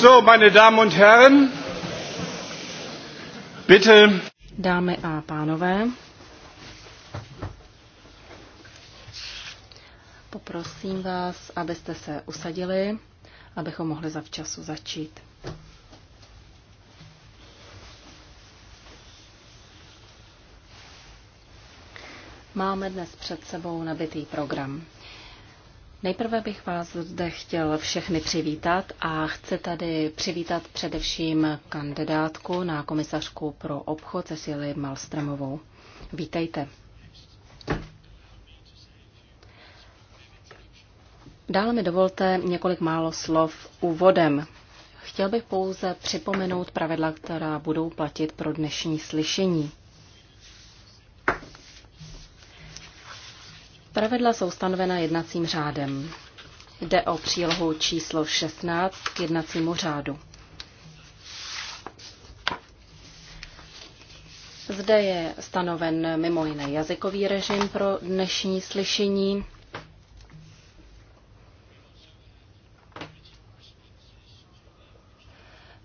So, meine Damen und Herren, bitte. Dámy a pánové, poprosím vás, abyste se usadili, abychom mohli zavčasu začít. Máme dnes před sebou nabitý program. Nejprve bych vás zde chtěl všechny přivítat a chci tady přivítat především kandidátku na komisařku pro obchod Cecily Malstromovou. Vítejte. Dále mi dovolte několik málo slov úvodem. Chtěl bych pouze připomenout pravidla, která budou platit pro dnešní slyšení. Pravidla jsou stanovena jednacím řádem. Jde o přílohu číslo 16 k jednacímu řádu. Zde je stanoven mimo jiné jazykový režim pro dnešní slyšení.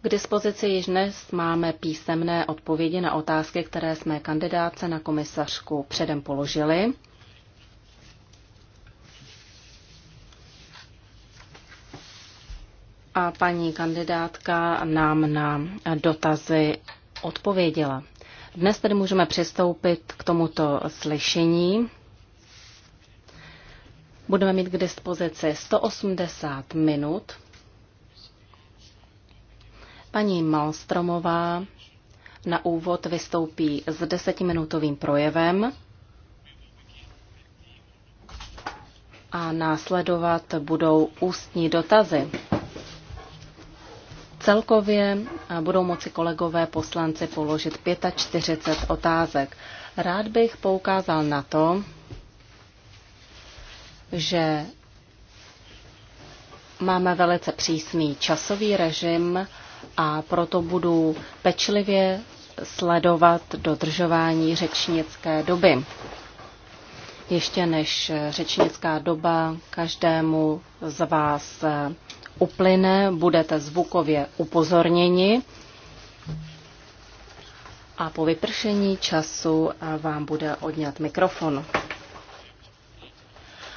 K dispozici již dnes máme písemné odpovědi na otázky, které jsme kandidáce na komisařku předem položili. a paní kandidátka nám na dotazy odpověděla. Dnes tedy můžeme přistoupit k tomuto slyšení. Budeme mít k dispozici 180 minut. Paní Malstromová na úvod vystoupí s desetiminutovým projevem a následovat budou ústní dotazy. Celkově budou moci kolegové poslanci položit 45 otázek. Rád bych poukázal na to, že máme velice přísný časový režim a proto budu pečlivě sledovat dodržování řečnické doby ještě než řečnická doba každému z vás uplyne, budete zvukově upozorněni a po vypršení času vám bude odňat mikrofon.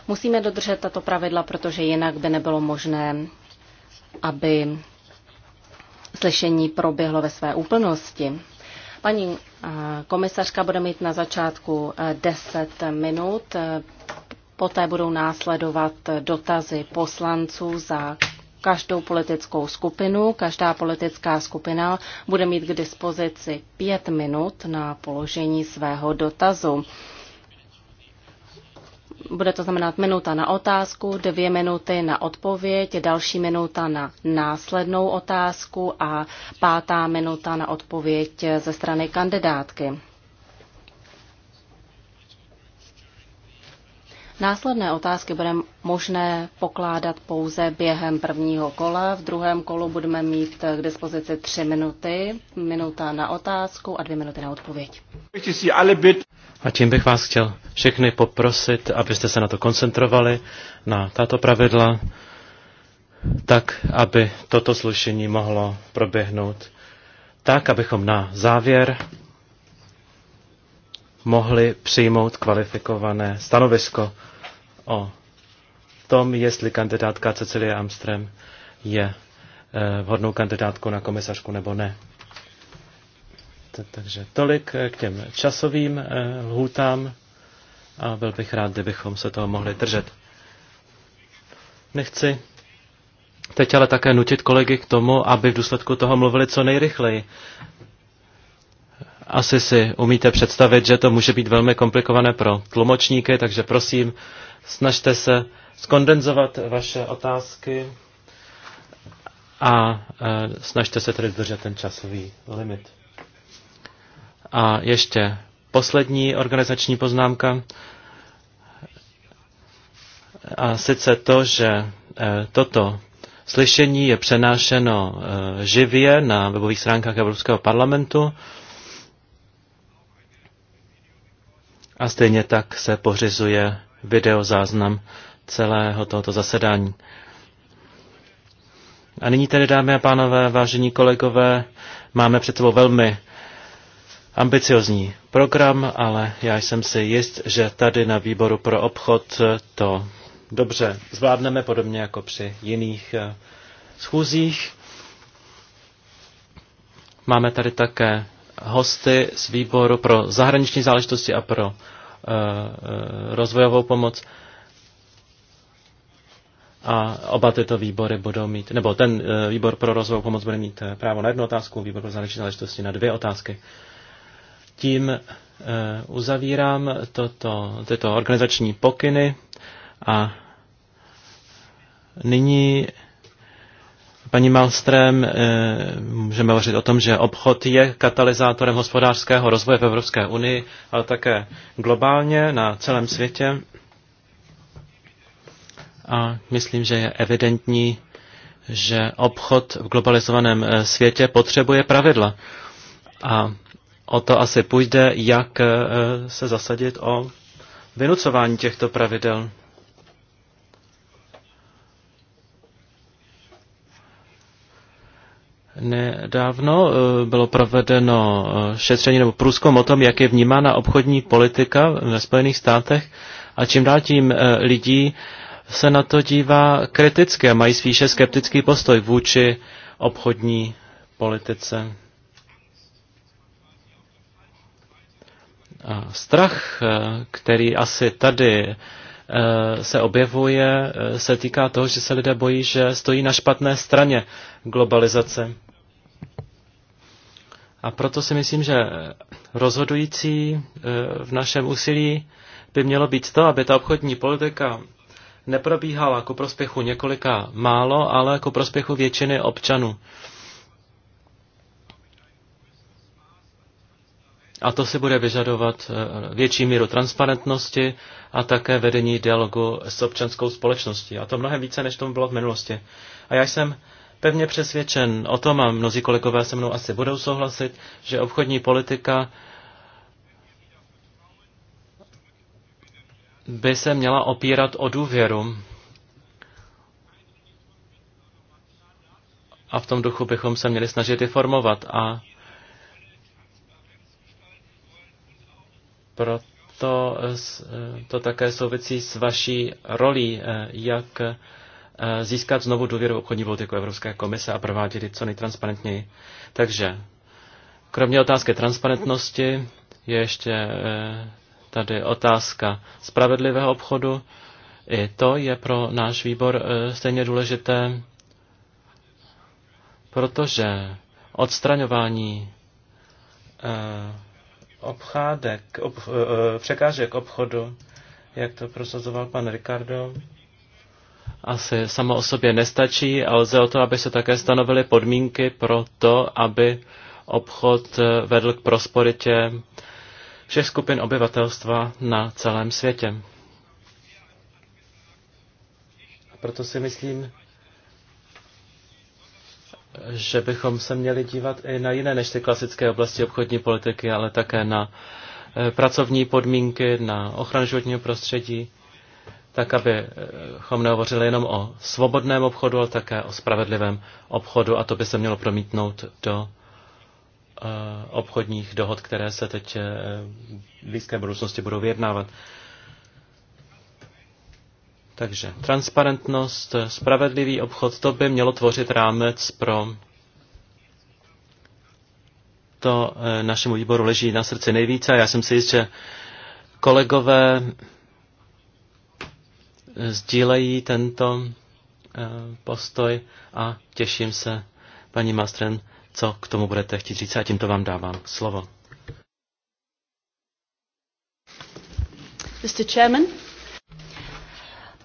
Musíme dodržet tato pravidla, protože jinak by nebylo možné, aby slyšení proběhlo ve své úplnosti. Paní eh, komisařka bude mít na začátku 10 eh, minut, eh, poté budou následovat dotazy poslanců za každou politickou skupinu. Každá politická skupina bude mít k dispozici pět minut na položení svého dotazu bude to znamenat minuta na otázku, dvě minuty na odpověď, další minuta na následnou otázku a pátá minuta na odpověď ze strany kandidátky. Následné otázky bude možné pokládat pouze během prvního kola. V druhém kolu budeme mít k dispozici tři minuty, minuta na otázku a dvě minuty na odpověď. A tím bych vás chtěl všechny poprosit, abyste se na to koncentrovali, na tato pravidla, tak, aby toto slušení mohlo proběhnout tak, abychom na závěr mohli přijmout kvalifikované stanovisko o tom, jestli kandidátka Cecilia Amstrem je eh, vhodnou kandidátku na komisařku nebo ne. Takže tolik eh, k těm časovým eh, lhůtám a byl bych rád, kdybychom se toho mohli držet. Nechci teď ale také nutit kolegy k tomu, aby v důsledku toho mluvili co nejrychleji, asi si umíte představit, že to může být velmi komplikované pro tlumočníky, takže prosím, snažte se skondenzovat vaše otázky a e, snažte se tedy držet ten časový limit. A ještě poslední organizační poznámka. A sice to, že e, toto slyšení je přenášeno e, živě na webových stránkách Evropského parlamentu. A stejně tak se pořizuje videozáznam celého tohoto zasedání. A nyní tedy, dámy a pánové, vážení kolegové, máme před sebou velmi ambiciozní program, ale já jsem si jist, že tady na výboru pro obchod to dobře zvládneme, podobně jako při jiných eh, schůzích. Máme tady také hosty z výboru pro zahraniční záležitosti a pro eh, eh, rozvojovou pomoc. A oba tyto výbory budou mít, nebo ten eh, výbor pro rozvojovou pomoc bude mít právo na jednu otázku, výbor pro zahraniční záležitosti na dvě otázky. Tím uzavírám toto, tyto organizační pokyny a nyní Paní Malström, eh, můžeme hovořit o tom, že obchod je katalyzátorem hospodářského rozvoje v Evropské unii, ale také globálně na celém světě. A myslím, že je evidentní, že obchod v globalizovaném eh, světě potřebuje pravidla. A o to asi půjde, jak eh, se zasadit o vynucování těchto pravidel. Nedávno eh, bylo provedeno eh, šetření nebo průzkum o tom, jak je vnímána obchodní politika ve Spojených státech a čím dál tím eh, lidí se na to dívá kriticky a mají spíše skeptický postoj vůči obchodní politice. A strach, který asi tady se objevuje, se týká toho, že se lidé bojí, že stojí na špatné straně globalizace. A proto si myslím, že rozhodující e, v našem úsilí by mělo být to, aby ta obchodní politika neprobíhala ku prospěchu několika málo, ale ku prospěchu většiny občanů. A to si bude vyžadovat e, větší míru transparentnosti a také vedení dialogu s občanskou společností. A to mnohem více, než tomu bylo v minulosti. A já jsem pevně přesvědčen o tom, a mnozí kolegové se mnou asi budou souhlasit, že obchodní politika by se měla opírat o důvěru. A v tom duchu bychom se měli snažit i formovat. A proto to také souvisí s vaší rolí, eh, jak Eh, získat znovu důvěru obchodní politiku Evropské komise a provádět ji co nejtransparentněji. Takže kromě otázky transparentnosti je ještě eh, tady otázka spravedlivého obchodu. I to je pro náš výbor eh, stejně důležité, protože odstraňování obchádek, ob, překážek obchodu, jak to prosazoval pan Ricardo, asi samo o sobě nestačí a lze o to, aby se také stanovily podmínky pro to, aby obchod eh, vedl k prosporitě všech skupin obyvatelstva na celém světě. A proto si myslím, že bychom se měli dívat i na jiné než ty klasické oblasti obchodní politiky, ale také na eh, pracovní podmínky, na ochranu životního prostředí tak eh, abychom nehovořili jenom o svobodném obchodu, ale také o spravedlivém obchodu a to by se mělo promítnout do eh, obchodních dohod, které se teď eh, v blízké budoucnosti budou vyjednávat. Takže transparentnost, spravedlivý obchod, to by mělo tvořit rámec pro to našemu výboru leží na srdci nejvíce. Já jsem si jist, že kolegové sdílejí tento eh, postoj a těším se, paní Mastren, co k tomu budete chtít říct a tímto vám dávám slovo. Mr. Chairman.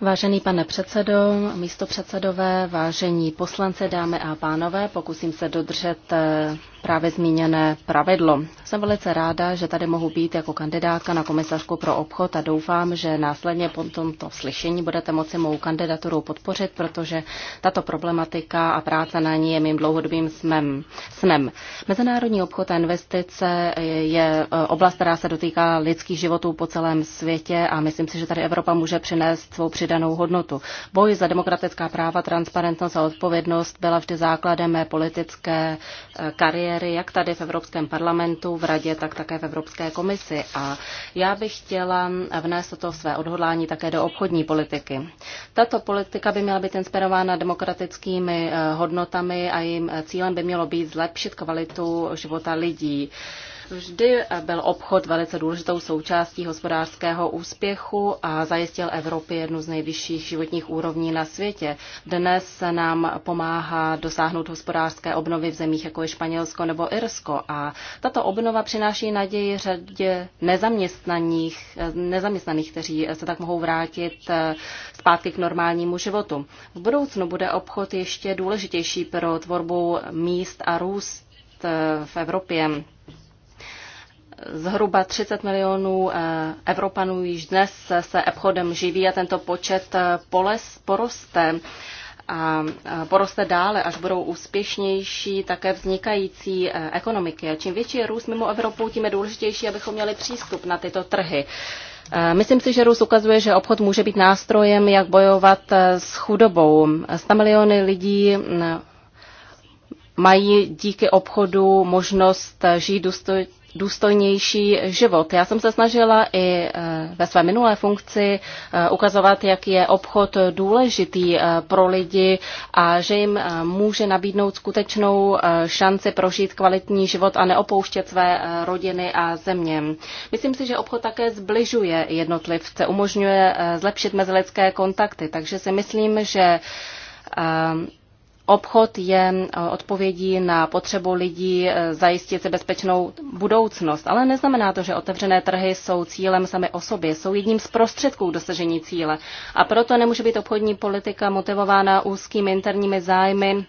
Vážený pane předsedo, místo předsedové, vážení poslance, dámy a pánové, pokusím se dodržet eh, právě zmíněné pravidlo. Jsem velice ráda, že tady mohu být jako kandidátka na komisařku pro obchod a doufám, že následně po tomto slyšení budete moci mou kandidaturu podpořit, protože tato problematika a práce na ní je mým dlouhodobým snem. snem. Mezinárodní obchod a investice je e, oblast, která se dotýká lidských životů po celém světě a myslím si, že tady Evropa může přinést svou přidanou hodnotu. Boj za demokratická práva, transparentnost a odpovědnost byla vždy základem mé politické e, kariéry premiéry, jak tady v Evropském parlamentu, v Radě, tak také v Evropské komisi. A já bych chtěla vnést toto své odhodlání také do obchodní politiky. Tato politika by měla být inspirována demokratickými eh, hodnotami a jejím eh, cílem by mělo být zlepšit kvalitu života lidí. Vždy byl obchod velice důležitou součástí hospodářského úspěchu a zajistil Evropě jednu z nejvyšších životních úrovní na světě. Dnes nám pomáhá dosáhnout hospodářské obnovy v zemích jako je Španělsko nebo Irsko a tato obnova přináší naději řadě nezaměstnaných, nezaměstnaných kteří se tak mohou vrátit eh, zpátky k normálnímu životu. V budoucnu bude obchod ještě důležitější pro tvorbu míst a růst eh, v Evropě. Zhruba 30 milionů eh, Evropanů již dnes se obchodem živí a tento počet eh, poles poroste a eh, poroste dále, až budou úspěšnější také vznikající ekonomiky. A čím větší je růst mimo Evropu, tím je důležitější, abychom měli přístup na tyto trhy. Myslím si, že Rus ukazuje, že obchod může být nástrojem, jak bojovat s chudobou. 100 miliony lidí mm, mají díky obchodu možnost žít důstojnější život. Já jsem se snažila i eh, ve své minulé funkci eh, ukazovat, jak je obchod důležitý eh, pro lidi a že jim může nabídnout skutečnou šanci prožít kvalitní život a neopouštět své rodiny a země. Myslím si, že obchod také zbližuje jednotlivce, umožňuje zlepšit mezilidské kontakty, takže si myslím, že Obchod je e, odpovědí na potřebu lidí e, zajistit si bezpečnou budoucnost, ale neznamená to, že otevřené trhy jsou cílem sami o sobě, jsou jedním z prostředků k dosažení cíle. A proto nemůže být obchodní politika motivována úzkými interními zájmy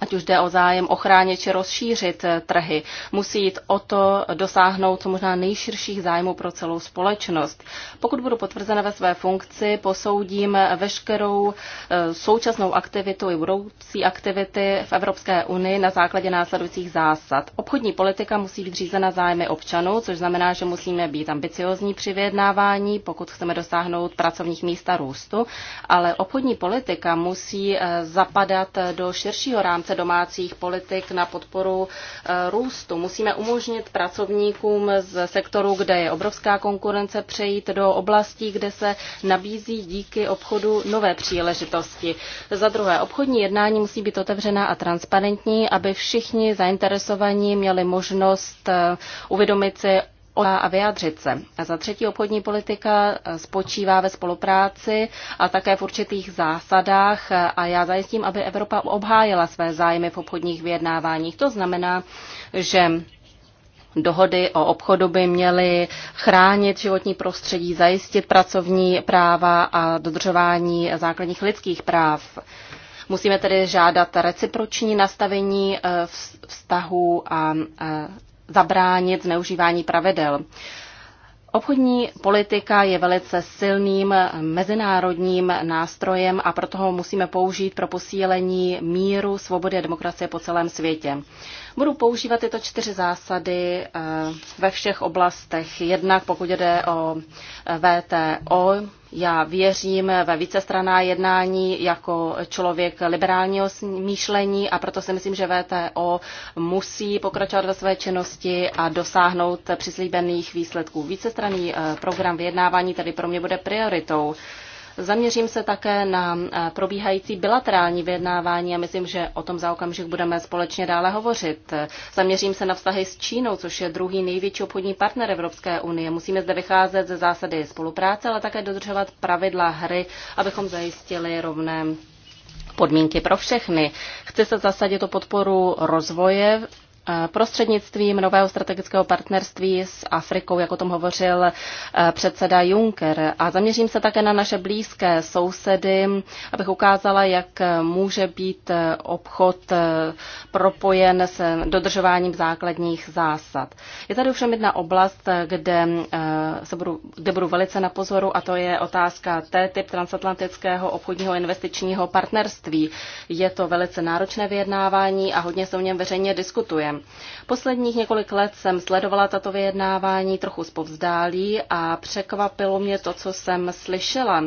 ať už jde o zájem ochránit či rozšířit eh, trhy. Musí jít o to dosáhnout co možná nejširších zájmů pro celou společnost. Pokud budu potvrzena ve své funkci, posoudím veškerou eh, současnou aktivitu i budoucí aktivity v Evropské unii na základě následujících zásad. Obchodní politika musí být řízena zájmy občanů, což znamená, že musíme být ambiciozní při vyjednávání, pokud chceme dosáhnout pracovních míst a růstu, ale obchodní politika musí eh, zapadat do širšího rámce rámce domácích politik na podporu eh, růstu. Musíme umožnit pracovníkům z sektoru, kde je obrovská konkurence, přejít do oblastí, kde se nabízí díky obchodu nové příležitosti. Za druhé, obchodní jednání musí být otevřená a transparentní, aby všichni zainteresovaní měli možnost eh, uvědomit si, a vyjádřit se. A za třetí obchodní politika spočívá ve spolupráci a také v určitých zásadách a já zajistím, aby Evropa obhájila své zájmy v obchodních vyjednáváních. To znamená, že Dohody o obchodu by měly chránit životní prostředí, zajistit pracovní práva a dodržování základních lidských práv. Musíme tedy žádat reciproční nastavení eh, vztahů a eh, zabránit zneužívání pravidel. Obchodní politika je velice silným mezinárodním nástrojem a proto ho musíme použít pro posílení míru, svobody a demokracie po celém světě. Budu používat tyto čtyři zásady eh, ve všech oblastech. Jednak pokud jde o eh, VTO, já věřím ve vícestraná jednání jako člověk liberálního smýšlení a proto si myslím, že VTO musí pokračovat ve své činnosti a dosáhnout přislíbených výsledků. Vícestraný eh, program vyjednávání tedy pro mě bude prioritou. Zaměřím se také na eh, probíhající bilaterální vyjednávání a myslím, že o tom za okamžik budeme společně dále hovořit. Zaměřím se na vztahy s Čínou, což je druhý největší obchodní partner Evropské unie. Musíme zde vycházet ze zásady spolupráce, ale také dodržovat pravidla hry, abychom zajistili rovné podmínky pro všechny. Chci se zasadit o podporu rozvoje Eh, prostřednictvím nového strategického partnerství s Afrikou, jak o tom hovořil eh, předseda Juncker. A zaměřím se také na naše blízké sousedy, abych ukázala, jak může být eh, obchod propojen s dodržováním základních zásad. Je tady ovšem jedna oblast, kde, se budu, kde budu velice na pozoru, a to je otázka té typ transatlantického obchodního investičního partnerství. Je to velice náročné vyjednávání a hodně se o něm veřejně diskutuje. Ruskem. Posledních několik let jsem sledovala tato vyjednávání trochu zpovzdálí a překvapilo mě to, co jsem slyšela.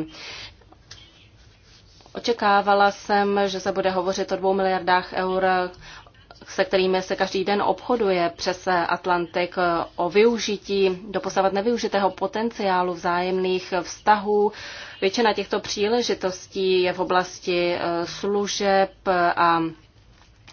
Očekávala jsem, že se bude hovořit o dvou miliardách eur, se kterými se každý den obchoduje přes Atlantik, o využití doposavat nevyužitého potenciálu vzájemných vztahů. Většina těchto příležitostí je v oblasti eh, služeb a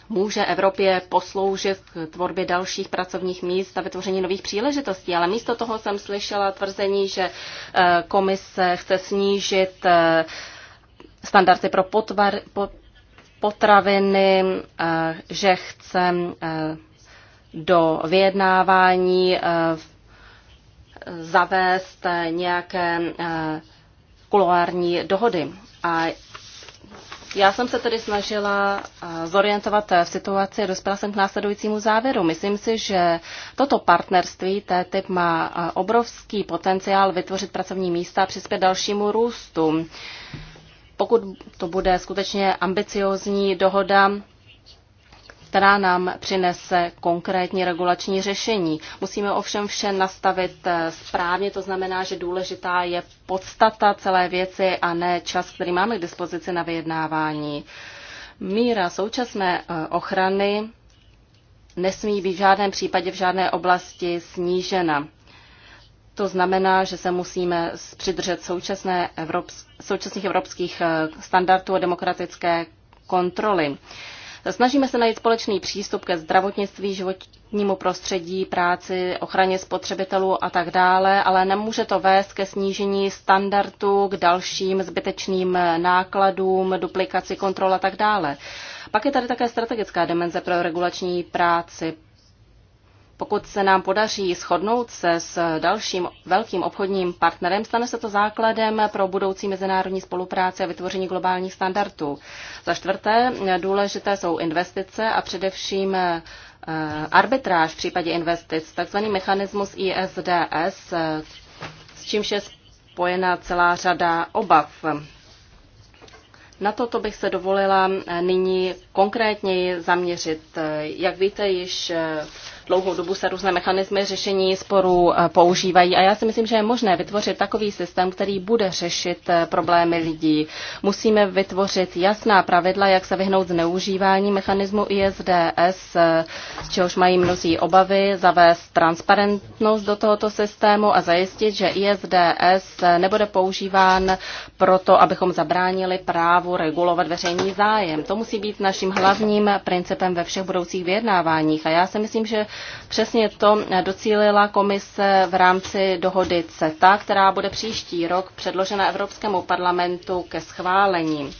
může Evropě posloužit k tvorbě dalších pracovních míst a vytvoření nových příležitostí. Ale místo toho jsem slyšela tvrzení, že eh, komise chce snížit eh, standardy pro potvar, potraviny, eh, že chce do vyjednávání zavést nějaké kuloární dohody. A já jsem se tedy snažila eh, zorientovat eh, v situaci, dospěla jsem k následujícímu závěru. Myslím si, že toto partnerství TTIP má eh, obrovský potenciál vytvořit pracovní místa a přispět dalšímu růstu. Pokud to bude skutečně ambiciozní dohoda, která nám přinese konkrétní regulační řešení. Musíme ovšem vše nastavit eh, správně, to znamená, že důležitá je podstata celé věci a ne čas, který máme k dispozici na vyjednávání. Míra současné eh, ochrany nesmí být v žádném případě v žádné oblasti snížena. To znamená, že se musíme přidržet současné evrops- současných evropských eh, standardů a demokratické kontroly. Snažíme se najít společný přístup ke zdravotnictví, životnímu prostředí, práci, ochraně spotřebitelů a tak dále, ale nemůže to vést ke snížení standardů, k dalším zbytečným nákladům, duplikaci kontrol a tak dále. Pak je tady také strategická dimenze pro regulační práci pokud se nám podaří shodnout se s dalším velkým obchodním partnerem, stane se to základem pro budoucí mezinárodní spolupráci a vytvoření globálních standardů. Za čtvrté, důležité jsou investice a především eh, arbitráž v případě investic, takzvaný mechanismus ISDS, s čímž je spojena celá řada obav. Na toto bych se dovolila eh, nyní konkrétněji zaměřit. Eh, jak víte, již dlouhou dobu se různé mechanismy řešení sporů eh, používají a já si myslím, že je možné vytvořit takový systém, který bude řešit eh, problémy lidí. Musíme vytvořit jasná pravidla, jak se vyhnout zneužívání mechanismu ISDS, eh, z čehož mají mnozí obavy, zavést transparentnost do tohoto systému a zajistit, že ISDS nebude používán proto, abychom zabránili právu regulovat veřejný zájem. To musí být naším hlavním principem ve všech budoucích vyjednáváních. A já si myslím, že Přesně to docílila komise v rámci dohody CETA, která bude příští rok předložena Evropskému parlamentu ke schválení.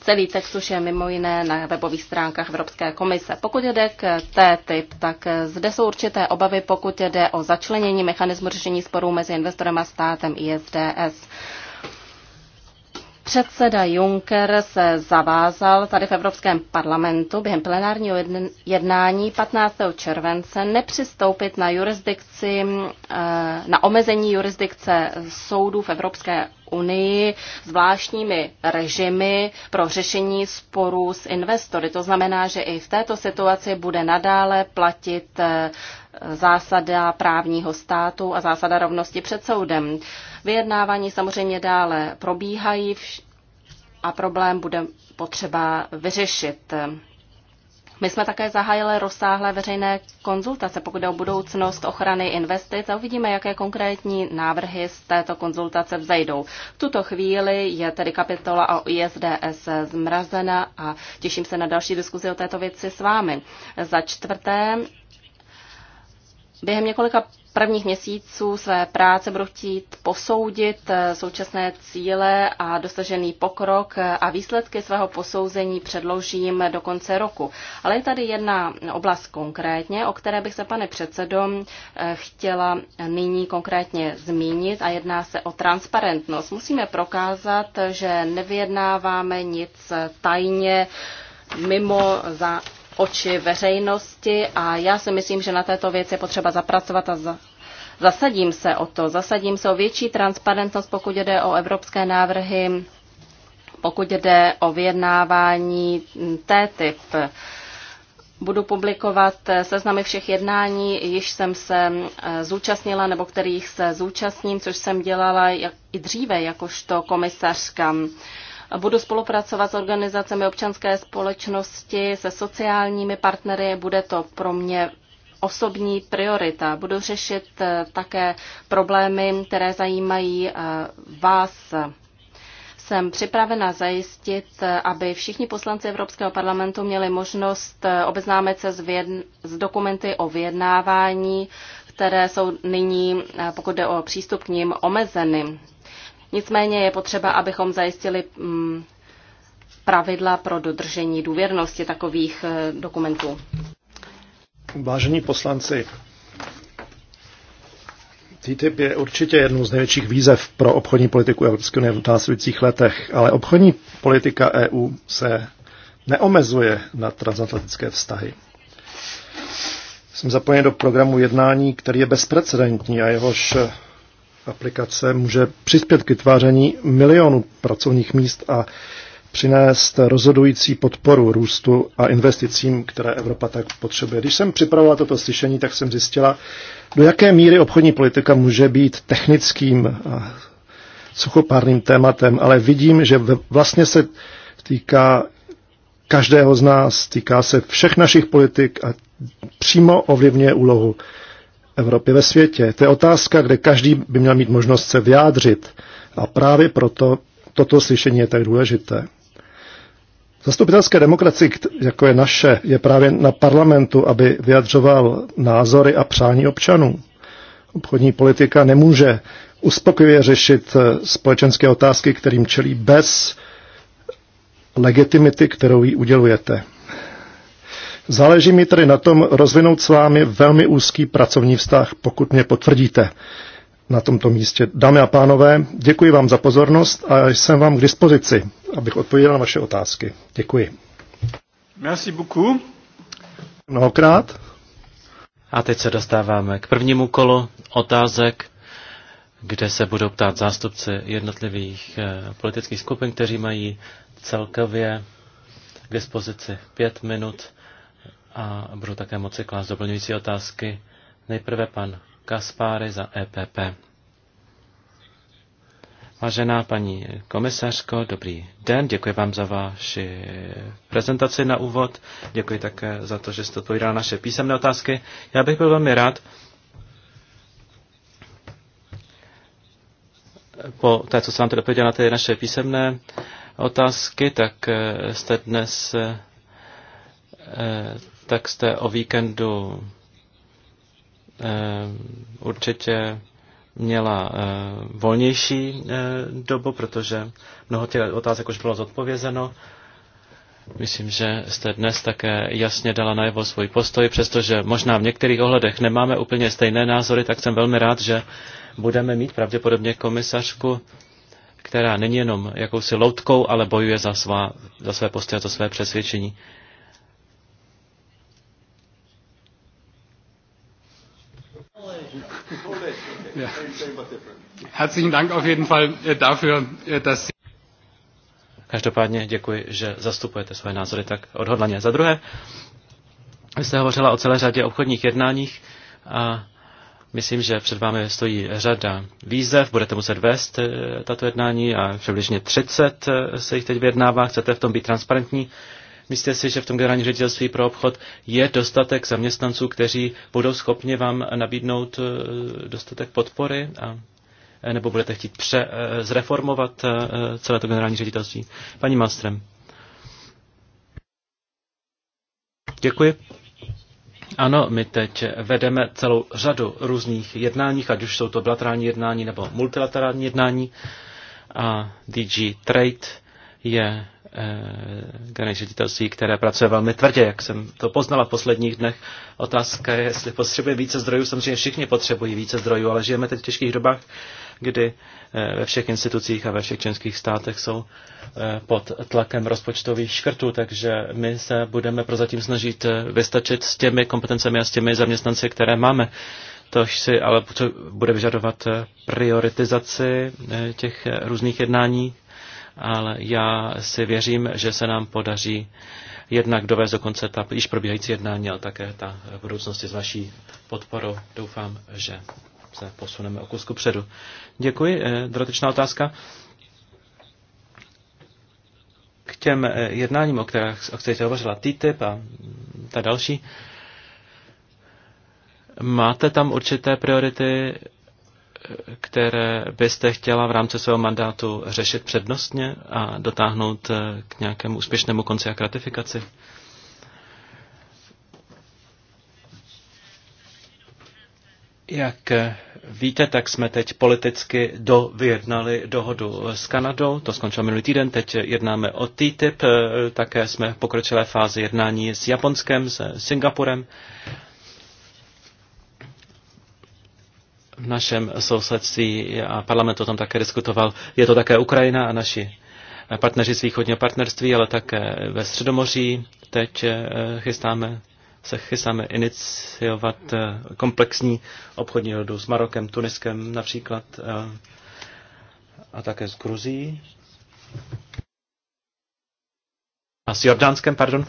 Celý text už je mimo jiné na webových stránkách Evropské komise. Pokud jde k typ, tak zde jsou určité obavy, pokud jde o začlenění mechanismu řešení sporů mezi investorem a státem ISDS. Předseda Juncker se zavázal tady v Evropském parlamentu během plenárního jednání 15. července nepřistoupit na jurisdikci, eh, na omezení jurisdikce soudů v Evropské unii zvláštními režimy pro řešení sporů s investory. To znamená, že i v této situaci bude nadále platit eh, zásada právního státu a zásada rovnosti před soudem. Vyjednávání samozřejmě dále probíhají a problém bude potřeba vyřešit. My jsme také zahájili rozsáhlé veřejné konzultace, pokud jde o budoucnost ochrany investic a uvidíme, jaké konkrétní návrhy z této konzultace vzejdou. V tuto chvíli je tedy kapitola o ISDS zmrazena a těším se na další diskuzi o této věci s vámi. Za čtvrté, během několika prvních měsíců své práce budu chtít posoudit eh, současné cíle a dosažený pokrok eh, a výsledky svého posouzení předložím do konce roku. Ale je tady jedna oblast konkrétně, o které bych se, pane předsedo, eh, chtěla nyní konkrétně zmínit a jedná se o transparentnost. Musíme prokázat, že nevyjednáváme nic tajně mimo za oči veřejnosti a já si myslím, že na této věci je potřeba zapracovat a za, zasadím se o to. Zasadím se o větší transparentnost, pokud jde o evropské návrhy, pokud jde o vyjednávání mm, typ. Budu publikovat eh, seznamy všech jednání, již jsem se mm, eh, zúčastnila nebo kterých se zúčastním, což jsem dělala i dříve jakožto komisařka. Budu spolupracovat s organizacemi občanské společnosti, se sociálními partnery. Bude to pro mě osobní priorita. Budu řešit eh, také problémy, které zajímají eh, vás. Jsem připravena zajistit, eh, aby všichni poslanci Evropského parlamentu měli možnost obeznámit se s, s dokumenty o vyjednávání, které jsou nyní, pokud jde o přístup k ním, omezeny. Nicméně je potřeba, abychom zajistili mm, pravidla pro dodržení důvěrnosti takových eh, dokumentů. Vážení poslanci, TTIP je určitě jednou z největších výzev pro obchodní politiku Evropské unie v následujících letech, ale obchodní politika EU se neomezuje na transatlantické vztahy. Jsem zapojen do programu jednání, který je bezprecedentní a jehož aplikace může přispět k vytváření milionů pracovních míst a přinést rozhodující podporu růstu a investicím, které Evropa tak potřebuje. Když jsem připravovala toto slyšení, tak jsem zjistila, do jaké míry obchodní politika může být technickým a suchopárným tématem, ale vidím, že vlastně se týká každého z nás, týká se všech našich politik a přímo ovlivňuje úlohu Evropě ve světě. To je otázka, kde každý by měl mít možnost se vyjádřit. A právě proto toto slyšení je tak důležité. Zastupitelské demokracie, jako je naše, je právě na parlamentu, aby vyjadřoval názory a přání občanů. Obchodní politika nemůže uspokojivě řešit eh, společenské otázky, kterým čelí bez legitimity, kterou jí udělujete. Záleží mi tedy na tom rozvinout s vámi velmi úzký pracovní vztah, pokud mě potvrdíte na tomto místě. Dámy a pánové, děkuji vám za pozornost a jsem vám k dispozici, abych odpověděl na vaše otázky. Děkuji. Merci beaucoup. Mnohokrát. A teď se dostáváme k prvnímu kolu otázek, kde se budou ptát zástupci jednotlivých eh, politických skupin, kteří mají celkově k dispozici pět minut a budu také moci klást doplňující otázky. Nejprve pan Kaspáry za EPP. Vážená paní komisařko, dobrý den, děkuji vám za vaši prezentaci na úvod, děkuji také za to, že jste odpovídala naše písemné otázky. Já bych byl velmi rád, po té, co jsem vám tedy odpověděl na ty naše písemné otázky, tak jste dnes eh, tak jste o víkendu eh, určitě měla eh, volnější eh, dobu, protože mnoho těch otázek už bylo zodpovězeno. Myslím, že jste dnes také jasně dala najevo svůj postoj, přestože možná v některých ohledech nemáme úplně stejné názory, tak jsem velmi rád, že budeme mít pravděpodobně komisařku, která není jenom jakousi loutkou, ale bojuje za, svá, za své postoje a za své přesvědčení. Herzlichen Dank auf jeden Fall äh, dafür, äh, dass Sie... Každopádně děkuji, že zastupujete své názory tak odhodlaně. Za druhé, vy jste hovořila o celé řadě obchodních jednáních a myslím, že před vámi stojí řada výzev, budete muset vést e, tato jednání a přibližně 30 e, se jich teď vyjednává, chcete v tom být transparentní Myslíte si, že v tom generální ředitelství pro obchod je dostatek zaměstnanců, kteří budou schopni vám nabídnout eh, dostatek podpory? A eh, nebo budete chtít pře, eh, zreformovat celé to generální ředitelství? Paní Malstrem. Děkuji. Ano, my teď vedeme celou řadu různých jednání, ať už jsou to bilaterální jednání nebo multilaterální jednání. A DG Trade je Eh, generální ředitelství, které pracuje velmi tvrdě, jak jsem to poznala v posledních dnech. Otázka je, jestli potřebuje více zdrojů. Samozřejmě všichni potřebují více zdrojů, ale žijeme teď v těžkých dobách, kdy eh, ve všech institucích a ve všech členských státech jsou eh, pod tlakem rozpočtových škrtů, takže my se budeme prozatím snažit vystačit s těmi kompetencemi a s těmi zaměstnanci, které máme. Tož si ale bude vyžadovat prioritizaci těch různých jednání ale já si věřím, že se nám podaří jednak dovést do konce ta již probíhající jednání, ale také ta v budoucnosti s vaší podporou. Doufám, že se posuneme o kusku předu. Děkuji. Eh, dodatečná otázka. K těm eh, jednáním, o kterých, o kterých hovořila TTIP a ta další, máte tam určité priority které byste chtěla v rámci svého mandátu řešit přednostně a dotáhnout eh, k nějakému úspěšnému konci a gratifikaci? Jak eh, víte, tak jsme teď politicky dovyjednali dohodu s Kanadou, to skončilo minulý týden, teď jednáme o TTIP, eh, také jsme v pokročilé fázi jednání s Japonskem, s Singapurem v našem sousedství a parlament o tom také diskutoval. Je to také Ukrajina a naši partneři z východního partnerství, ale také ve Středomoří. Teď eh, chystáme, se chystáme iniciovat eh, komplexní obchodní rodu s Marokem, Tuniskem například eh, a také s Gruzí a s Jordánskem, pardon. Uh,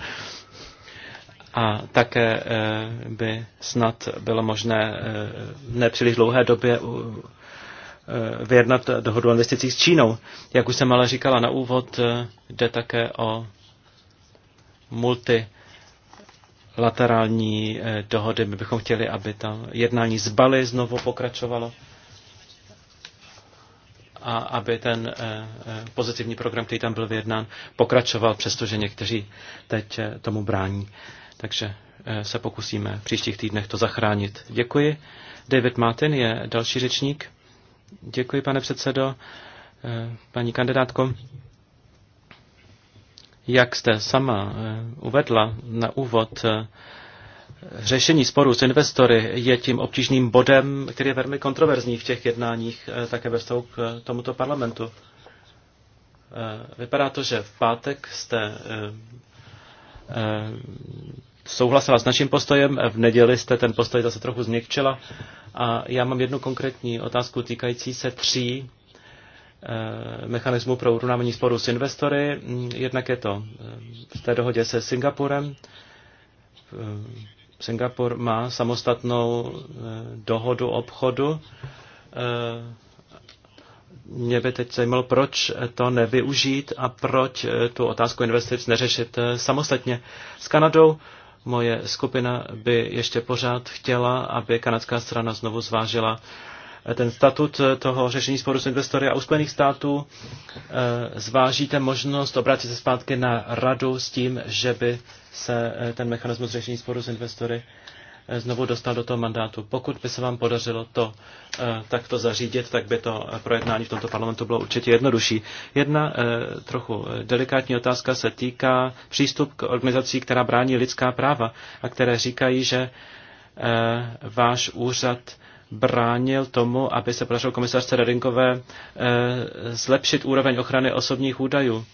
a také eh, by snad bylo možné eh, v nepříliš dlouhé době eh, vyjednat dohodu o investicích s Čínou. Jak už jsem ale říkala na úvod, jde také o multilaterální dohody. My bychom chtěli, aby tam jednání z Bali znovu pokračovalo a aby ten pozitivní program, který tam byl vyjednán, pokračoval, přestože někteří teď tomu brání. Takže eh, se pokusíme v příštích týdnech to zachránit. Děkuji. David Martin je další řečník. Děkuji, pane předsedo. Eh, paní kandidátko, jak jste sama eh, uvedla na úvod, řešení sporů s investory je tím obtížným bodem, který je velmi kontroverzní v těch jednáních také ve vztahu k tomuto parlamentu. Vypadá to, že v pátek jste souhlasila s naším postojem, v neděli jste ten postoj zase trochu změkčila. A já mám jednu konkrétní otázku týkající se tří eh, mechanismů pro urovnávání sporu s investory. Mm, jednak je to eh, v té dohodě se Singapurem. Eh, Singapur má samostatnou dohodu obchodu. Mě by teď zajímalo, proč to nevyužít a proč tu otázku investic neřešit samostatně. S Kanadou Moje skupina by ještě pořád chtěla, aby kanadská strana znovu zvážila eh, ten statut eh, toho řešení sporu s investory a u Spojených států eh, zvážíte možnost obrátit se zpátky na radu s tím, že by se ten mechanismus řešení sporu s investory znovu dostal do toho mandátu. Pokud by se vám podařilo to eh, takto zařídit, tak by to eh, projednání v tomto parlamentu bylo určitě jednodušší. Jedna eh, trochu delikátní otázka se týká přístup k organizací, která brání lidská práva a které říkají, že váš úřad bránil tomu, aby se podařilo komisařce Radinkové zlepšit úroveň ochrany osobních údajů.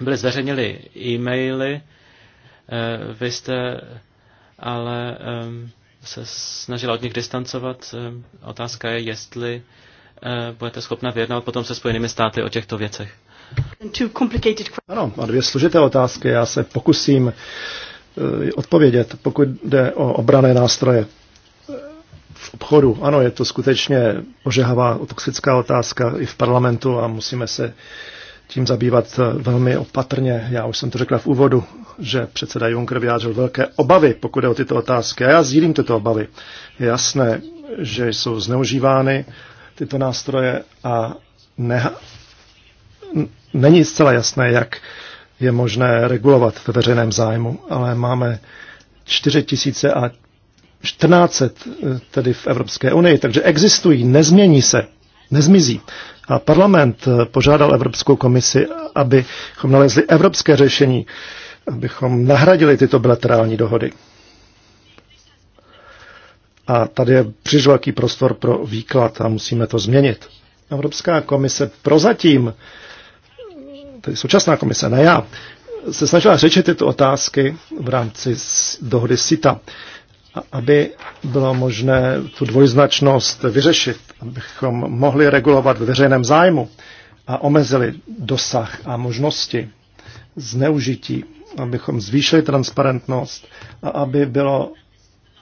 Byly zveřejněny e-maily, vy jste ale se snažila od nich distancovat. Otázka je, jestli budete schopna vyjednat potom se Spojenými státy o těchto věcech. Ano, a dvě složité otázky. Já se pokusím e, odpovědět, pokud jde o obrané nástroje e, v obchodu. Ano, je to skutečně ožehavá toxická otázka i v parlamentu a musíme se tím zabývat e, velmi opatrně. Já už jsem to řekla v úvodu že předseda Juncker vyjádřil velké obavy, pokud je o tyto otázky. A já sdílím tyto obavy. Je jasné, že jsou zneužívány tyto nástroje a ne, není zcela jasné, jak je možné regulovat ve veřejném zájmu, ale máme 4 tisíce a 14 eh, tedy v Evropské unii, takže existují, nezmění se, nezmizí. A parlament eh, požádal Evropskou komisi, abychom nalezli evropské řešení abychom nahradili tyto bilaterální dohody. A tady je příliš velký prostor pro výklad a musíme to změnit. Evropská komise prozatím, tedy současná komise, ne já, se snažila řečit tyto otázky v rámci dohody SITA, aby bylo možné tu dvojznačnost vyřešit, abychom mohli regulovat ve veřejném zájmu a omezili dosah a možnosti zneužití abychom zvýšili transparentnost a aby bylo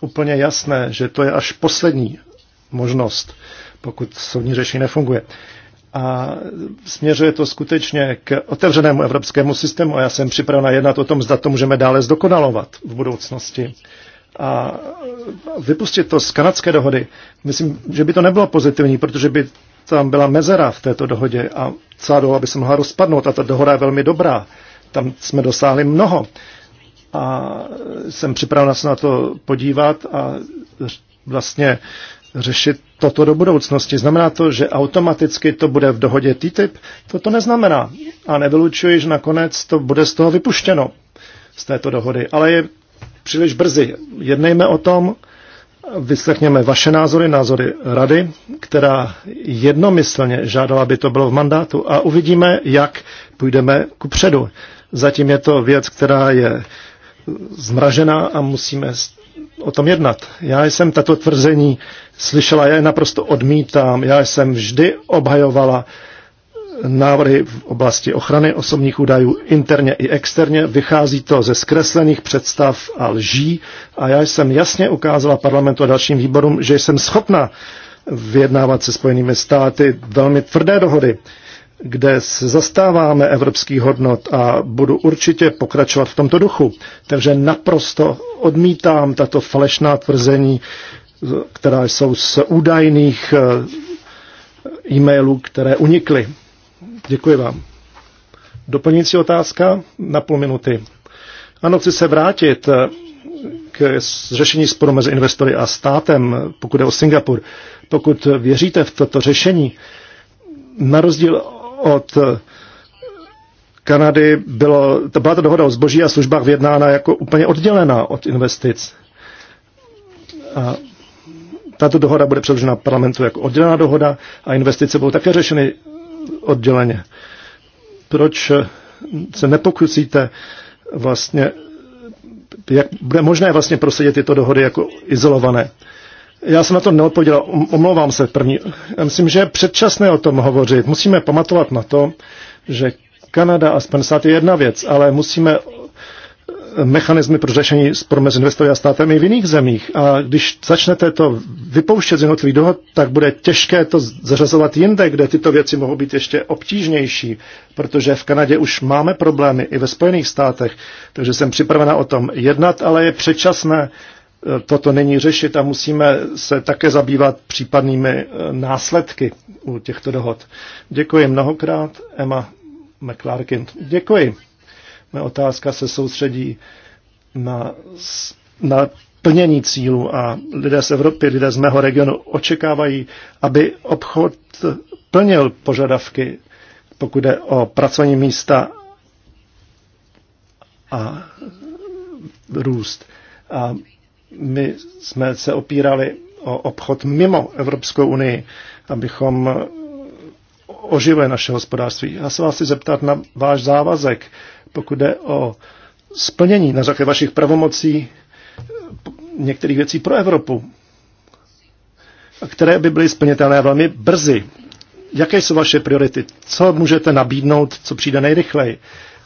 úplně jasné, že to je až poslední možnost, pokud soudní řešení nefunguje. A směřuje to skutečně k otevřenému evropskému systému a já jsem připravena jednat o tom, zda to můžeme dále zdokonalovat v budoucnosti. A vypustit to z kanadské dohody, myslím, že by to nebylo pozitivní, protože by tam byla mezera v této dohodě a celá dohoda by se mohla rozpadnout a ta dohoda je velmi dobrá tam jsme dosáhli mnoho. A jsem připraven se na to podívat a vlastně řešit toto do budoucnosti. Znamená to, že automaticky to bude v dohodě TTIP? To to neznamená. A nevylučuji, že nakonec to bude z toho vypuštěno, z této dohody. Ale je příliš brzy. Jednejme o tom, vyslechněme vaše názory, názory rady, která jednomyslně žádala, aby to bylo v mandátu a uvidíme, jak půjdeme ku předu. Zatím je to věc, která je zmražena a musíme o tom jednat. Já jsem tato tvrzení slyšela, já je naprosto odmítám. Já jsem vždy obhajovala návrhy v oblasti ochrany osobních údajů interně i externě. Vychází to ze zkreslených představ a lží a já jsem jasně ukázala parlamentu a dalším výborům, že jsem schopna vyjednávat se Spojenými státy velmi tvrdé dohody kde se zastáváme evropských hodnot a budu určitě pokračovat v tomto duchu. Takže naprosto odmítám tato falešná tvrzení, která jsou z údajných eh, e-mailů, které unikly. Děkuji vám. Doplňující otázka na půl minuty. Ano, chci se vrátit eh, k řešení sporu mezi investory a státem, pokud je o Singapur. Pokud věříte v toto řešení, na rozdíl od eh, Kanady bylo, to byla ta dohoda o zboží a službách vyjednána jako úplně oddělená od investic. A tato dohoda bude předložena parlamentu jako oddělená dohoda a investice budou také řešeny odděleně. Proč eh, se nepokusíte vlastně, jak bude možné vlastně prosadit tyto dohody jako izolované? Já jsem na to neodpověděl, omlouvám se první. Já myslím, že je předčasné o tom hovořit. Musíme pamatovat na to, že Kanada a Spojené státy je jedna věc, ale musíme eh, mechanismy pro řešení sporu mezi investory a státem i v jiných zemích. A když začnete to vypouštět z jednotlivých dohod, tak bude těžké to zařazovat jinde, kde tyto věci mohou být ještě obtížnější, protože v Kanadě už máme problémy i ve Spojených státech, takže jsem připravena o tom jednat, ale je předčasné toto není řešit a musíme se také zabývat případnými eh, následky u těchto dohod. Děkuji mnohokrát, Emma McClarkin. Děkuji. Mé otázka se soustředí na, na plnění cílů a lidé z Evropy, lidé z mého regionu očekávají, aby obchod plnil požadavky, pokud jde o pracovní místa a růst. A my jsme se opírali o obchod mimo Evropskou unii, abychom eh, oživili naše hospodářství. Já se vás chci zeptat na váš závazek, pokud jde o splnění na základě vašich pravomocí eh, některých věcí pro Evropu, které by byly splnitelné velmi brzy. Jaké jsou vaše priority? Co můžete nabídnout, co přijde nejrychleji?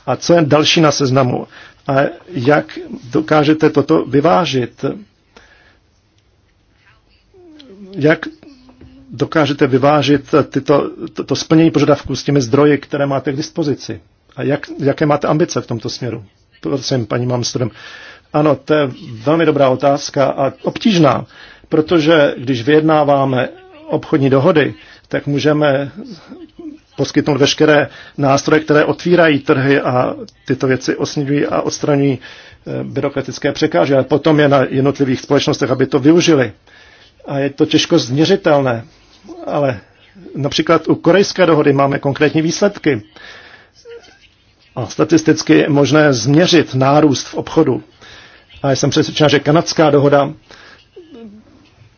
A co je další na seznamu? A jak dokážete toto vyvážit? Jak dokážete vyvážit tyto, to, to splnění požadavků s těmi zdroji, které máte k dispozici? A jak, jaké máte ambice v tomto směru? Prosím, paní Mamström. Ano, to je velmi dobrá otázka a obtížná, protože když vyjednáváme obchodní dohody, tak můžeme poskytnout veškeré nástroje, které otvírají trhy a tyto věci osnivují a odstraňují eh, byrokratické překážky. Ale potom je na jednotlivých společnostech, aby to využili. A je to těžko změřitelné, ale například u korejské dohody máme konkrétní výsledky. A statisticky je možné změřit nárůst v obchodu. A jsem přesvědčen, že kanadská dohoda,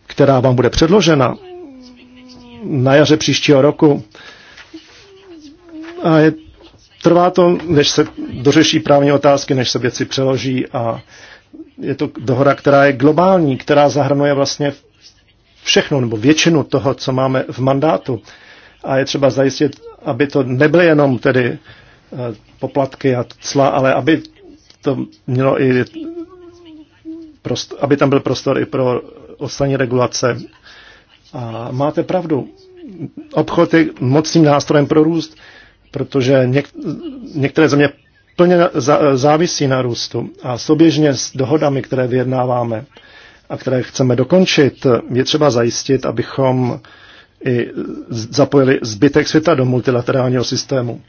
která vám bude předložena na jaře příštího roku, a je, trvá to, než se dořeší právní otázky, než se věci přeloží a je to dohoda, která je globální, která zahrnuje vlastně všechno nebo většinu toho, co máme v mandátu. A je třeba zajistit, aby to nebyly jenom tedy eh, poplatky a cla, ale aby to mělo i prost, aby tam byl prostor i pro ostatní regulace. A máte pravdu. Obchod je mocným nástrojem pro růst protože něk- některé země plně závisí na růstu a souběžně s dohodami, které vyjednáváme a které chceme dokončit, je třeba zajistit, abychom i zapojili zbytek světa do multilaterálního systému.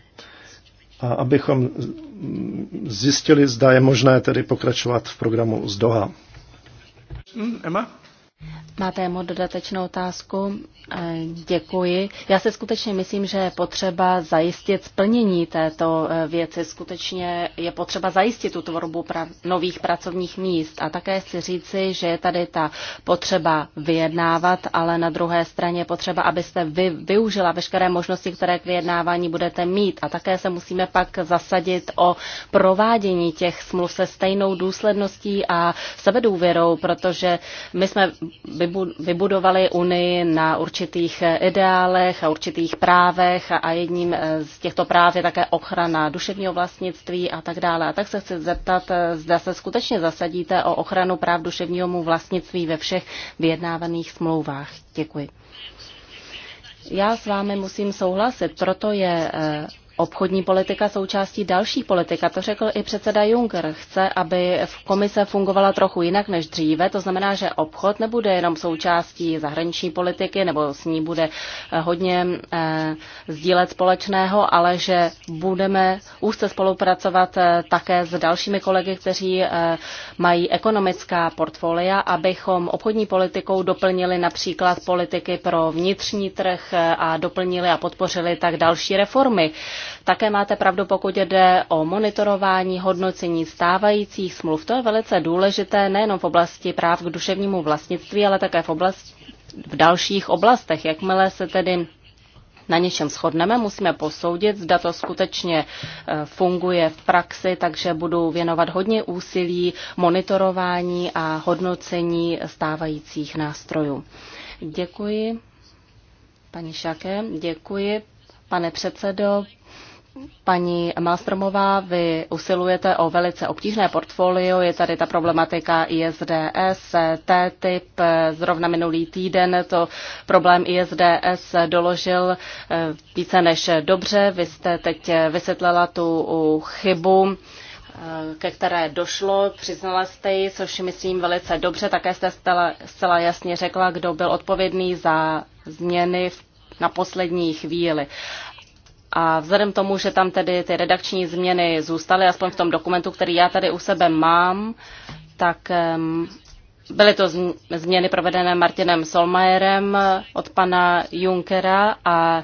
A abychom zjistili, zda je možné tedy pokračovat v programu z Doha. Emma? Máte mu dodatečnou otázku? Eh, děkuji. Já se skutečně myslím, že je potřeba zajistit splnění této eh, věci. Skutečně je potřeba zajistit tu tvorbu pra- nových pracovních míst. A také chci říci, že je tady ta potřeba vyjednávat, ale na druhé straně je potřeba, abyste vy využila veškeré možnosti, které k vyjednávání budete mít. A také se musíme pak zasadit o provádění těch smluv se stejnou důsledností a sebedůvěrou, protože my jsme vybudovali Unii na určitých eh, ideálech a určitých právech a jedním eh, z těchto práv je také ochrana duševního vlastnictví a tak dále. A tak se chci zeptat, eh, zda se skutečně zasadíte o ochranu práv duševního vlastnictví ve všech vyjednávaných smlouvách. Děkuji. Já s vámi musím souhlasit, proto je obchodní politika součástí další politika. To řekl i předseda Juncker. Chce, aby v komise fungovala trochu jinak než dříve. To znamená, že obchod nebude jenom součástí zahraniční politiky, nebo s ní bude eh, hodně eh, sdílet společného, ale že budeme úzce spolupracovat eh, také s dalšími kolegy, kteří eh, mají ekonomická portfolia, abychom obchodní politikou doplnili například politiky pro vnitřní trh eh, a doplnili a podpořili tak další reformy. Eh, také máte pravdu, pokud jde o monitorování, hodnocení stávajících smluv. To je velice důležité nejenom v oblasti práv k duševnímu vlastnictví, ale také v, oblasti, v dalších oblastech. Jakmile se tedy na něčem shodneme, musíme posoudit, zda to skutečně e, funguje v praxi, takže budu věnovat hodně úsilí monitorování a hodnocení stávajících nástrojů. Děkuji. Paní Šake, děkuji. Pane předsedo, Paní Malstromová, vy usilujete o velice obtížné portfolio, je tady ta problematika ISDS, T-typ, zrovna minulý týden to problém ISDS doložil eh, více než dobře, vy jste teď vysvětlila tu chybu, eh, ke které došlo, přiznala jste ji, což myslím velice dobře, také jste zcela jasně řekla, kdo byl odpovědný za změny v na poslední chvíli. A vzhledem k tomu, že tam tedy ty redakční změny zůstaly, aspoň v tom dokumentu, který já tady u sebe mám, tak byly to změny provedené Martinem Solmajerem od pana Junkera a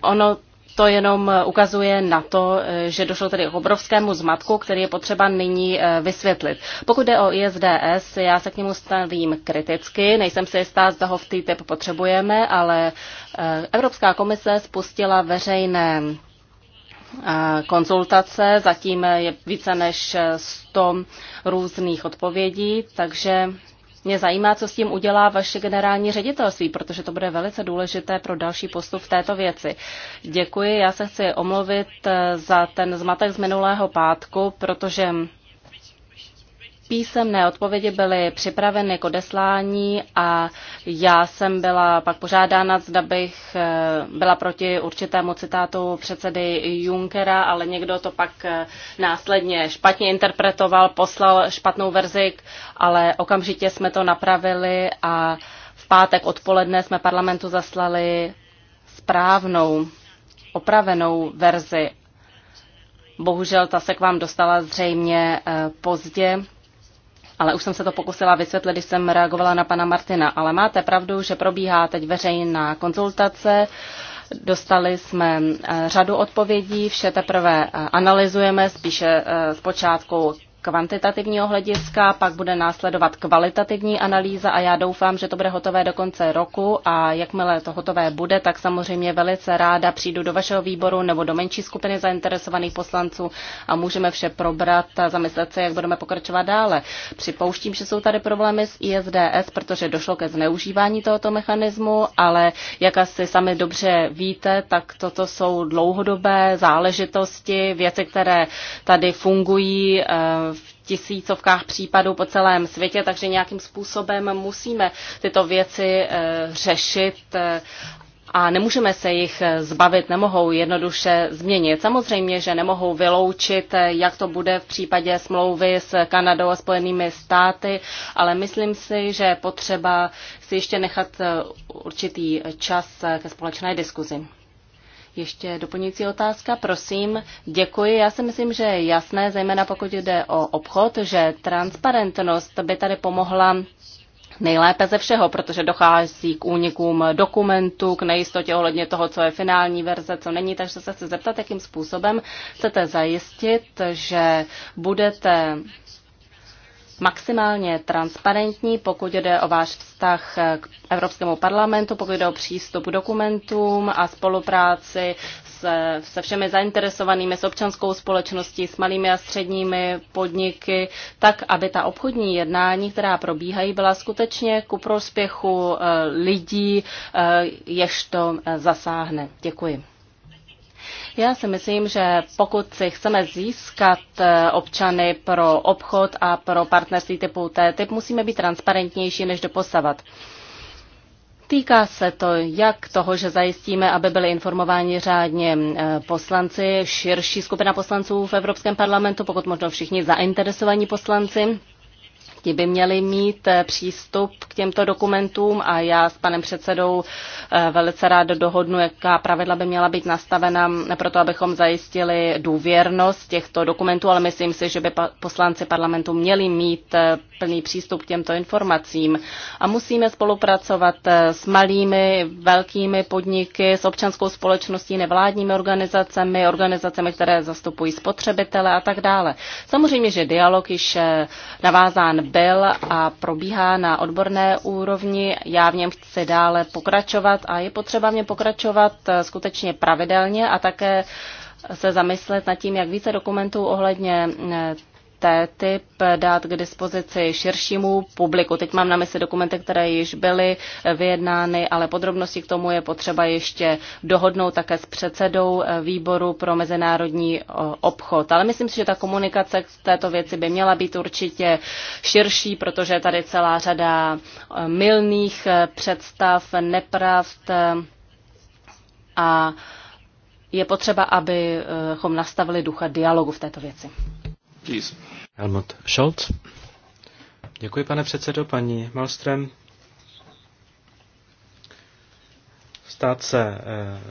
ono to jenom eh, ukazuje na to, eh, že došlo tedy k obrovskému zmatku, který je potřeba nyní eh, vysvětlit. Pokud jde o ISDS, já se k němu stavím kriticky. Nejsem si jistá, zda ho v TTIP potřebujeme, ale Evropská komise spustila veřejné konzultace, zatím je více než 100 různých odpovědí, takže mě zajímá, co s tím udělá vaše generální ředitelství, protože to bude velice důležité pro další postup v této věci. Děkuji, já se chci omluvit eh, za ten zmatek z minulého pátku, protože písemné odpovědi byly připraveny k odeslání a já jsem byla pak pořádána, zda bych eh, byla proti určitému citátu předsedy Junckera, ale někdo to pak eh, následně špatně interpretoval, poslal špatnou verzi, ale okamžitě jsme to napravili a v pátek odpoledne jsme parlamentu zaslali správnou, opravenou verzi. Bohužel ta se k vám dostala zřejmě eh, pozdě ale už jsem se to pokusila vysvětlit, když jsem reagovala na pana Martina. Ale máte pravdu, že probíhá teď veřejná konzultace. Dostali jsme eh, řadu odpovědí, vše teprve eh, analyzujeme, spíše eh, zpočátku kvantitativního hlediska, pak bude následovat kvalitativní analýza a já doufám, že to bude hotové do konce roku a jakmile to hotové bude, tak samozřejmě velice ráda přijdu do vašeho výboru nebo do menší skupiny zainteresovaných poslanců a můžeme vše probrat a zamyslet se, jak budeme pokračovat dále. Připouštím, že jsou tady problémy s ISDS, protože došlo ke zneužívání tohoto mechanismu, ale jak asi sami dobře víte, tak toto jsou dlouhodobé záležitosti, věci, které tady fungují eh, tisícovkách případů po celém světě, takže nějakým způsobem musíme tyto věci eh, řešit eh, a nemůžeme se jich eh, zbavit, nemohou jednoduše změnit. Samozřejmě, že nemohou vyloučit, jak to bude v případě smlouvy s Kanadou a Spojenými státy, ale myslím si, že je potřeba si ještě nechat určitý čas ke společné diskuzi. Ještě doplňující otázka, prosím. Děkuji. Já si myslím, že je jasné, zejména pokud jde o obchod, že transparentnost by tady pomohla nejlépe ze všeho, protože dochází k únikům dokumentů, k nejistotě ohledně toho, co je finální verze, co není. Takže se chci zeptat, jakým způsobem chcete zajistit, že budete maximálně transparentní, pokud jde o váš vztah k Evropskému parlamentu, pokud jde o přístup k dokumentům a spolupráci se, se všemi zainteresovanými, s občanskou společností, s malými a středními podniky, tak, aby ta obchodní jednání, která probíhají, byla skutečně ku prospěchu eh, lidí, eh, jež to eh, zasáhne. Děkuji. Já si myslím, že pokud si chceme získat eh, občany pro obchod a pro partnerství typu T, typ musíme být transparentnější než doposavat. Týká se to jak toho, že zajistíme, aby byli informováni řádně eh, poslanci, širší skupina poslanců v Evropském parlamentu, pokud možno všichni zainteresovaní poslanci, Ti by měli mít eh, přístup k těmto dokumentům a já s panem předsedou eh, velice rád dohodnu, jaká pravidla by měla být nastavena pro to, abychom zajistili důvěrnost těchto dokumentů, ale myslím si, že by poslanci parlamentu měli mít eh, plný přístup k těmto informacím. A musíme spolupracovat eh, s malými, velkými podniky, s občanskou společností, nevládními organizacemi, organizacemi, které zastupují spotřebitele a tak dále. Samozřejmě, že dialog již eh, navázán byl a probíhá na odborné úrovni. Já v něm chci dále pokračovat a je potřeba v něm pokračovat eh, skutečně pravidelně a také se zamyslet nad tím, jak více dokumentů ohledně typ dát k dispozici širšímu publiku. Teď mám na mysli dokumenty, které již byly vyjednány, ale podrobnosti k tomu je potřeba ještě dohodnout také s předsedou výboru pro mezinárodní obchod. Ale myslím si, že ta komunikace k této věci by měla být určitě širší, protože je tady celá řada e, milných e, představ, nepravd e, a je potřeba, abychom nastavili ducha dialogu v této věci please. Helmut Scholz. Děkuji, pane předsedo, paní Malström. Stát se eh,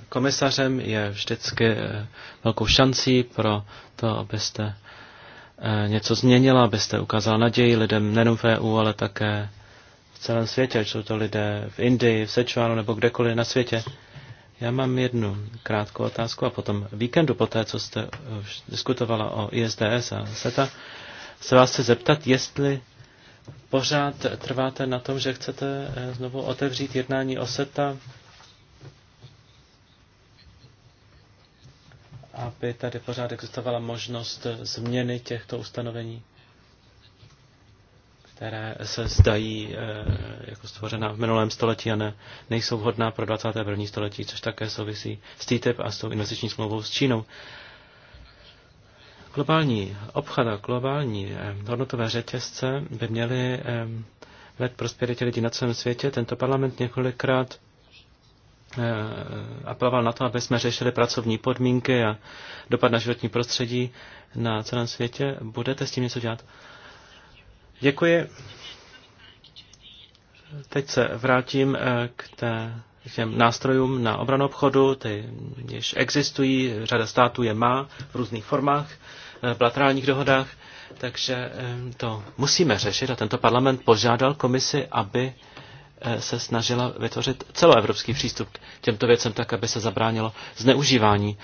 komisařem je vždycky eh, velkou šancí pro to, abyste eh, něco změnila, abyste ukázal naději lidem nejenom v EU, ale také v celém světě, ať jsou to lidé v Indii, v Sečvánu nebo kdekoliv na světě. Já mám jednu krátkou otázku a potom víkendu, po té, co jste eh, už diskutovala o ISDS a SETA, se vás chci zeptat, jestli pořád trváte na tom, že chcete eh, znovu otevřít jednání o SETA, aby tady pořád existovala možnost změny těchto ustanovení které se zdají eh, jako stvořena v minulém století a ne, nejsou vhodná pro 21. století, což také souvisí s TTIP a s tou investiční smlouvou s Čínou. Globální obchod a globální eh, hodnotové řetězce by měly eh, let prosperitě lidí na celém světě. Tento parlament několikrát apeloval na to, aby jsme řešili pracovní podmínky a dopad na životní prostředí na celém světě. Budete s tím něco dělat? Děkuji. Teď se vrátím eh, k té, těm nástrojům na obranu obchodu. Ty již existují, řada států je má v různých formách, v eh, bilaterálních dohodách, takže eh, to musíme řešit a tento parlament požádal komisi, aby se snažila vytvořit celoevropský přístup k těmto věcem tak, aby se zabránilo zneužívání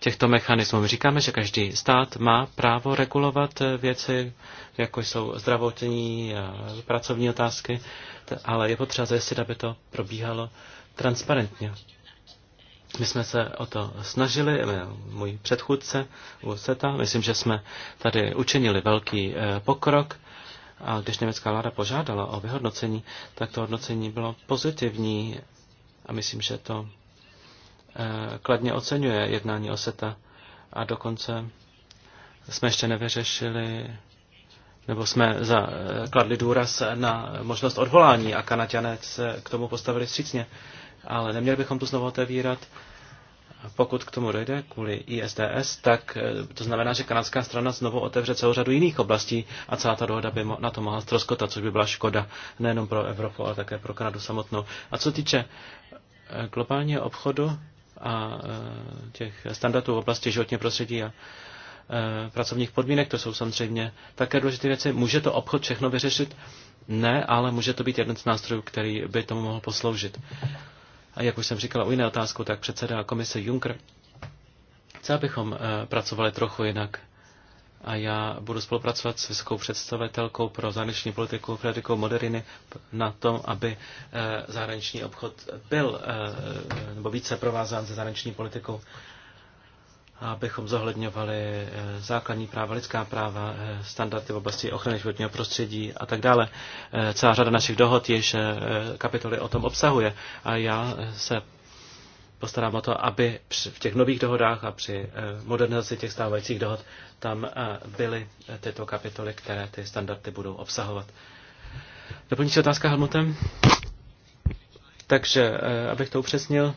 těchto mechanismů. říkáme, že každý stát má právo regulovat eh, věci, jako jsou zdravotní a pracovní otázky, ale je potřeba zajistit, aby to probíhalo transparentně. My jsme se o to snažili, eh, můj předchůdce u SETA, myslím, že jsme tady učinili velký eh, pokrok. A když německá vláda požádala o vyhodnocení, tak to hodnocení bylo pozitivní a myslím, že to Eh, kladně oceňuje jednání OSETA a dokonce jsme ještě nevyřešili, nebo jsme za, eh, kladli důraz na možnost odvolání a Kanaťané se k tomu postavili střícně. Ale neměli bychom to znovu otevírat. Pokud k tomu dojde kvůli ISDS, tak eh, to znamená, že kanadská strana znovu otevře celou řadu jiných oblastí a celá ta dohoda by na to mohla ztroskotat, což by byla škoda nejenom pro Evropu, ale také pro Kanadu samotnou. A co týče globálního obchodu, a e, těch standardů v oblasti životního prostředí a e, pracovních podmínek, to jsou samozřejmě také důležité věci. Může to obchod všechno vyřešit? Ne, ale může to být jeden z nástrojů, který by tomu mohl posloužit. A jak už jsem říkala u jiné otázku, tak předseda komise Juncker chce, abychom e, pracovali trochu jinak a já budu spolupracovat s vysokou představitelkou pro zahraniční politiku Frederikou Moderiny na tom, aby eh, zahraniční obchod byl eh, eh, nebo více provázán se zahraniční politikou, abychom zohledňovali základní práva, lidská práva, standardy v oblasti ochrany životního prostředí a tak dále. Celá řada našich dohod již kapitoly o tom obsahuje a já se postarám o to, aby v těch nových dohodách a při eh, modernizaci těch stávajících dohod tam eh, byly eh, tyto kapitoly, které ty standardy budou obsahovat. Doplňující otázka Helmutem? Takže, abych to upřesnil,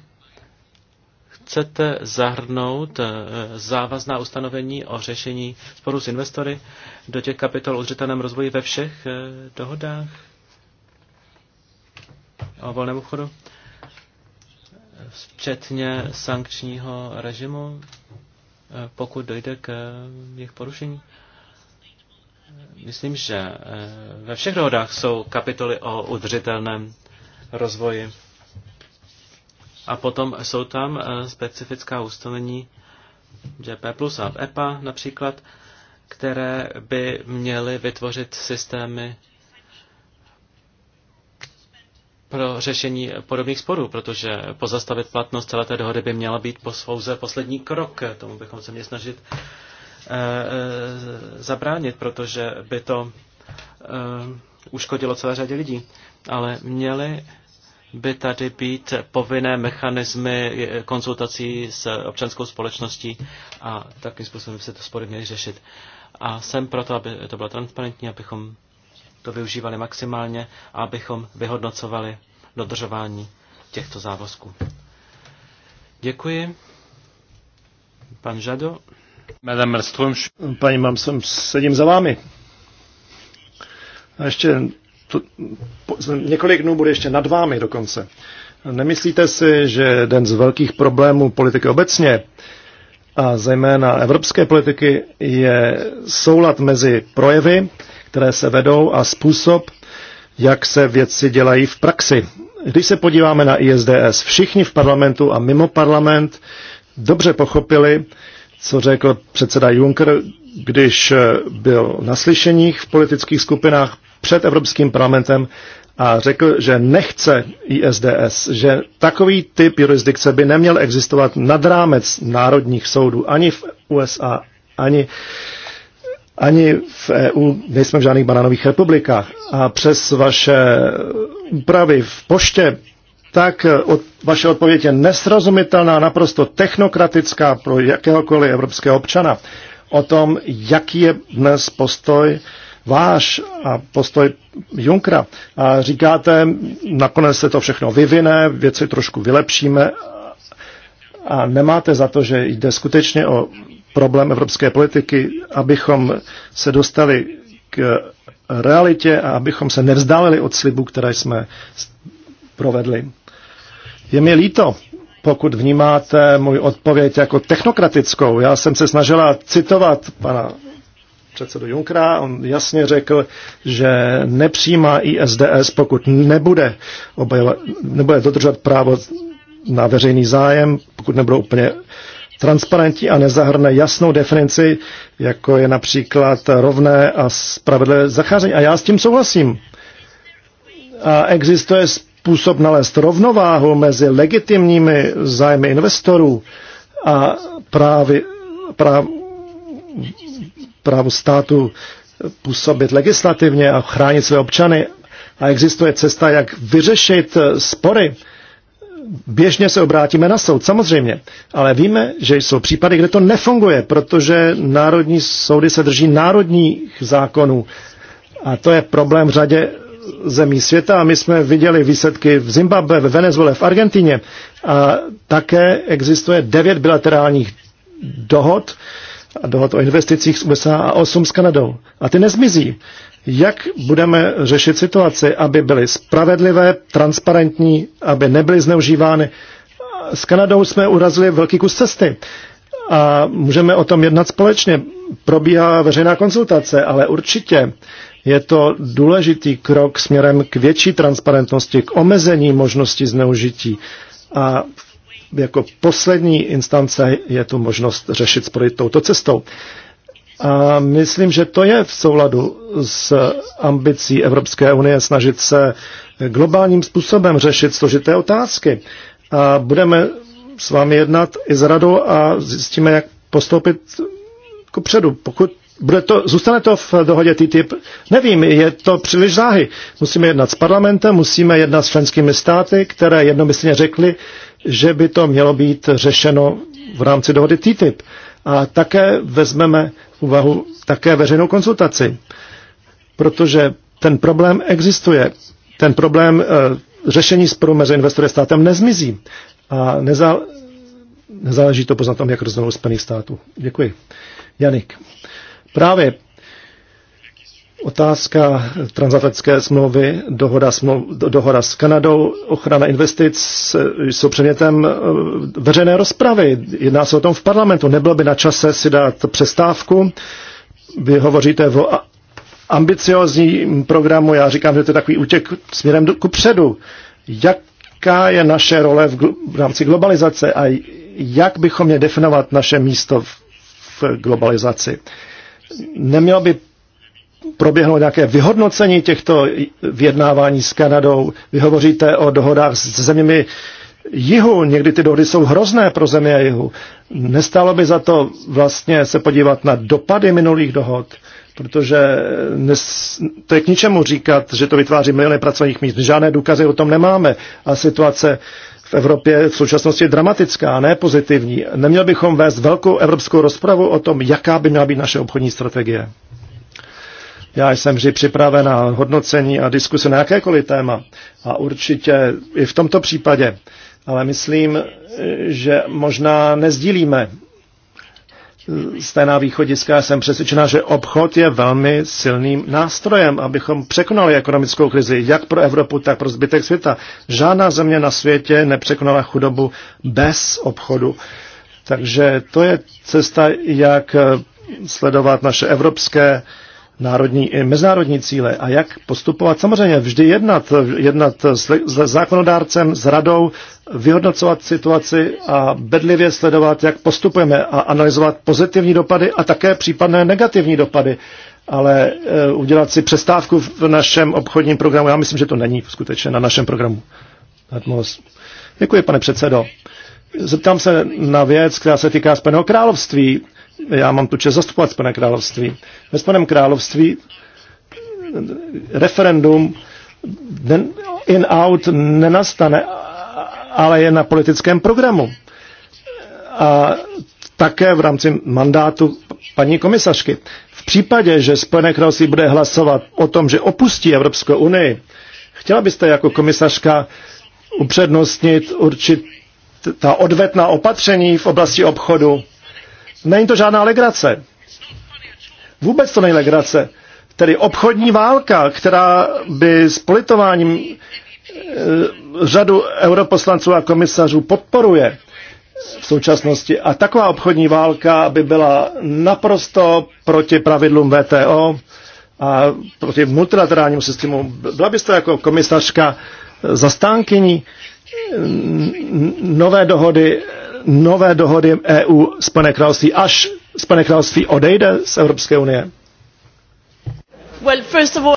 chcete zahrnout závazná ustanovení o řešení sporů s investory do těch kapitol o zřetelném rozvoji ve všech dohodách o volném obchodu? včetně sankčního režimu, eh, pokud dojde k eh, jejich porušení. Myslím, že eh, ve všech dohodách jsou kapitoly o udržitelném rozvoji. A potom jsou tam specifická ustanovení GP plus a EPA například, které by měly vytvořit systémy pro řešení podobných sporů, protože pozastavit platnost celé té dohody by měla být posvouze poslední krok. Tomu bychom se měli snažit eh, eh, zabránit, protože by to eh, uškodilo celé řadě lidí. Ale měli by tady být povinné mechanismy konzultací s občanskou společností a takým způsobem by se to spory měly řešit. A jsem proto, aby to bylo transparentní, abychom to využívali maximálně a abychom vyhodnocovali dodržování těchto závazků. Děkuji. Pan Žado. Madame Malmström. Paní Malmström, sedím za vámi. A ještě to, po, několik dnů bude ještě nad vámi dokonce. Nemyslíte si, že jeden z velkých problémů politiky obecně a zejména evropské politiky je soulad mezi projevy které se vedou a způsob, jak se věci dělají v praxi. Když se podíváme na ISDS, všichni v parlamentu a mimo parlament dobře pochopili, co řekl předseda Juncker, když byl na slyšeních v politických skupinách před Evropským parlamentem a řekl, že nechce ISDS, že takový typ jurisdikce by neměl existovat nad rámec národních soudů ani v USA, ani ani v EU nejsme v žádných banánových republikách. A přes vaše úpravy v poště, tak od, vaše odpověď je nesrozumitelná, naprosto technokratická pro jakéhokoliv evropského občana o tom, jaký je dnes postoj váš a postoj Junkra. A říkáte, nakonec se to všechno vyvine, věci trošku vylepšíme a nemáte za to, že jde skutečně o problém evropské politiky, abychom se dostali k realitě a abychom se nevzdálili od slibu, které jsme provedli. Je mi líto, pokud vnímáte můj odpověď jako technokratickou. Já jsem se snažila citovat pana předsedu Junkra, on jasně řekl, že nepřijímá ISDS, pokud nebude, obajla, nebude dodržovat právo na veřejný zájem, pokud nebudou úplně transparentní a nezahrne jasnou definici, jako je například rovné a spravedlivé zacházení. A já s tím souhlasím. A existuje způsob nalézt rovnováhu mezi legitimními zájmy investorů a právě práv, právu státu působit legislativně a chránit své občany. A existuje cesta, jak vyřešit spory běžně se obrátíme na soud, samozřejmě. Ale víme, že jsou případy, kde to nefunguje, protože národní soudy se drží národních zákonů. A to je problém v řadě zemí světa a my jsme viděli výsledky v Zimbabwe, v Venezuele, v Argentině. A také existuje devět bilaterálních dohod, dohod o investicích z USA a osm s Kanadou. A ty nezmizí jak budeme řešit situaci, aby byly spravedlivé, transparentní, aby nebyly zneužívány. S Kanadou jsme urazili velký kus cesty a můžeme o tom jednat společně. Probíhá veřejná konzultace, ale určitě je to důležitý krok směrem k větší transparentnosti, k omezení možnosti zneužití. A jako poslední instance je tu možnost řešit spory touto cestou. A myslím, že to je v souladu s ambicí Evropské unie snažit se globálním způsobem řešit složité otázky. A budeme s vámi jednat i s radou a zjistíme, jak postoupit ku předu. Pokud bude to, zůstane to v dohodě TTIP, nevím, je to příliš záhy. Musíme jednat s parlamentem, musíme jednat s členskými státy, které jednomyslně řekly, že by to mělo být řešeno v rámci dohody TTIP a také vezmeme v úvahu také veřejnou konzultaci, protože ten problém existuje. Ten problém e, řešení sporu mezi investory a státem nezmizí a nezá, nezáleží to poznat tom, jak rozhodnou Spojených států. Děkuji. Janik. Právě Otázka transatlantické smlouvy, dohoda, smlouv, dohoda s Kanadou, ochrana investic jsou předmětem e, veřejné rozpravy. Jedná se o tom v parlamentu. Nebylo by na čase si dát přestávku. Vy hovoříte o ambiciozním programu, já říkám, že to je takový útěk směrem ku předu. Jaká je naše role v, v rámci globalizace a jak bychom měli definovat naše místo v, v globalizaci? Nemělo by proběhlo nějaké vyhodnocení těchto vyjednávání s Kanadou? Vy hovoříte o dohodách s zeměmi jihu, někdy ty dohody jsou hrozné pro země jihu. Nestálo by za to vlastně se podívat na dopady minulých dohod, protože nes, to je k ničemu říkat, že to vytváří miliony pracovních míst. Žádné důkazy o tom nemáme a situace v Evropě v současnosti je dramatická, ne pozitivní. Neměl bychom vést velkou evropskou rozpravu o tom, jaká by měla být naše obchodní strategie. Já jsem vždy připraven na hodnocení a diskuse na jakékoliv téma. A určitě i v tomto případě. Ale myslím, že možná nezdílíme stejná východiska. Jsem přesvědčená, že obchod je velmi silným nástrojem, abychom překonali ekonomickou krizi, jak pro Evropu, tak pro zbytek světa. Žádná země na světě nepřekonala chudobu bez obchodu. Takže to je cesta, jak sledovat naše evropské národní i eh, mezinárodní cíle a jak postupovat. Samozřejmě vždy jednat, eh, jednat s, s zákonodárcem, s radou, vyhodnocovat situaci a bedlivě sledovat, jak postupujeme a analyzovat pozitivní dopady a také případné negativní dopady. Ale e, udělat si přestávku v našem obchodním programu, já myslím, že to není skutečně na našem programu. Atmos. Děkuji, pane předsedo. Zeptám se na věc, která se týká Spojeného království já mám tu čest zastupovat Spojené království. Ve Spojeném království referendum in-out nenastane, ale je na politickém programu. A také v rámci mandátu paní komisařky. V případě, že Spojené království bude hlasovat o tom, že opustí Evropskou unii, chtěla byste jako komisařka upřednostnit určitá odvetná opatření v oblasti obchodu, Není to žádná legrace. Vůbec to není legrace. Tedy obchodní válka, která by s politováním eh, řadu europoslanců a komisařů podporuje v současnosti. A taková obchodní válka by byla naprosto proti pravidlům VTO a proti multilaterálnímu systému. Byla byste jako komisařka zastánkyní nové dohody nové dohody EU s Spojené království, až Spojené království odejde z Evropské unie? Well, first of all...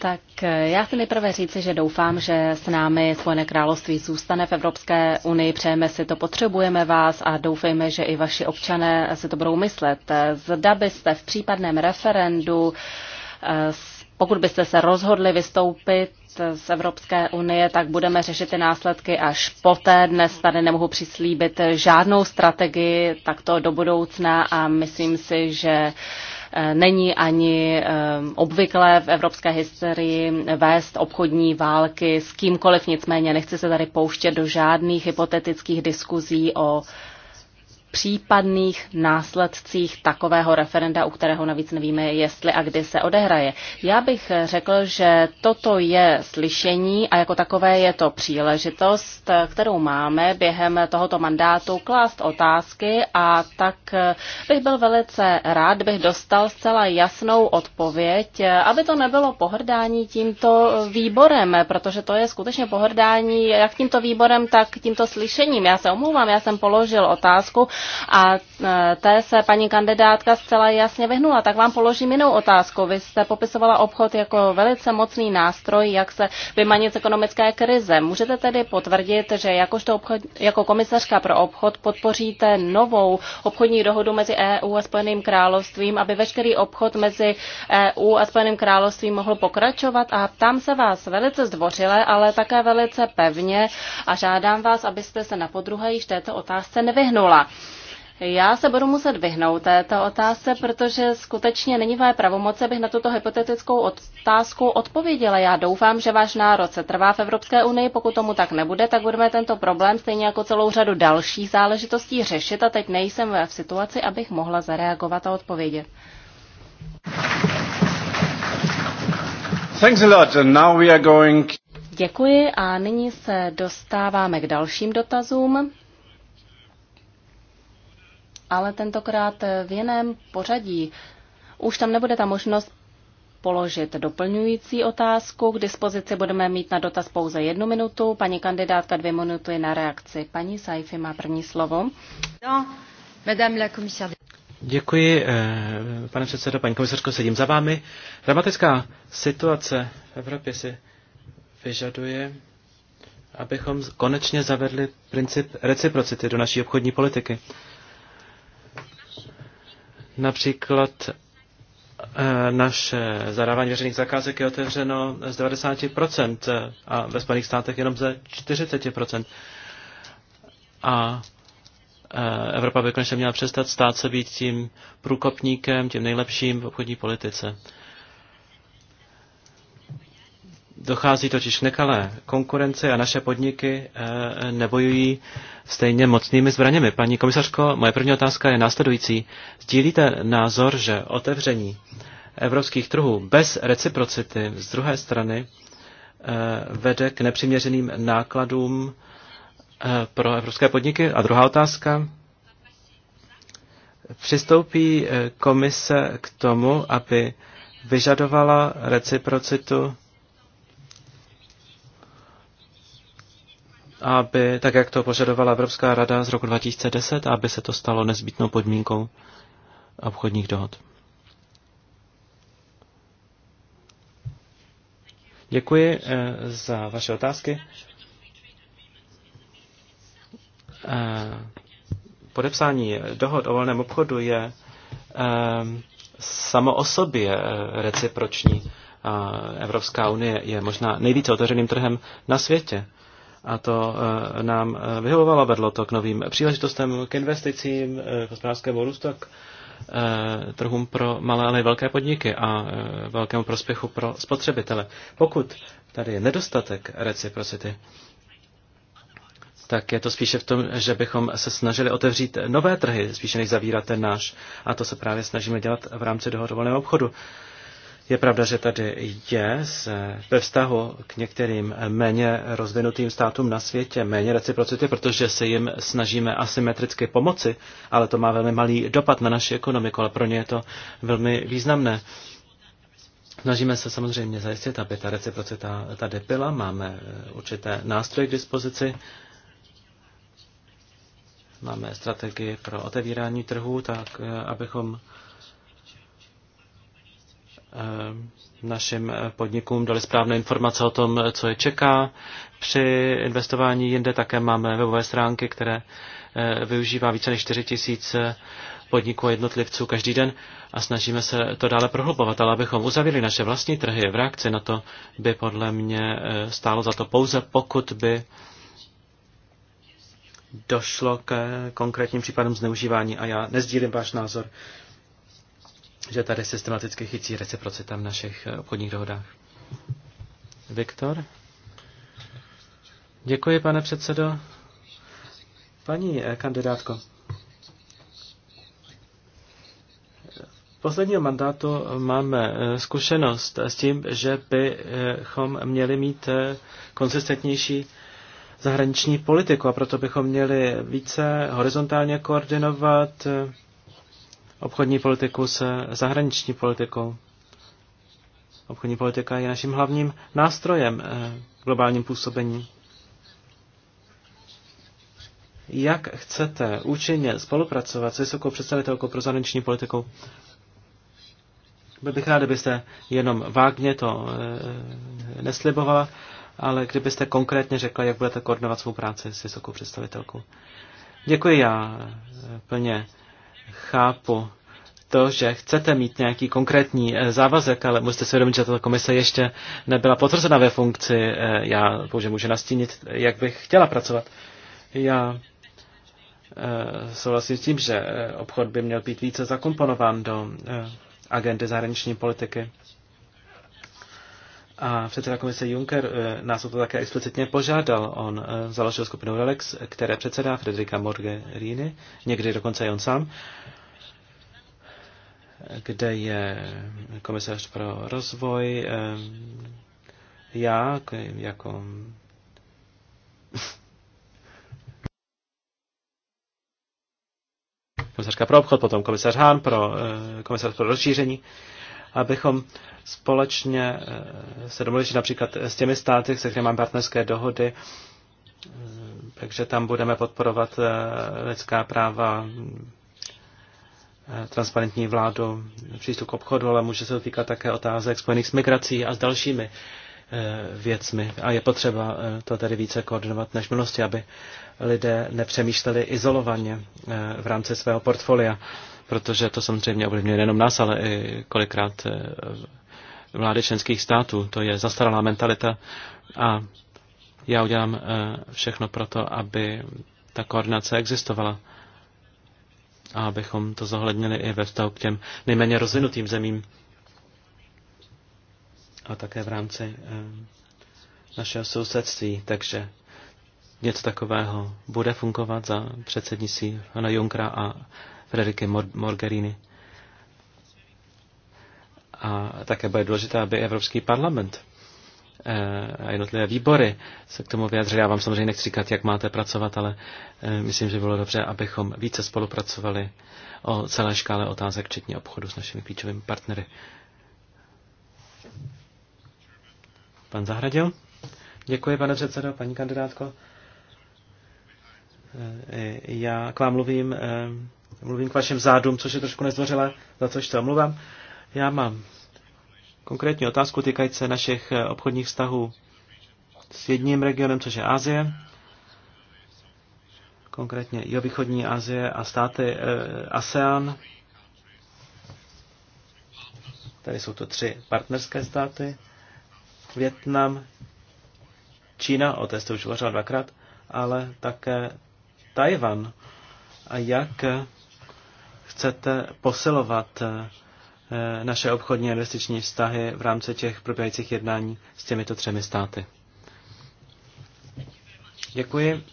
Tak eh, já chci nejprve říci, že doufám, že s námi Spojené království zůstane v Evropské unii. Přejeme si to, potřebujeme vás a doufejme, že i vaši občané si to budou myslet. Eh, Zda byste v případném referendu eh, pokud byste se rozhodli vystoupit z Evropské unie, tak budeme řešit ty následky až poté. Dnes tady nemohu přislíbit žádnou strategii takto do budoucna a myslím si, že eh, není ani eh, obvyklé v evropské historii vést obchodní války s kýmkoliv, nicméně nechci se tady pouštět do žádných hypotetických diskuzí o případných následcích takového referenda, u kterého navíc nevíme, jestli a kdy se odehraje. Já bych řekl, že toto je slyšení a jako takové je to příležitost, kterou máme během tohoto mandátu klást otázky a tak bych byl velice rád, bych dostal zcela jasnou odpověď, aby to nebylo pohrdání tímto výborem, protože to je skutečně pohrdání jak tímto výborem, tak tímto slyšením. Já se omlouvám, já jsem položil otázku, a e, té se paní kandidátka zcela jasně vyhnula. Tak vám položím jinou otázku. Vy jste popisovala obchod jako velice mocný nástroj, jak se vymanit z ekonomické krize. Můžete tedy potvrdit, že jakožto obchod, jako komisařka pro obchod podpoříte novou obchodní dohodu mezi EU a Spojeným královstvím, aby veškerý obchod mezi EU a Spojeným královstvím mohl pokračovat a tam se vás velice zdvořile, ale také velice pevně a žádám vás, abyste se na podruhé již této otázce nevyhnula. Já se budu muset vyhnout této otázce, protože skutečně není moje pravomoce, abych na tuto hypotetickou otázku odpověděla. Já doufám, že váš národ se trvá v Evropské unii. Pokud tomu tak nebude, tak budeme tento problém stejně jako celou řadu dalších záležitostí řešit a teď nejsem v situaci, abych mohla zareagovat a odpovědět. Thanks a lot. And now we are going... Děkuji a nyní se dostáváme k dalším dotazům ale tentokrát v jiném pořadí. Už tam nebude ta možnost položit doplňující otázku. K dispozici budeme mít na dotaz pouze jednu minutu, paní kandidátka dvě minuty na reakci. Paní Saifi má první slovo. No, madame la commissaire. Děkuji, eh, pane předsedo, paní komisařko, sedím za vámi. Dramatická situace v Evropě si vyžaduje, abychom konečně zavedli princip reciprocity do naší obchodní politiky. Například eh, naše zadávání veřejných zakázek je otevřeno z 90% eh, a ve Spojených státech jenom ze 40%. A eh, Evropa by konečně měla přestat stát se být tím průkopníkem, tím nejlepším v obchodní politice. Dochází totiž nekalé konkurence a naše podniky nebojují stejně mocnými zbraněmi. Paní komisařko, moje první otázka je následující. Sdílíte názor, že otevření evropských trhů bez reciprocity z druhé strany eh, vede k nepřiměřeným nákladům eh, pro evropské podniky? A druhá otázka. Přistoupí eh, komise k tomu, aby vyžadovala reciprocitu aby, tak jak to požadovala Evropská rada z roku 2010, aby se to stalo nezbytnou podmínkou obchodních dohod. Děkuji eh, za vaše otázky. Eh, podepsání dohod o volném obchodu je eh, samo o sobě reciproční. Evropská unie je možná nejvíce otevřeným trhem na světě a to e, nám e, vyhovovalo, vedlo to k novým příležitostem, k investicím, e, k hospodářskému růstu, k trhům pro malé, ale i velké podniky a velkému prospěchu pro spotřebitele. Pokud tady je nedostatek reciprocity, tak je to spíše v tom, že bychom se snažili otevřít nové trhy, spíše než zavírat ten náš. A to se právě snažíme dělat v rámci dohodovolného obchodu. Je pravda, že tady je ve vztahu k některým méně rozvinutým státům na světě méně reciprocity, protože se jim snažíme asymetricky pomoci, ale to má velmi malý dopad na naši ekonomiku, ale pro ně je to velmi významné. Snažíme se samozřejmě zajistit, aby ta reciprocita tady byla. Máme eh, určité nástroje k dispozici. Máme strategii pro otevírání trhu, tak eh, abychom Eh, našim podnikům dali správné informace o tom, co je čeká. Při investování jinde také máme webové stránky, které eh, využívá více než 4 tisíc podniků a jednotlivců každý den a snažíme se to dále prohlubovat. Ale abychom uzavili naše vlastní trhy v reakci na to, by podle mě eh, stálo za to pouze, pokud by došlo k konkrétním případům zneužívání a já nezdílím váš názor, že tady systematicky chycí reciprocita v našich eh, obchodních dohodách. Viktor? Děkuji, pane předsedo. Paní eh, kandidátko, posledního mandátu máme eh, zkušenost s tím, že bychom měli mít konsistentnější zahraniční politiku a proto bychom měli více horizontálně koordinovat obchodní politiku se zahraniční politikou. Obchodní politika je naším hlavním nástrojem eh, v globálním působení. Jak chcete účinně spolupracovat s vysokou představitelkou pro zahraniční politiku? Byl bych rád, kdybyste jenom vágně to e, neslibovala, ale kdybyste konkrétně řekla, jak budete koordinovat svou práci s vysokou představitelkou. Děkuji, já eh, plně chápu to, že chcete mít nějaký konkrétní eh, závazek, ale musíte si uvědomit, že tato komise ještě nebyla potvrzena ve funkci. Eh, já pouze můžu nastínit, jak bych chtěla pracovat. Já eh, souhlasím s tím, že obchod by měl být více zakomponován do agendy zahraniční politiky. A předseda komise Juncker eh, nás o to také explicitně požádal. On eh, založil skupinu Relex, které předsedá Frederika Morgerini, někdy dokonce i on sám, kde je komisař pro rozvoj, eh, já jako komisařka pro obchod, potom komisař Hán pro, komisař pro rozšíření, abychom společně eh, se domluvili například s těmi státy, se kterými máme partnerské dohody, eh, takže tam budeme podporovat eh, lidská práva, transparentní vládu, přístup k obchodu, ale může se týkat také otázek spojených s migrací a s dalšími věcmi. A je potřeba to tady více koordinovat než minulosti, aby lidé nepřemýšleli izolovaně v rámci svého portfolia, protože to samozřejmě ovlivňuje nejenom nás, ale i kolikrát vlády členských států. To je zastaralá mentalita a já udělám eh, všechno pro to, aby ta koordinace existovala a abychom to zohlednili i ve vztahu k těm nejméně rozvinutým zemím a také v rámci eh, našeho sousedství. Takže něco takového bude fungovat za předsednictví Hanna Junkra a Frederiky Morgerini. A také bude důležité, aby Evropský parlament eh, a jednotlivé výbory se k tomu vyjadřili. Já vám samozřejmě nechci říkat, jak máte pracovat, ale eh, myslím, že bylo dobře, abychom více spolupracovali o celé škále otázek, včetně obchodu s našimi klíčovými partnery. Pan Zahradil? Děkuji, pane předsedo, paní kandidátko. Eh, já k vám mluvím, mluvím k vašim zádům, což je trošku nezdvořilé, za což se omluvám. Já mám konkrétní otázku týkající se našich eh, obchodních vztahů s jedním regionem, což je Asie, konkrétně jihovýchodní Asie a státy eh, ASEAN. Tady jsou to tři partnerské státy. Větnam, Čína, o té jste už hovořila dvakrát, ale také Tajvan. A jak eh, chcete posilovat eh, Eh, naše obchodní a investiční vztahy v rámci těch probíhajících jednání s těmito třemi státy. Děkuji.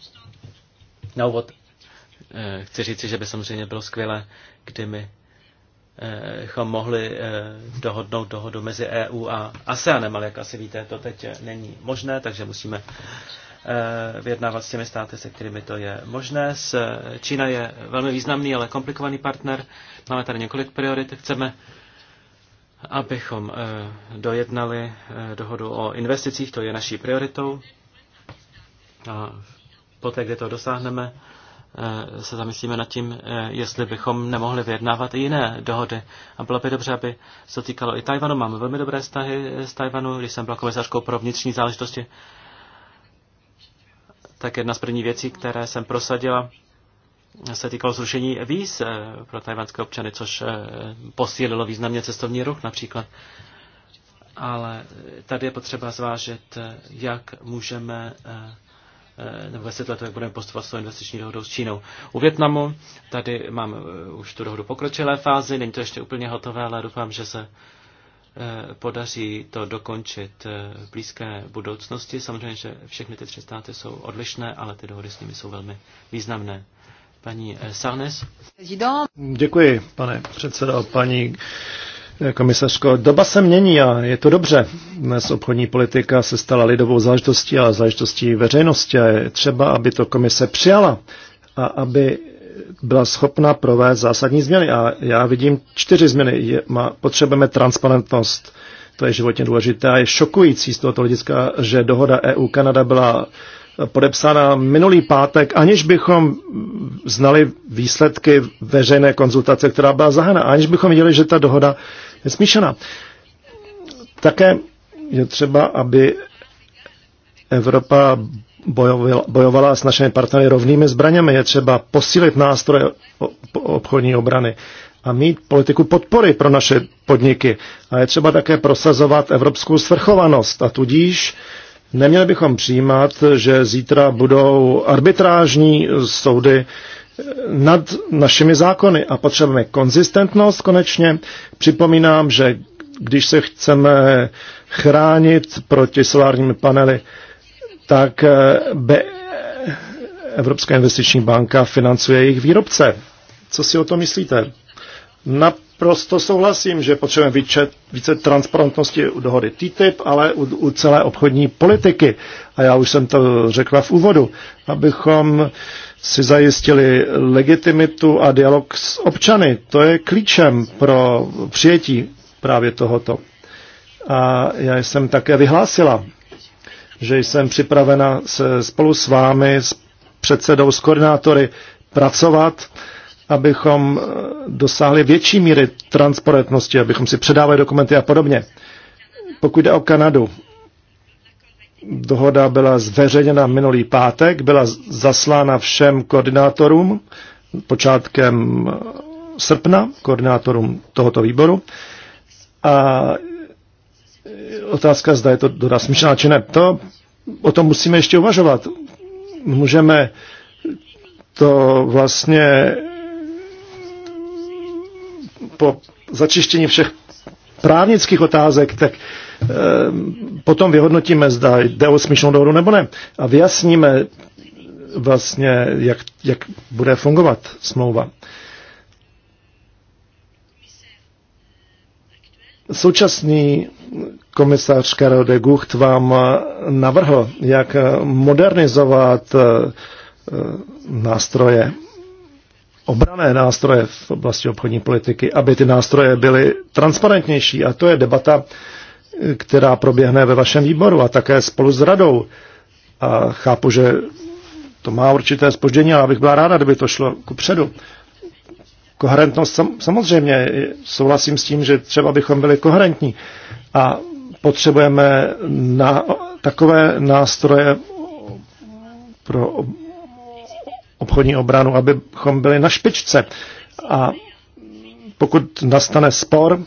Na úvod eh, chci říci, že by samozřejmě bylo skvělé, kdy my bychom eh, mohli dohodnout dohodu mezi EU a ASEANem, ale jak asi víte, to teď není možné, takže musíme vyjednávat s těmi státy, se kterými to je možné. Čína je velmi významný, ale komplikovaný partner. Máme tady několik priorit. Chceme abychom eh, dojednali eh, dohodu o investicích, to je naší prioritou. A poté, kdy to dosáhneme, eh, se zamyslíme nad tím, jestli bychom nemohli vyjednávat i jiné dohody. A bylo by dobře, aby se to týkalo i Tajvanu. Máme velmi dobré vztahy s Tajvanu. Když jsem byla komisařkou pro vnitřní záležitosti, tak jedna z prvních věcí, které jsem prosadila, se týkalo zrušení víz eh, pro tajvanské občany, což eh, posílilo významně cestovní ruch například. Ale eh, tady je potřeba zvážit, jak můžeme nebo ve světle to, jak budeme postupovat s tou investiční dohodou s Čínou. U Větnamu tady mám už tu dohodu pokročilé fázi, není to ještě úplně hotové, ale doufám, že se podaří to dokončit v blízké budoucnosti. Samozřejmě, že všechny ty tři státy jsou odlišné, ale ty dohody s nimi jsou velmi významné. Paní eh, Sarnes. Děkuji, pane předsedo, paní eh, komisařko. Doba se mění a je to dobře. Dnes obchodní politika se stala lidovou záležitostí a záležitostí veřejnosti a je třeba, aby to komise přijala a aby byla schopna provést zásadní změny. A já vidím čtyři změny. Je, má, potřebujeme transparentnost, to je životně důležité a je šokující z tohoto hlediska, že dohoda EU-Kanada byla podepsána minulý pátek, aniž bychom znali výsledky veřejné konzultace, která byla zahána, aniž bychom viděli, že ta dohoda je smíšená. Také je třeba, aby Evropa bojovala s našimi partnery rovnými zbraněmi. Je třeba posílit nástroje obchodní obrany a mít politiku podpory pro naše podniky. A je třeba také prosazovat evropskou svrchovanost a tudíž uh, Neměli bychom přijímat, že zítra budou arbitrážní soudy nad našimi zákony a potřebujeme konzistentnost konečně. Připomínám, že když se chceme chránit proti solárními panely, tak eh, be... Evropská investiční banka financuje jejich výrobce. Co si o to myslíte? Na naprosto souhlasím, že potřebujeme více, více transparentnosti u dohody TTIP, ale u, u celé obchodní politiky. A já už jsem to řekla v úvodu, abychom si zajistili legitimitu a dialog s občany. To je klíčem pro přijetí právě tohoto. A já jsem také vyhlásila, že jsem připravena se spolu s vámi, s předsedou, s koordinátory pracovat abychom eh, dosáhli větší míry transparentnosti, abychom si předávali dokumenty a podobně. Pokud jde o Kanadu, dohoda byla zveřejněna minulý pátek, byla zaslána všem koordinátorům počátkem eh, srpna, koordinátorům tohoto výboru. A eh, otázka, zda je to doda smyšlená, či ne. To, o tom musíme ještě uvažovat. Můžeme to vlastně po začištění všech právnických otázek, tak e, potom vyhodnotíme, zda jde o smíšnou dohodu nebo ne. A vyjasníme vlastně, jak, jak bude fungovat smlouva. Současný komisař Karel de Gucht vám navrhl, jak modernizovat eh, nástroje obrané nástroje v oblasti obchodní politiky, aby ty nástroje byly transparentnější. A to je debata, která proběhne ve vašem výboru a také spolu s radou. A chápu, že to má určité spoždění, ale abych byla ráda, kdyby to šlo ku předu. Koherentnost, sam, samozřejmě souhlasím s tím, že třeba bychom byli koherentní a potřebujeme na, takové nástroje pro obchodní obranu, abychom byli na špičce. A pokud nastane spor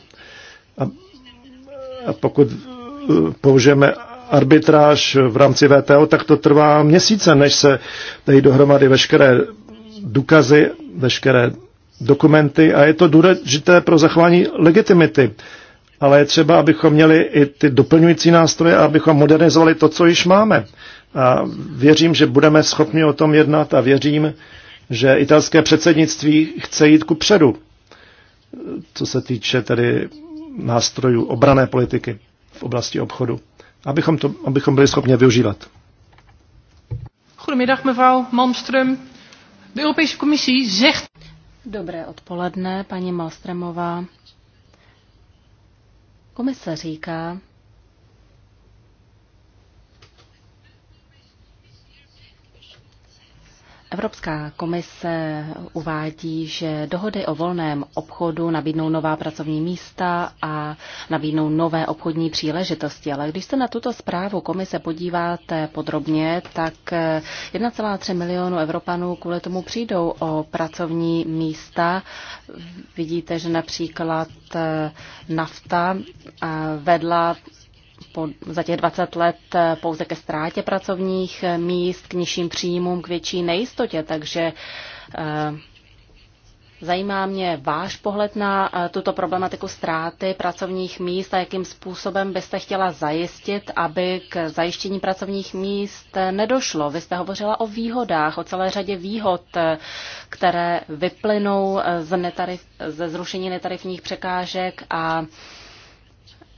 a, a pokud e, použijeme arbitráž v rámci VTO, tak to trvá měsíce, než se dají dohromady veškeré důkazy, veškeré dokumenty a je to důležité pro zachování legitimity. Ale je třeba, abychom měli i ty doplňující nástroje a abychom modernizovali to, co již máme. A věřím, že budeme schopni o tom jednat a věřím, že italské předsednictví chce jít ku předu, co se týče tedy nástrojů obrané politiky v oblasti obchodu, abychom, to, abychom byli schopni využívat. Goedemiddag mevrouw Malmström. De Europese Commissie zegt... Dobré odpoledne, paní Malstremová. Komise říká, Evropská komise uvádí, že dohody o volném obchodu nabídnou nová pracovní místa a nabídnou nové obchodní příležitosti. Ale když se na tuto zprávu komise podíváte podrobně, tak 1,3 milionu Evropanů kvůli tomu přijdou o pracovní místa. Vidíte, že například nafta vedla po, za těch 20 let pouze ke ztrátě pracovních míst, k nižším příjmům, k větší nejistotě. Takže eh, Zajímá mě váš pohled na eh, tuto problematiku ztráty pracovních míst a jakým způsobem byste chtěla zajistit, aby k zajištění pracovních míst nedošlo. Vy jste hovořila o výhodách, o celé řadě výhod, eh, které vyplynou z netarif, ze zrušení netarifních překážek a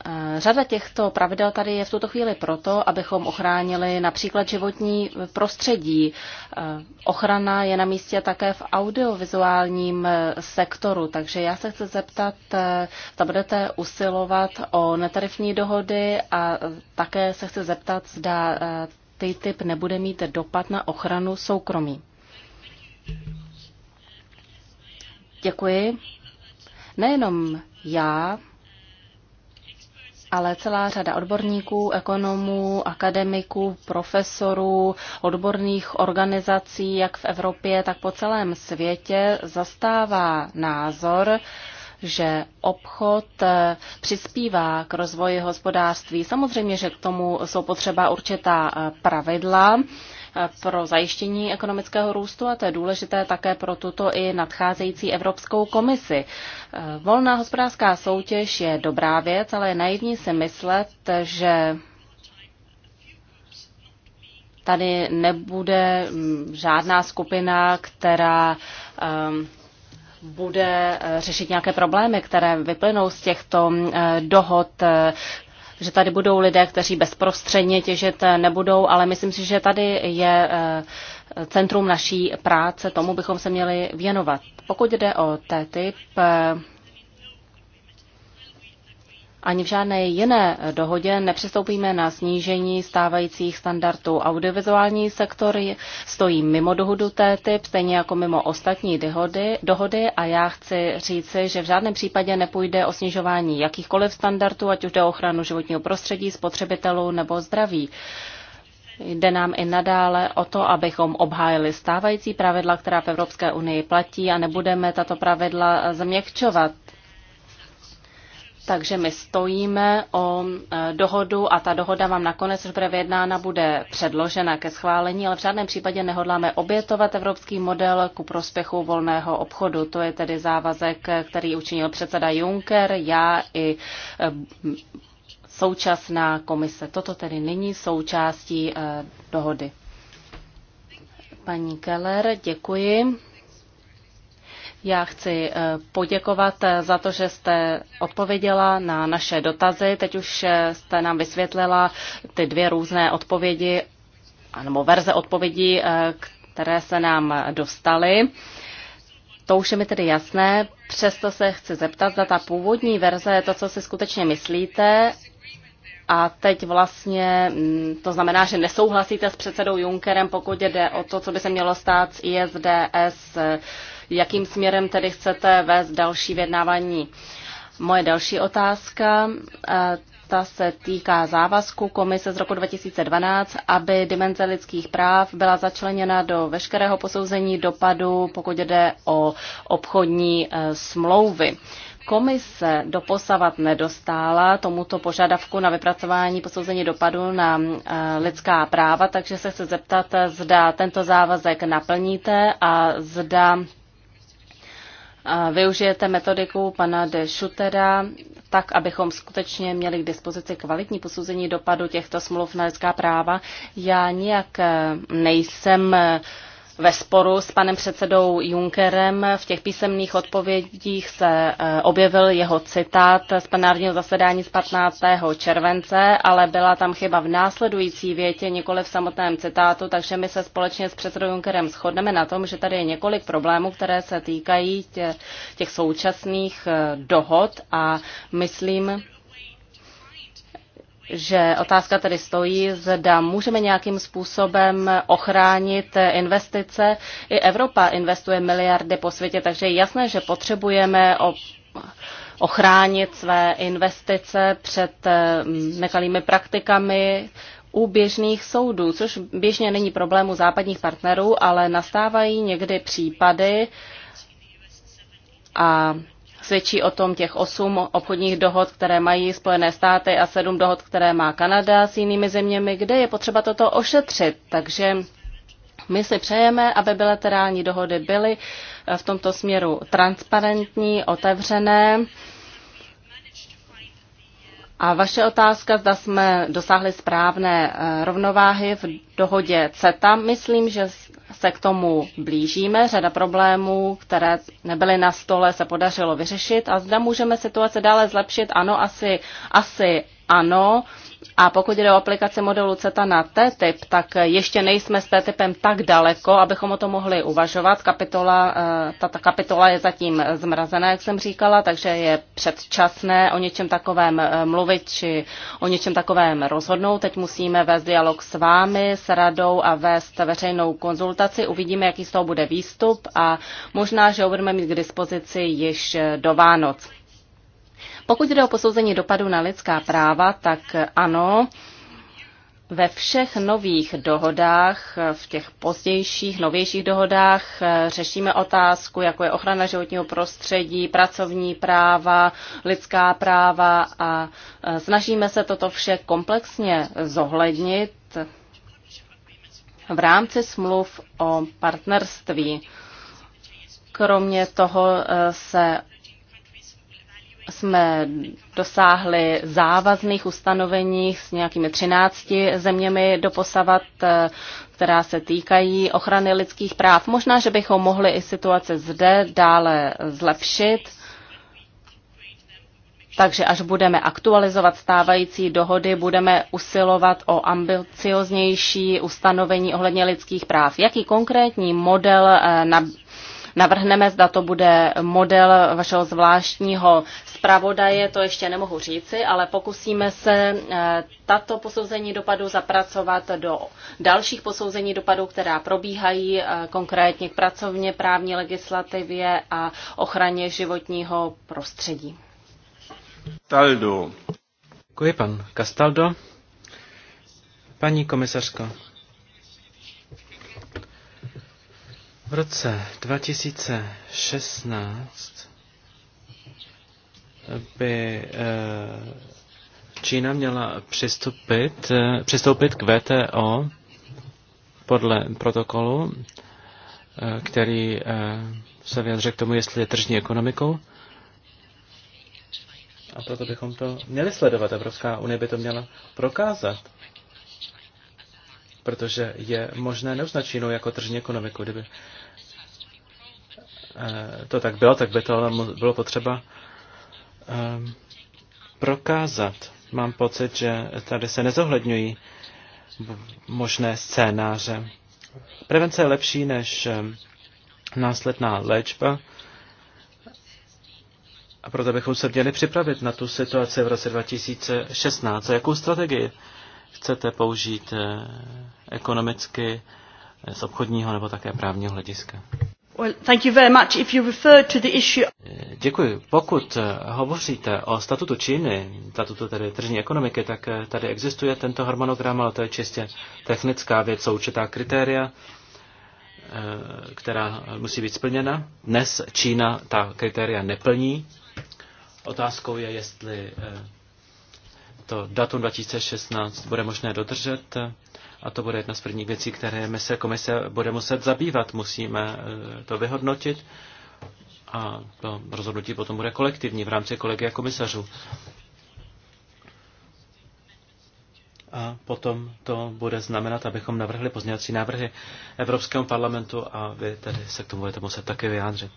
Eh, řada těchto pravidel tady je v tuto chvíli proto, abychom ochránili například životní prostředí. Eh, ochrana je na místě také v audiovizuálním eh, sektoru, takže já se chci zeptat, zda budete usilovat o netarifní dohody a také se chci zeptat, zda typ nebude mít dopad na ochranu soukromí. Děkuji. Nejenom já ale celá řada odborníků, ekonomů, akademiků, profesorů, odborných organizací, jak v Evropě, tak po celém světě, zastává názor, že obchod eh, přispívá k rozvoji hospodářství. Samozřejmě, že k tomu jsou potřeba určitá eh, pravidla, pro zajištění ekonomického růstu a to je důležité také pro tuto i nadcházející Evropskou komisi. Volná hospodářská soutěž je dobrá věc, ale je naivní si myslet, že tady nebude mm, žádná skupina, která mm, bude eh, řešit nějaké problémy, které vyplynou z těchto mm, eh, dohod. Eh, že tady budou lidé, kteří bezprostředně těžit nebudou, ale myslím si, že tady je eh, centrum naší práce, tomu bychom se měli věnovat. Pokud jde o TTIP, eh, ani v žádné jiné dohodě nepřistoupíme na snížení stávajících standardů. Audiovizuální sektor stojí mimo dohodu TTIP, stejně jako mimo ostatní dohody, dohody a já chci říci, že v žádném případě nepůjde o snižování jakýchkoliv standardů, ať už jde o ochranu životního prostředí, spotřebitelů nebo zdraví. Jde nám i nadále o to, abychom obhájili stávající pravidla, která v Evropské unii platí a nebudeme tato pravidla změkčovat. Takže my stojíme o e, dohodu a ta dohoda vám nakonec, až bude vyjednána, bude předložena ke schválení, ale v žádném případě nehodláme obětovat evropský model ku prospěchu volného obchodu. To je tedy závazek, který učinil předseda Juncker, já i e, současná komise. Toto tedy není součástí e, dohody. Paní Keller, děkuji. Já chci eh, poděkovat eh, za to, že jste odpověděla na naše dotazy. Teď už eh, jste nám vysvětlila ty dvě různé odpovědi, nebo verze odpovědí, které se nám dostaly. To už je mi tedy jasné, přesto se chci zeptat, za ta původní verze je to, co si skutečně myslíte, a teď vlastně mm, to znamená, že nesouhlasíte s předsedou Junckerem, pokud jde o to, co by se mělo stát s ISDS jakým směrem tedy chcete vést další vědnávání. Moje další otázka, eh, ta se týká závazku komise z roku 2012, aby dimenze lidských práv byla začleněna do veškerého posouzení dopadu, pokud jde o obchodní eh, smlouvy. Komise doposavat nedostála tomuto požadavku na vypracování posouzení dopadu na eh, lidská práva, takže se chci zeptat, zda tento závazek naplníte a zda využijete metodiku pana de Schutera tak, abychom skutečně měli k dispozici kvalitní posouzení dopadu těchto smluv na lidská práva. Já nijak nejsem uh, ve sporu s panem předsedou Junckerem. V těch písemných odpovědích se eh, objevil jeho citát z plenárního zasedání z 15. července, ale byla tam chyba v následující větě, nikoli v samotném citátu, takže my se společně s předsedou Junckerem shodneme na tom, že tady je několik problémů, které se týkají těch současných eh, dohod a myslím, že otázka tedy stojí, zda můžeme nějakým způsobem ochránit investice. I Evropa investuje miliardy po světě, takže je jasné, že potřebujeme o ochránit své investice před eh, nekalými praktikami u běžných soudů, což běžně není problém u západních partnerů, ale nastávají někdy případy a Svědčí o tom těch osm obchodních dohod, které mají Spojené státy a sedm dohod, které má Kanada s jinými zeměmi, kde je potřeba toto ošetřit. Takže my si přejeme, aby bilaterální dohody byly v tomto směru transparentní, otevřené a vaše otázka, zda jsme dosáhli správné eh, rovnováhy v dohodě CETA, myslím, že se k tomu blížíme. Řada problémů, které nebyly na stole, se podařilo vyřešit a zda můžeme situace dále zlepšit. Ano, asi, asi ano. A pokud jde o aplikaci modelu CETA na TTIP, tak ještě nejsme s TTIPem tak daleko, abychom o tom mohli uvažovat. Kapitola, eh, ta kapitola je zatím zmrazená, jak jsem říkala, takže je předčasné o něčem takovém eh, mluvit či o něčem takovém rozhodnout. Teď musíme vést dialog s vámi, s radou a vést veřejnou konzultaci. Uvidíme, jaký z toho bude výstup a možná, že ho budeme mít k dispozici již do Vánoc. Pokud jde o posouzení dopadu na lidská práva, tak ano, ve všech nových dohodách, v těch pozdějších, novějších dohodách eh, řešíme otázku, jako je ochrana životního prostředí, pracovní práva, lidská práva a eh, snažíme se toto vše komplexně zohlednit v rámci smluv o partnerství. Kromě toho eh, se jsme dosáhli závazných ustanovení s nějakými 13 zeměmi doposavat, eh, která se týkají ochrany lidských práv. Možná, že bychom mohli i situace zde dále zlepšit. Takže až budeme aktualizovat stávající dohody, budeme usilovat o ambicioznější ustanovení ohledně lidských práv. Jaký konkrétní model eh, navrhneme, zda to bude model vašeho zvláštního zpravodaje, to ještě nemohu říci, ale pokusíme se eh, tato posouzení dopadu zapracovat do dalších posouzení dopadů, která probíhají eh, konkrétně k pracovně právní legislativě a ochraně životního prostředí. Castaldo. Děkuji, pan Castaldo. Paní komisařko, V roce 2016 by eh, Čína měla přistoupit eh, přistoupit k VTO podle protokolu, eh, který se vyjadřuje k tomu, jestli je tržní ekonomikou. A proto bychom to měli sledovat. Evropská unie by to měla prokázat. Protože je možné neuznat Čínu jako tržní ekonomiku. Kdyby Eh, to tak bylo, tak by to ale bylo potřeba ehm, prokázat. Mám pocit, že tady se nezohledňují možné scénáře. Prevence je lepší než ehm, následná léčba a proto bychom se měli připravit na tu situaci v roce 2016. A jakou strategii chcete použít eh, ekonomicky eh, z obchodního nebo také právního hlediska? Děkuji. Pokud eh, hovoříte o statutu Číny, statutu tedy tržní ekonomiky, tak eh, tady existuje tento harmonogram, ale to je čistě technická věc, jsou určitá kritéria, eh, která musí být splněna. Dnes Čína ta kritéria neplní. Otázkou je, jestli to datum 2016 bude možné dodržet. A to bude jedna z prvních věcí, které se komise bude muset zabývat. Musíme eh, to vyhodnotit a to rozhodnutí potom bude kolektivní v rámci kolegia komisařů. A potom to bude znamenat, abychom navrhli pozměňovací návrhy Evropskému parlamentu a vy tedy se k tomu budete muset také vyjádřit.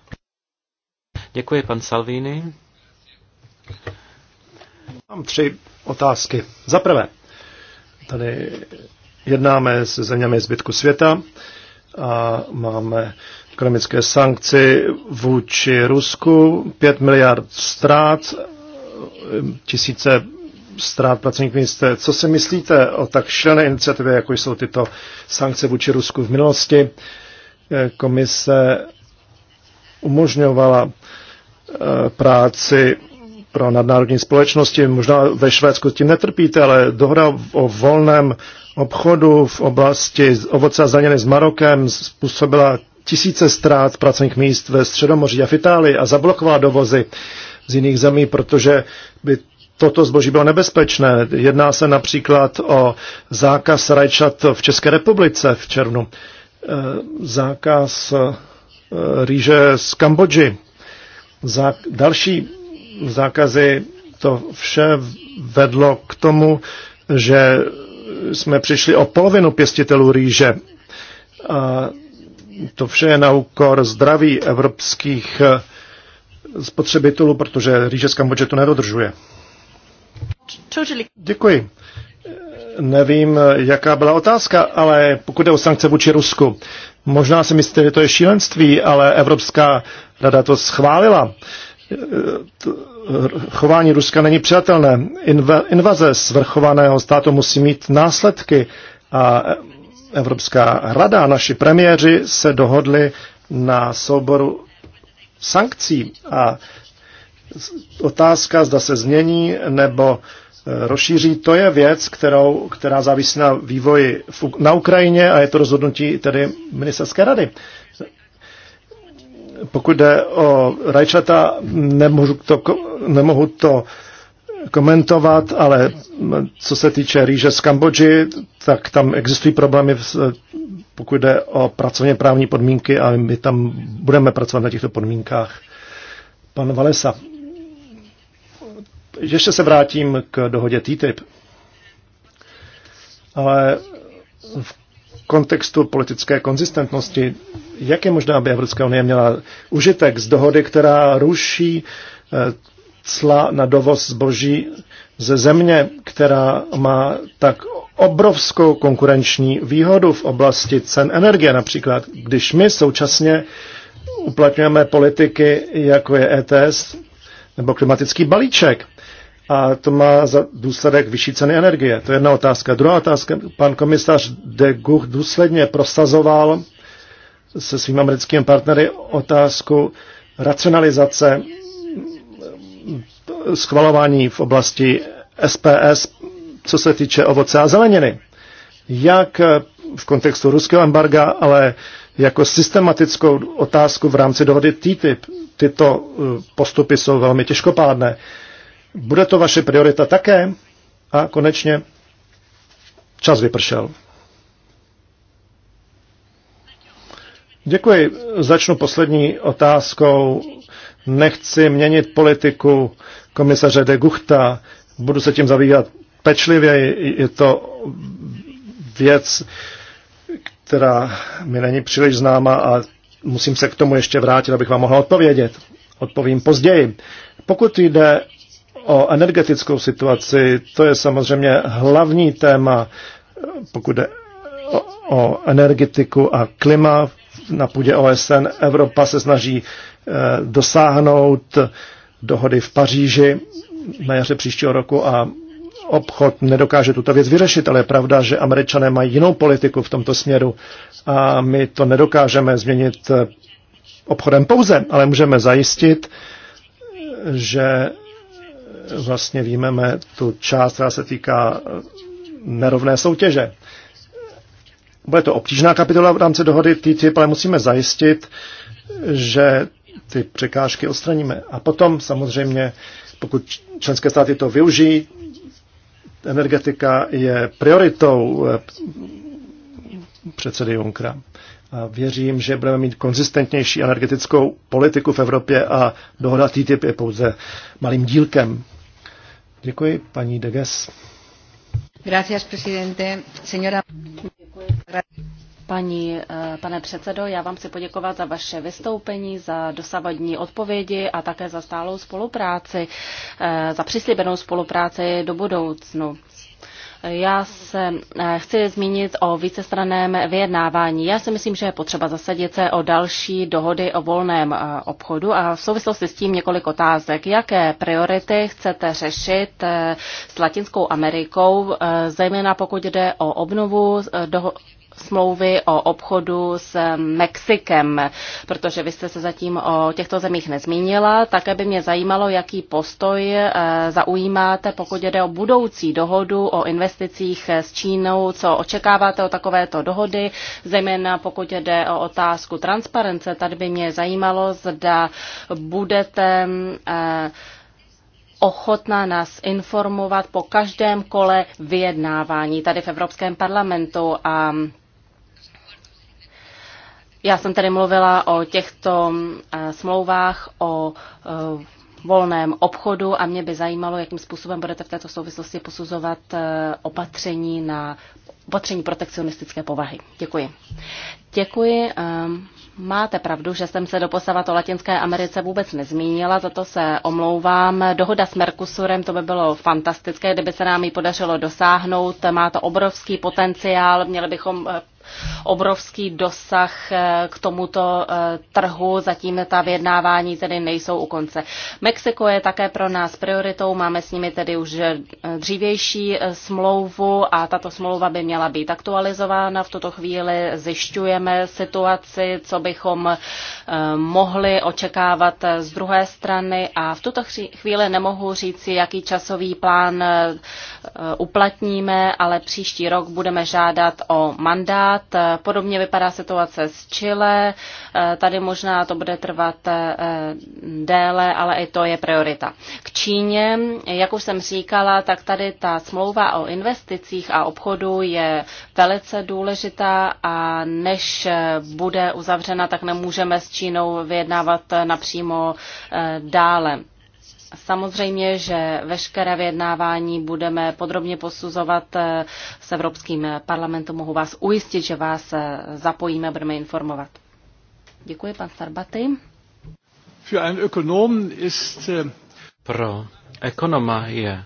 Děkuji, pan Salvini. Mám tři otázky. Za prvé, tady jednáme se zeměmi zbytku světa a máme ekonomické sankci vůči Rusku, 5 miliard ztrát, tisíce ztrát pracovních míst. Co si myslíte o tak šilné iniciativě, jako jsou tyto sankce vůči Rusku v minulosti? Komise umožňovala eh, práci pro nadnárodní společnosti. Možná ve Švédsku tím netrpíte, ale dohoda o volném obchodu v oblasti ovoce a zeleniny s Marokem způsobila tisíce ztrát pracovních míst ve Středomoří a v Itálii a zablokovala dovozy z jiných zemí, protože by toto zboží bylo nebezpečné. Jedná se například o zákaz rajčat v České republice v červnu, e, zákaz e, rýže z Kambodži, Zák- další zákazy, to vše vedlo k tomu, že jsme přišli o polovinu pěstitelů rýže. A to vše je na úkor zdraví evropských eh, spotřebitelů, protože rýže z Kambodže to nedodržuje. Děkuji. Nevím, jaká byla otázka, ale pokud je o sankce vůči Rusku, možná si myslíte, že to je šílenství, ale Evropská rada to schválila. Uh, chování Ruska není přijatelné. Invaze svrchovaného státu musí mít následky a Evropská rada a naši premiéři se dohodli na souboru sankcí a otázka, zda se změní nebo e, rozšíří, to je věc, kterou, která závisí na vývoji na Ukrajině a je to rozhodnutí tedy ministerské rady. Pokud jde o rajčata, nemohu to, nemohu to komentovat, ale co se týče rýže z Kambodži, tak tam existují problémy, pokud jde o pracovně právní podmínky a my tam budeme pracovat na těchto podmínkách. Pan Valesa, ještě se vrátím k dohodě TTIP, ale v kontextu politické konzistentnosti, jak je možné, aby Evropská unie měla užitek z dohody, která ruší eh, cla na dovoz zboží ze země, která má tak obrovskou konkurenční výhodu v oblasti cen energie například, když my současně uplatňujeme politiky, jako je ETS nebo klimatický balíček a to má za důsledek vyšší ceny energie. To je jedna otázka. Druhá otázka, pan komisař de Gucht důsledně prosazoval se svým americkým partnery otázku racionalizace schvalování v oblasti SPS, co se týče ovoce a zeleniny. Jak v kontextu ruského embarga, ale jako systematickou otázku v rámci dohody TTIP. Tyto eh, postupy jsou velmi těžkopádné. Bude to vaše priorita také? A konečně čas vypršel. Děkuji. Začnu poslední otázkou. Nechci měnit politiku komisaře de Guchta. Budu se tím zabývat pečlivě. Je to věc, která mi není příliš známa a musím se k tomu ještě vrátit, abych vám mohl odpovědět. Odpovím později. Pokud jde o energetickou situaci. To je samozřejmě hlavní téma, pokud jde o, o energetiku a klima na půdě OSN. Evropa se snaží eh, dosáhnout dohody v Paříži na jaře příštího roku a obchod nedokáže tuto věc vyřešit, ale je pravda, že američané mají jinou politiku v tomto směru a my to nedokážeme změnit eh, obchodem pouze, ale můžeme zajistit, že vlastně výjmeme tu část, která se týká eh, nerovné soutěže. Bude to obtížná kapitola v rámci dohody TTIP, ale musíme zajistit, že ty překážky odstraníme. A potom samozřejmě, pokud členské státy to využijí, energetika je prioritou eh, předsedy Junkra. A věřím, že budeme mít konzistentnější energetickou politiku v Evropě a dohoda TTIP je pouze malým dílkem Děkuji, paní Deges. Gracias, presidente. Señora... Paní, eh, pane předsedo, já vám chci poděkovat za vaše vystoupení, za dosavadní odpovědi a také za stálou spolupráci, eh, za přislíbenou spolupráci do budoucnu. Já se eh, chci zmínit o vícestraném vyjednávání. Já si myslím, že je potřeba zasadit se o další dohody o volném eh, obchodu a v souvislosti s tím několik otázek. Jaké priority chcete řešit eh, s Latinskou Amerikou, zejména pokud jde o obnovu smlouvy o obchodu s Mexikem, protože vy jste se zatím o těchto zemích nezmínila. Také by mě zajímalo, jaký postoj eh, zaujímáte, pokud jde o budoucí dohodu o investicích s Čínou, co očekáváte o takovéto dohody, zejména pokud jde o otázku transparence. Tady by mě zajímalo, zda budete eh, ochotná nás informovat po každém kole vyjednávání tady v Evropském parlamentu a já jsem tady mluvila o těchto eh, smlouvách, o eh, volném obchodu a mě by zajímalo, jakým způsobem budete v této souvislosti posuzovat eh, opatření na opatření protekcionistické povahy. Děkuji. Děkuji. Ehm, máte pravdu, že jsem se doposavat o Latinské Americe vůbec nezmínila, za to se omlouvám. Dohoda s Mercosurem, to by bylo fantastické, kdyby se nám ji podařilo dosáhnout. Má to obrovský potenciál, měli bychom obrovský dosah eh, k tomuto eh, trhu, zatím ta vyjednávání tedy nejsou u konce. Mexiko je také pro nás prioritou, máme s nimi tedy už eh, dřívější smlouvu a tato smlouva by měla být aktualizována. V tuto chvíli zjišťujeme situaci, co bychom mohli očekávat z druhé strany a v tuto chvíli nemohu říci, jaký časový plán uplatníme, ale příští rok budeme žádat o mandát trvat. Eh, podobně vypadá situace s Chile. Eh, tady možná to bude trvat eh, déle, ale i to je priorita. K Číně, jak už jsem říkala, tak tady ta smlouva o investicích a obchodu je velice důležitá a než bude uzavřena, tak nemůžeme s Čínou vyjednávat napřímo dále. Samozřejmě, že veškeré vyjednávání budeme podrobně posuzovat eh, s Evropským parlamentem. Mohu vás ujistit, že vás eh, zapojíme, budeme informovat. Děkuji, pan Sarbaty. Eh, pro ekonoma je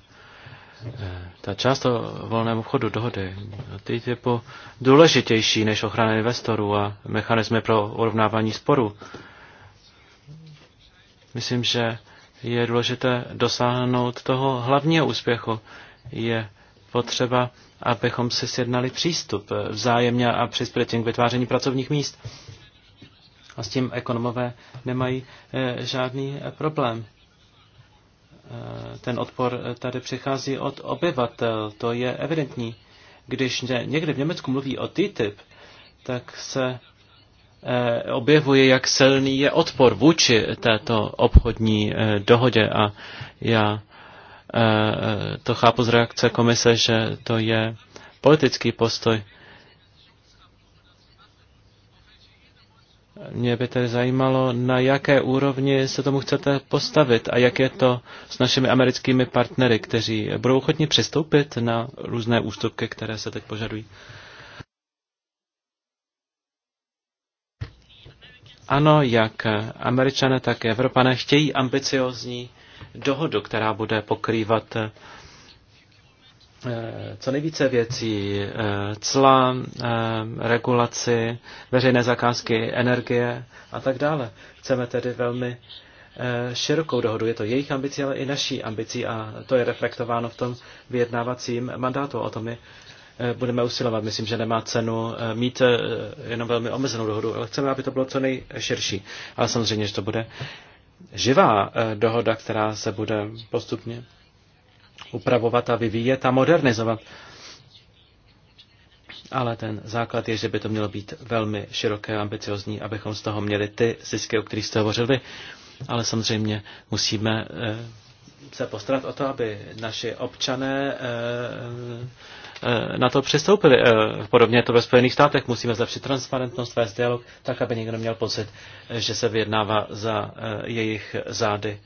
ta část o volném obchodu dohody ty je po důležitější než ochrana investorů a mechanismy pro urovnávání sporů. Myslím, že je důležité dosáhnout toho hlavního úspěchu. Je potřeba, abychom si sjednali přístup eh, vzájemně a přispěli k vytváření pracovních míst. A s tím ekonomové nemají eh, žádný problém. Eh, ten odpor tady přichází od obyvatel, to je evidentní. Když někde v Německu mluví o TTIP, tak se Eh, objevuje, jak silný je odpor vůči této obchodní eh, dohodě a já eh, to chápu z reakce komise, že to je politický postoj. Mě by tedy zajímalo, na jaké úrovni se tomu chcete postavit a jak je to s našimi americkými partnery, kteří budou ochotni přistoupit na různé ústupky, které se teď požadují. Ano, jak američané, tak evropané chtějí ambiciozní dohodu, která bude pokrývat eh, co nejvíce věcí, eh, cla, eh, regulaci, veřejné zakázky, energie a tak dále. Chceme tedy velmi širokou dohodu. Je to jejich ambicí, ale i naší ambicí a to je reflektováno v tom vyjednávacím mandátu. O tom my Eh, budeme usilovat. Myslím, že nemá cenu eh, mít eh, jenom velmi omezenou dohodu, ale chceme, aby to bylo co nejširší. Ale samozřejmě, že to bude živá dohoda, která se bude postupně upravovat a vyvíjet a modernizovat. Ale ten základ je, že by to mělo být velmi široké a ambiciozní, abychom z toho měli ty zisky, o kterých jste hovořili. Ale samozřejmě musíme se postarat o to, aby naši občané eh, eh, na to přistoupili. Eh, podobně je to ve Spojených státech. Musíme zlepšit transparentnost, vést dialog, tak, aby někdo měl pocit, že se vyjednává za jejich zády.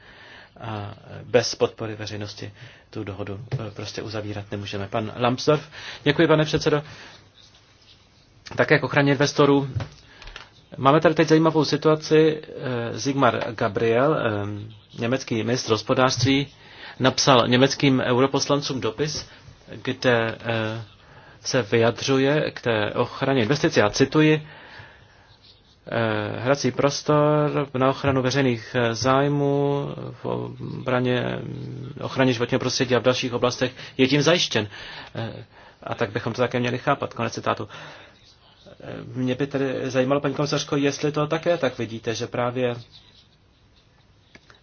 A bez podpory veřejnosti tu dohodu prostě uzavírat nemůžeme. Pan Lambsdorff, děkuji, pane předsedo. Také k ochraně investorů Máme tady teď zajímavou situaci. Sigmar eh, Gabriel, eh, německý ministr hospodářství, napsal německým europoslancům dopis, kde eh, se vyjadřuje k té ochraně investic. Já cituji, hrací prostor na ochranu veřejných zájmů, v obraně, ochraně životního prostředí a v dalších oblastech je tím zajištěn. A tak bychom to také měli chápat. Konec citátu. Mě by tedy zajímalo, paní komisařko, jestli to také tak vidíte, že právě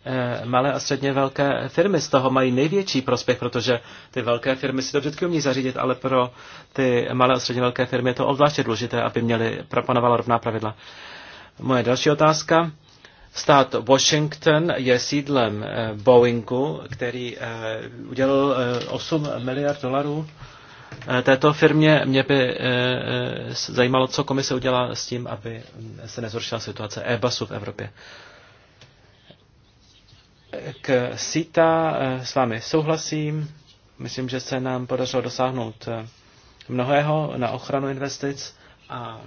eh, malé a středně velké firmy z toho mají největší prospěch, protože ty velké firmy si to vždycky umí zařídit, ale pro ty malé a středně velké firmy je to obzvláště důležité, aby měly proponovala rovná pravidla. Moje další otázka. Stát Washington je sídlem eh, Boeingu, který eh, udělal 8 miliard dolarů Eh, této firmě. Mě by eh, eh, zajímalo, co komise udělá s tím, aby se nezhoršila situace e v Evropě. K SITA s vámi souhlasím. Myslím, že se nám podařilo dosáhnout mnohého na ochranu investic a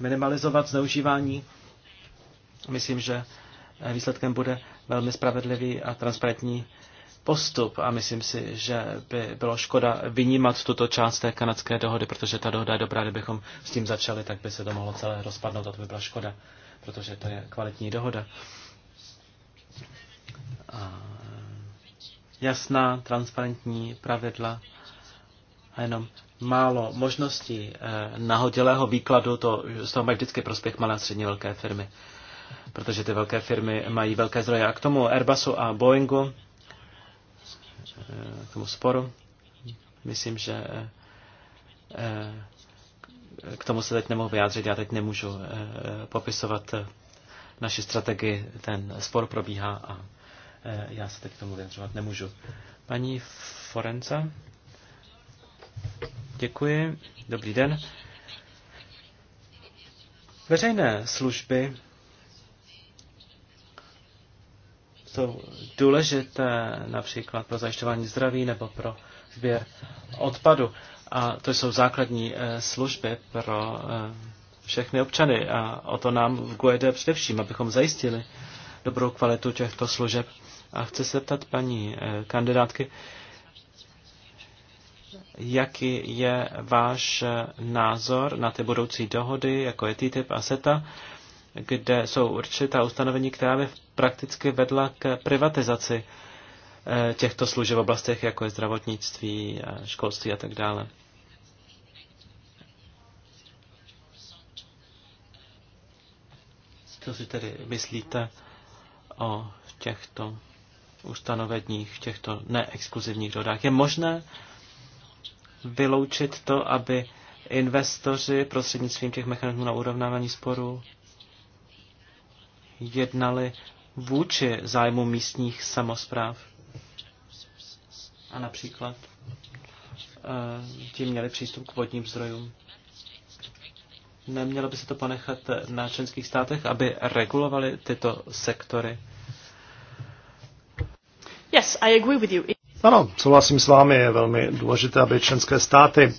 minimalizovat zneužívání. Myslím, že výsledkem bude velmi spravedlivý a transparentní postup a myslím si, že by bylo škoda vynímat tuto část té kanadské dohody, protože ta dohoda je dobrá, kdybychom s tím začali, tak by se to mohlo celé rozpadnout a to by byla škoda, protože to je kvalitní dohoda. A jasná, transparentní pravidla a jenom málo možností eh, nahodilého výkladu, to z toho mají vždycky prospěch malé a střední velké firmy protože ty velké firmy mají velké zdroje. A k tomu Airbusu a Boeingu k eh, tomu sporu. Myslím, že eh, k tomu se teď nemohu vyjádřit, já teď nemůžu eh, popisovat naši strategii, ten spor probíhá a já se teď k tomu vyjadřovat nemůžu. Paní Forenca, děkuji, dobrý den. Veřejné služby jsou důležité například pro zajišťování zdraví nebo pro sběr odpadu. A to jsou základní eh, služby pro eh, všechny občany a o to nám v GUED především, abychom zajistili dobrou kvalitu těchto služeb. A chci se ptat paní eh, kandidátky, jaký je váš názor na ty budoucí dohody, jako je TTIP a SETA, kde jsou určitá ustanovení, která by prakticky vedla k privatizaci eh, těchto služeb v oblastech, jako je zdravotnictví, školství a tak dále. Co si tedy myslíte o těchto ustanoveních, těchto neexkluzivních dodách? Je možné vyloučit to, aby investoři prostřednictvím těch mechanismů na urovnávání sporů jednali vůči zájmu místních samozpráv. A například eh, ti měli přístup k vodním zdrojům. Nemělo by se to ponechat na členských státech, aby regulovali tyto sektory. Yes, I agree with you. Ano, souhlasím s vámi, je velmi důležité, aby členské státy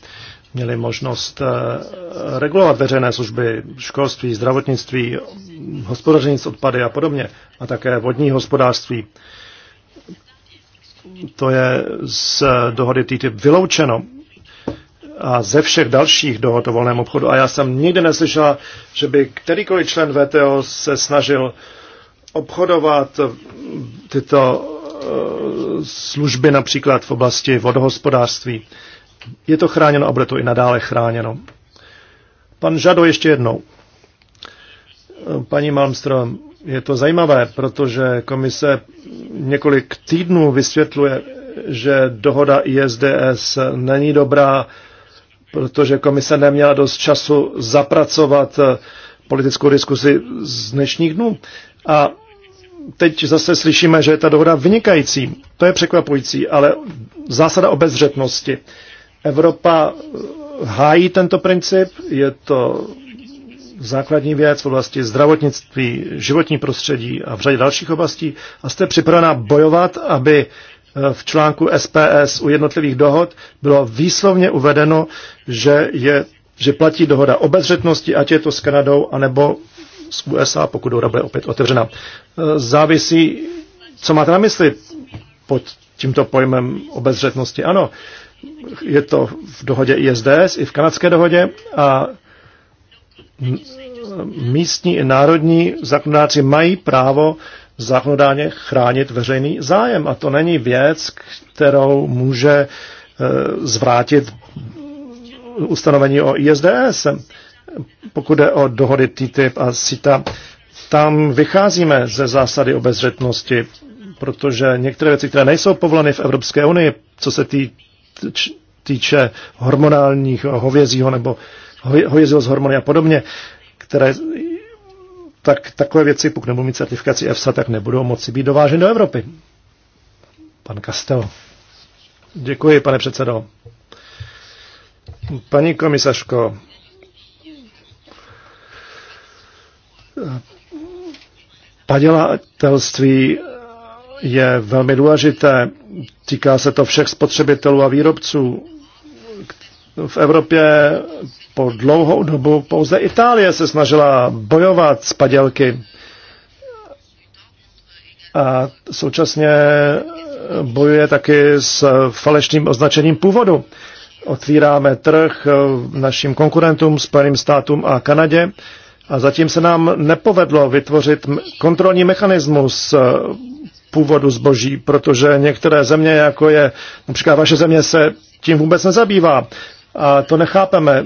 měli možnost eh, regulovat veřejné služby, školství, zdravotnictví, hospodaření s odpady a podobně, a také vodní hospodářství. To je z dohody TTIP vyloučeno a ze všech dalších dohod o volném obchodu. A já jsem nikdy neslyšela, že by kterýkoliv člen VTO se snažil obchodovat tyto eh, služby například v oblasti vodohospodářství je to chráněno a bude to i nadále chráněno. Pan Žado ještě jednou. Paní Malmström, je to zajímavé, protože komise několik týdnů vysvětluje, že dohoda ISDS není dobrá, protože komise neměla dost času zapracovat politickou diskusi z dnešních dnů. A teď zase slyšíme, že je ta dohoda vynikající. To je překvapující, ale zásada obezřetnosti Evropa hájí tento princip, je to základní věc v oblasti zdravotnictví, životní prostředí a v řadě dalších oblastí a jste připravena bojovat, aby eh, v článku SPS u jednotlivých dohod bylo výslovně uvedeno, že, je, že platí dohoda obezřetnosti, ať je to s Kanadou, anebo s USA, pokud dohoda bude opět otevřena. Eh, závisí, co máte na mysli pod tímto pojmem obezřetnosti. Ano, je to v dohodě ISDS i v kanadské dohodě a místní i národní zákonodáci mají právo zákonodáně chránit veřejný zájem. A to není věc, kterou může e, zvrátit ustanovení o ISDS. Pokud je o dohody TTIP a CITA, tam vycházíme ze zásady obezřetnosti, protože některé věci, které nejsou povoleny v Evropské unii, co se týče týče hormonálních, hovězího nebo hovězího z hormony a podobně, které tak takové věci, pokud nebudou mít certifikaci EFSA, tak nebudou moci být dováženy do Evropy. Pan Kastel, Děkuji, pane předsedo. Paní komisařko, padělatelství je velmi důležité. Týká se to všech spotřebitelů a výrobců. V Evropě po dlouhou dobu pouze Itálie se snažila bojovat s padělky a současně bojuje taky s falešným označením původu. Otvíráme trh našim konkurentům, Spojeným státům a Kanadě a zatím se nám nepovedlo vytvořit kontrolní mechanismus původu zboží, protože některé země, jako je například vaše země, se tím vůbec nezabývá. A to nechápeme.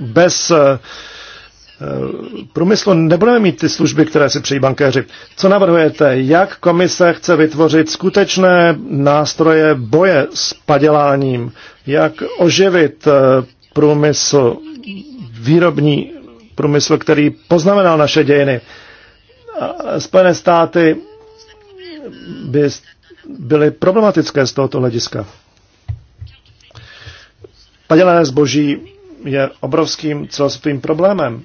Bez eh, průmyslu nebudeme mít ty služby, které si přejí bankéři. Co navrhujete? Jak komise chce vytvořit skutečné nástroje boje s paděláním? Jak oživit eh, průmysl, výrobní průmysl, který poznamenal naše dějiny? Spojené státy by byly problematické z tohoto hlediska. Padělené zboží je obrovským celosvětovým problémem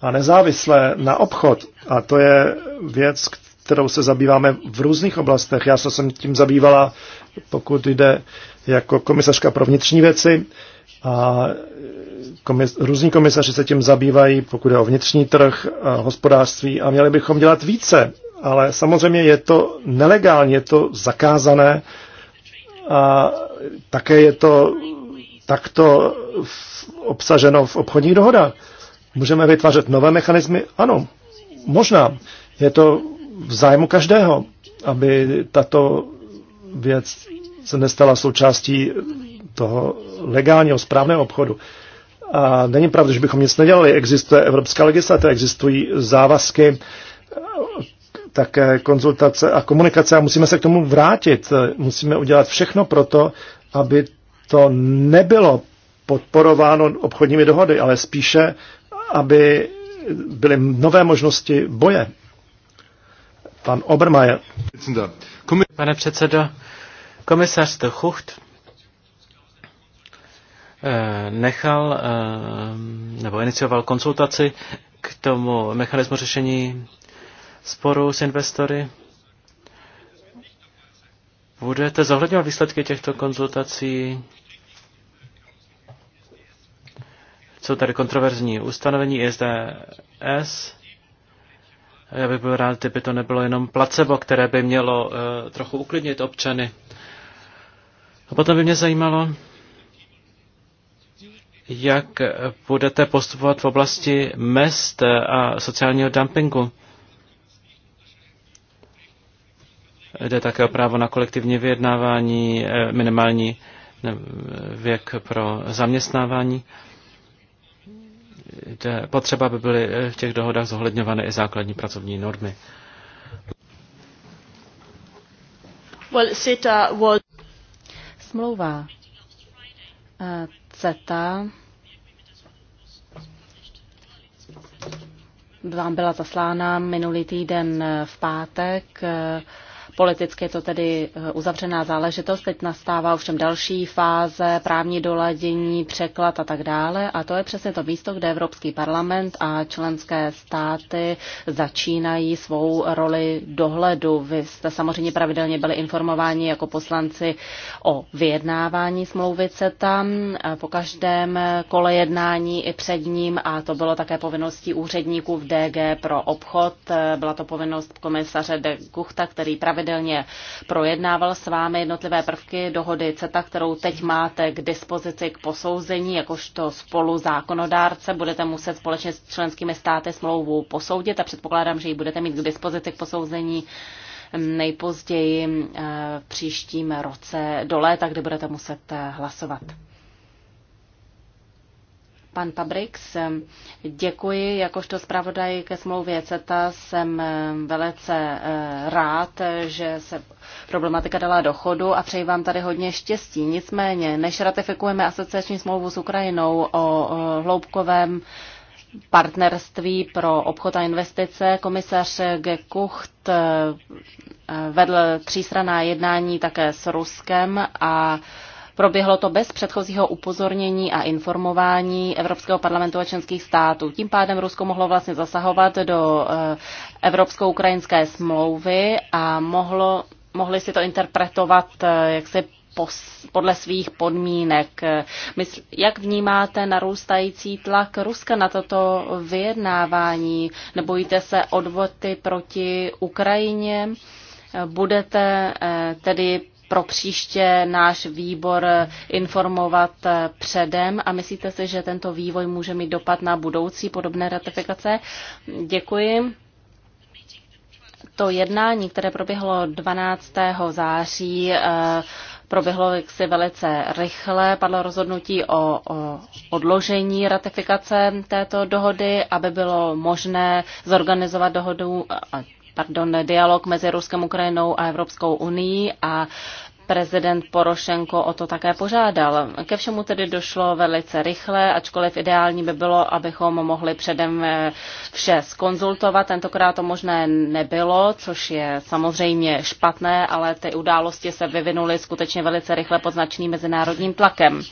a nezávisle na obchod, a to je věc, kterou se zabýváme v různých oblastech. Já se jsem tím zabývala, pokud jde jako komisařka pro vnitřní věci, a komis, různí komisaři se tím zabývají, pokud je o vnitřní trh, hospodářství a měli bychom dělat více ale samozřejmě je to nelegální, je to zakázané a také je to takto obsaženo v obchodních dohodách. Můžeme vytvářet nové mechanismy? Ano, možná. Je to v zájmu každého, aby tato věc se nestala součástí toho legálního, správného obchodu. A není pravda, že bychom nic nedělali. Existuje evropská legislativa, existují závazky také konzultace a komunikace a musíme se k tomu vrátit. Musíme udělat všechno pro to, aby to nebylo podporováno obchodními dohody, ale spíše, aby byly nové možnosti boje. Pan Obermajer. Pane předsedo, komisař Stochucht eh, nechal eh, nebo inicioval konzultaci k tomu mechanismu řešení sporu s investory. Budete zohledňovat výsledky těchto konzultací? Jsou tady kontroverzní ustanovení ISDS. Já bych byl rád, kdyby to nebylo jenom placebo, které by mělo uh, trochu uklidnit občany. A potom by mě zajímalo, jak budete postupovat v oblasti mest eh, a sociálního dumpingu. Jde také o právo na kolektivní vyjednávání, eh, minimální věk pro zaměstnávání. Jde potřeba, aby byly eh, v těch dohodách zohledňovány i základní pracovní normy. Well, CETA was... Smlouva eh, CETA vám byla zaslána minulý týden v pátek. Politicky je to tedy eh, uzavřená záležitost, teď nastává ovšem další fáze, právní doladění, překlad a tak dále. A to je přesně to místo, kde Evropský parlament a členské státy začínají svou roli dohledu. Vy jste samozřejmě pravidelně byli informováni jako poslanci o vyjednávání smlouvy CETA eh, po každém kole jednání i před ním a to bylo také povinností úředníků v DG pro obchod. Eh, byla to povinnost komisaře de Guchta, který pravidelně pravidelně projednával s vámi jednotlivé prvky dohody CETA, kterou teď máte k dispozici k posouzení, jakožto spolu zákonodárce. Budete muset společně s členskými státy smlouvu posoudit a předpokládám, že ji budete mít k dispozici k posouzení nejpozději eh, v příštím roce do léta, kdy budete muset eh, hlasovat. Pan Pabrix, děkuji. Jakožto zpravodaj ke smlouvě CETA jsem eh, velice eh, rád, že se problematika dala do chodu a přeji vám tady hodně štěstí. Nicméně, než ratifikujeme asociační smlouvu s Ukrajinou o hloubkovém partnerství pro obchod a investice. Komisař Gekucht eh, vedl třístraná jednání také s Ruskem a Proběhlo to bez předchozího upozornění a informování Evropského parlamentu a členských států. Tím pádem Rusko mohlo vlastně zasahovat do eh, evropsko-ukrajinské smlouvy a mohlo, mohli si to interpretovat eh, jak se podle svých podmínek. Jak vnímáte narůstající tlak Ruska na toto vyjednávání? Nebojíte se odvoty proti Ukrajině? Budete eh, tedy pro příště náš výbor informovat předem a myslíte si, že tento vývoj může mít dopad na budoucí podobné ratifikace? Děkuji. To jednání, které proběhlo 12. září, eh, proběhlo jaksi velice rychle. Padlo rozhodnutí o, o odložení ratifikace této dohody, aby bylo možné zorganizovat dohodu eh, pardon, dialog mezi Ruskem, Ukrajinou a Evropskou unii a Prezident Porošenko o to také požádal. Ke všemu tedy došlo velice rychle, ačkoliv ideální by bylo, abychom mohli předem eh, vše skonzultovat. Tentokrát to možné nebylo, což je samozřejmě špatné, ale ty události se vyvinuly skutečně velice rychle pod značným mezinárodním tlakem.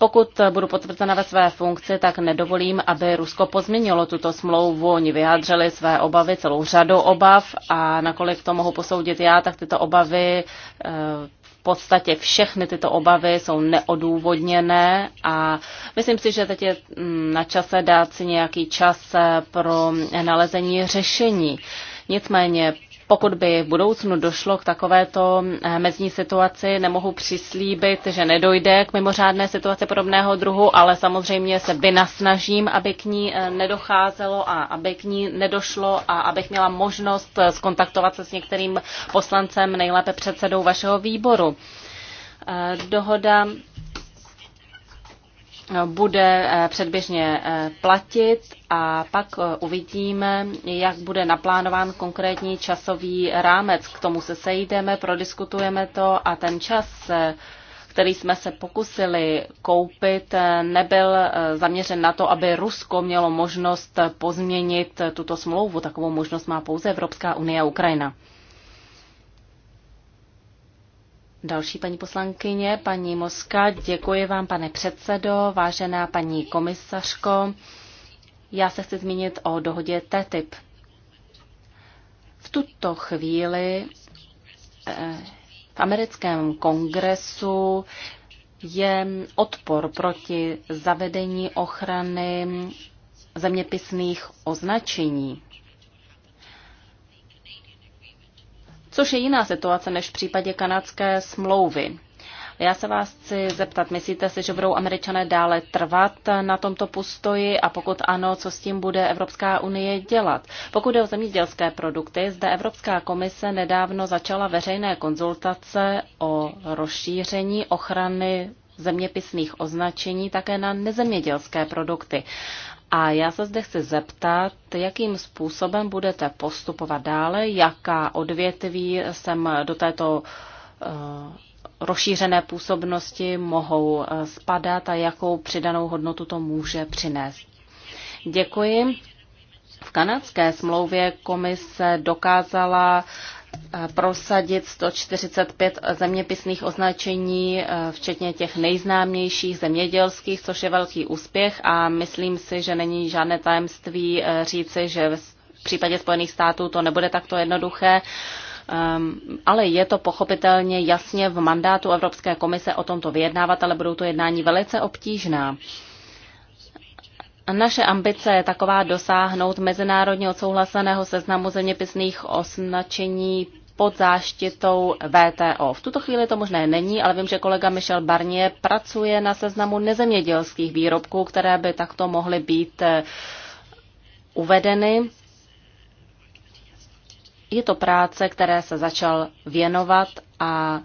Pokud budu potvrzena ve své funkci, tak nedovolím, aby Rusko pozměnilo tuto smlouvu. Oni vyjádřili své obavy, celou řadu obav a nakolik to mohu posoudit já, tak tyto obavy eh, v podstatě všechny tyto obavy jsou neodůvodněné a myslím si, že teď je mm, na čase dát si nějaký čas eh, pro nalezení řešení. Nicméně pokud by v budoucnu došlo k takovéto eh, mezní situaci, nemohu přislíbit, že nedojde k mimořádné situaci podobného druhu, ale samozřejmě se vynasnažím, aby k ní eh, nedocházelo a aby k ní nedošlo a abych měla možnost eh, skontaktovat se s některým poslancem, nejlépe předsedou vašeho výboru. Dohoda bude eh, předběžně eh, platit a pak eh, uvidíme, jak bude naplánován konkrétní časový rámec. K tomu se sejdeme, prodiskutujeme to a ten čas, který jsme se pokusili koupit, nebyl zaměřen na to, aby Rusko mělo možnost pozměnit tuto smlouvu. Takovou možnost má pouze Evropská unie a Ukrajina. Další paní poslankyně, paní Moska, děkuji vám, pane předsedo, vážená paní komisařko. Já se chci zmínit o dohodě TTIP. V tuto chvíli eh, v americkém kongresu je odpor proti zavedení ochrany zeměpisných označení. což je jiná situace než v případě kanadské smlouvy. Já se vás chci zeptat, myslíte si, že budou američané dále trvat na tomto postoji a pokud ano, co s tím bude Evropská unie dělat? Pokud jde o zemědělské produkty, zde Evropská komise nedávno začala veřejné konzultace o rozšíření ochrany zeměpisných označení také na nezemědělské produkty. A já se zde chci zeptat, jakým způsobem budete postupovat dále, jaká odvětví sem do této eh, rozšířené působnosti mohou eh, spadat a jakou přidanou hodnotu to může přinést. Děkuji. V kanadské smlouvě komise dokázala prosadit 145 zeměpisných označení, e, včetně těch nejznámějších zemědělských, což je velký úspěch a myslím si, že není žádné tajemství e, říci, že v případě Spojených států to nebude takto jednoduché. Ehm, ale je to pochopitelně jasně v mandátu Evropské komise o tomto vyjednávat, ale budou to jednání velice obtížná. Naše ambice je taková dosáhnout mezinárodně odsouhlaseného seznamu zeměpisných označení pod záštitou VTO. V tuto chvíli to možné není, ale vím, že kolega Michel Barnier pracuje na seznamu nezemědělských výrobků, které by takto mohly být eh, uvedeny. Je to práce, které se začal věnovat a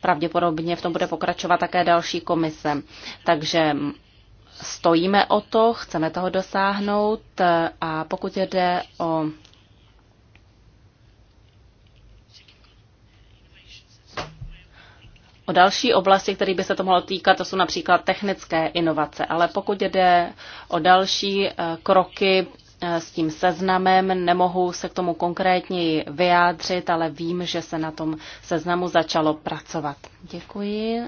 pravděpodobně v tom bude pokračovat také další komise. Takže stojíme o to, chceme toho dosáhnout e, a pokud jde o O další oblasti, které by se to mohlo týkat, to jsou například technické inovace, ale pokud jde o další e, kroky e, s tím seznamem, nemohu se k tomu konkrétněji vyjádřit, ale vím, že se na tom seznamu začalo pracovat. Děkuji,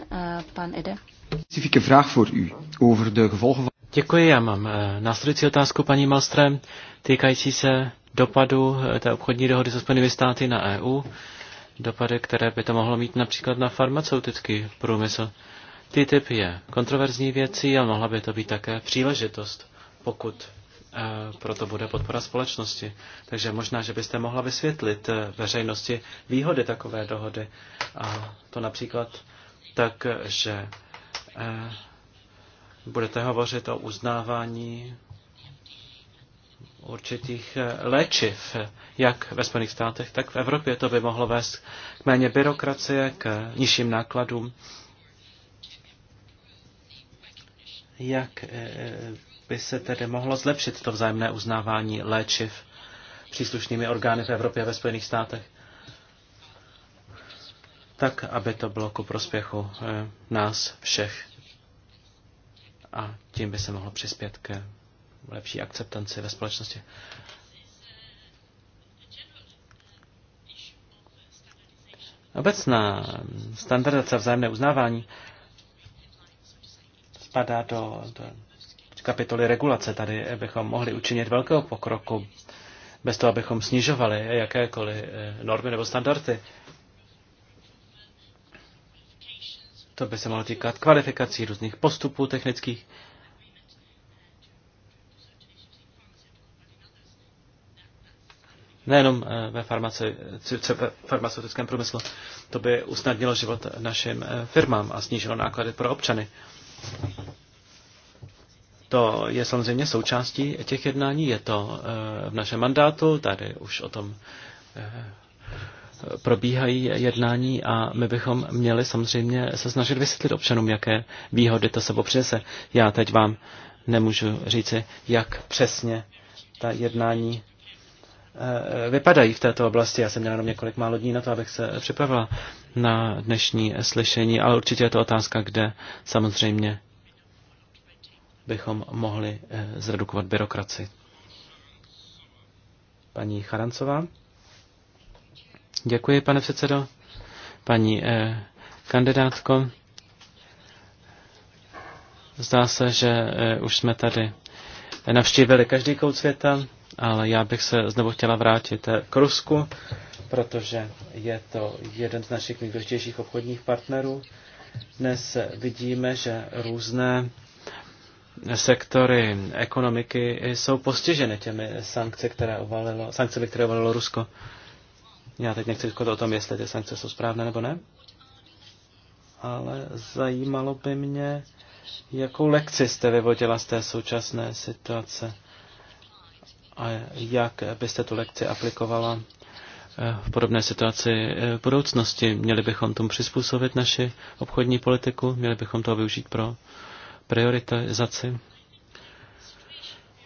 pan Ide. Specifieke vraag voor u over de gevolgen van... Děkuji, já mám eh, následující otázku, paní Malstrem, týkající se dopadu eh, té obchodní dohody se Spojenými státy na EU, dopady, které by to mohlo mít například na farmaceutický průmysl. TTIP je kontroverzní věcí a mohla by to být také příležitost, pokud eh, proto bude podpora společnosti. Takže možná, že byste mohla vysvětlit veřejnosti výhody takové dohody. A to například tak, že Eh, budete hovořit o uznávání určitých eh, léčiv, jak ve Spojených státech, tak v Evropě. To by mohlo vést k méně byrokracie, k nižším nákladům. Jak eh, by se tedy mohlo zlepšit to vzájemné uznávání léčiv příslušnými orgány v Evropě a ve Spojených státech? tak aby to bylo ku prospěchu eh, nás všech. A tím by se mohlo přispět k lepší akceptanci ve společnosti. Obecná standardace vzájemné uznávání spadá do, do kapitoly regulace. Tady bychom mohli učinit velkého pokroku bez toho, abychom snižovali jakékoliv eh, normy nebo standardy. To by se mohlo týkat kvalifikací, různých postupů technických. Nejenom eh, ve farmaceutickém průmyslu. To by usnadnilo život našim eh, firmám a snížilo náklady pro občany. To je samozřejmě součástí těch jednání, je to eh, v našem mandátu, tady už o tom probíhají jednání a my bychom měli samozřejmě se snažit vysvětlit občanům, jaké výhody to sebou přinese. Já teď vám nemůžu říci, jak přesně ta jednání eh, vypadají v této oblasti. Já jsem měl jenom několik málo dní na to, abych se připravila na dnešní slyšení, ale určitě je to otázka, kde samozřejmě bychom mohli eh, zredukovat byrokraci. Paní Charancová. Děkuji, pane předsedo. Paní eh, kandidátko, zdá se, že eh, už jsme tady navštívili každý kout světa, ale já bych se znovu chtěla vrátit eh, k Rusku, protože je to jeden z našich nejdůležitějších obchodních partnerů. Dnes vidíme, že různé sektory ekonomiky jsou postiženy těmi sankce, které uvalilo, sankcemi, které uvalilo Rusko. Já teď nechci říkat o tom, jestli ty sankce jsou správné nebo ne, ale zajímalo by mě, jakou lekci jste vyvodila z té současné situace a jak byste tu lekci aplikovala eh, v podobné situaci eh, v budoucnosti. Měli bychom tomu přizpůsobit naši obchodní politiku, měli bychom to využít pro prioritizaci.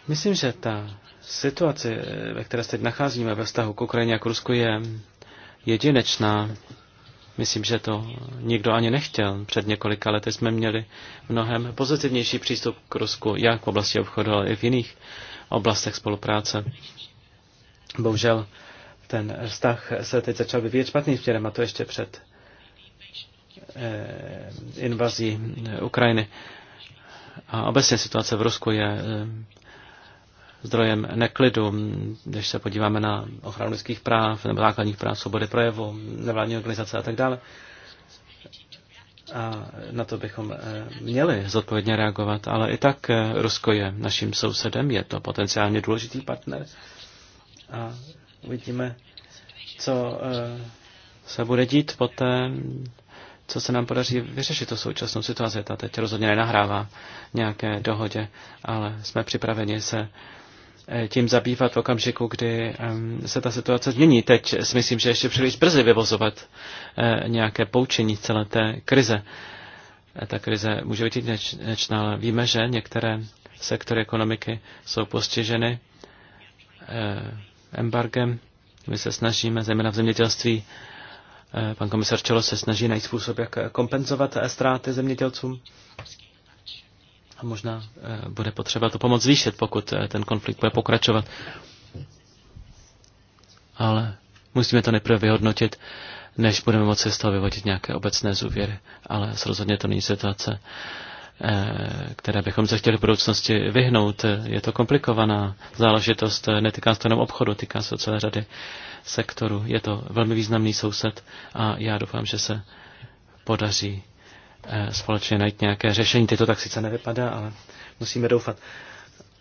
Myslím, že ta situaci, ve které se teď nacházíme ve vztahu k Ukrajině a k Rusku, je jedinečná. Myslím, že to nikdo ani nechtěl. Před několika lety jsme měli mnohem pozitivnější přístup k Rusku, jak v oblasti obchodu, ale i v jiných oblastech spolupráce. Bohužel ten vztah se teď začal vyvíjet špatným směrem, a to ještě před eh, invazí Ukrajiny. A obecně situace v Rusku je eh, zdrojem neklidu, když se podíváme na ochranu lidských práv nebo základních práv, svobody projevu, nevládní organizace a tak dále. A na to bychom eh, měli zodpovědně reagovat, ale i tak eh, Rusko je naším sousedem, je to potenciálně důležitý partner a uvidíme, co eh, se bude dít poté, co se nám podaří vyřešit tu současnou situaci. Ta teď rozhodně nenahrává nějaké dohodě, ale jsme připraveni se Eh, tím zabývat v okamžiku, kdy se ta situace změní. Teď si myslím, že ještě příliš brzy vyvozovat eh, nějaké poučení celé té krize. Eh, ta krize může být jedinečná, ale víme, že některé sektory ekonomiky jsou postiženy embargem. My se snažíme, zejména v zemědělství, pan komisar Čelo se snaží najít způsob, jak kompenzovat ztráty zemědělcům a možná eh, bude potřeba tu pomoc zvýšit, pokud eh, ten konflikt bude pokračovat. Ale musíme to nejprve vyhodnotit, než budeme moci z toho vyvodit nějaké obecné zůvěry. Ale rozhodně to není situace, eh, které bychom se chtěli v budoucnosti vyhnout. Je to komplikovaná záležitost, netýká se to jenom obchodu, týká se celé řady sektorů. Je to velmi významný soused a já doufám, že se podaří Eh, společně najít nějaké řešení. Teď to tak sice nevypadá, ale musíme doufat.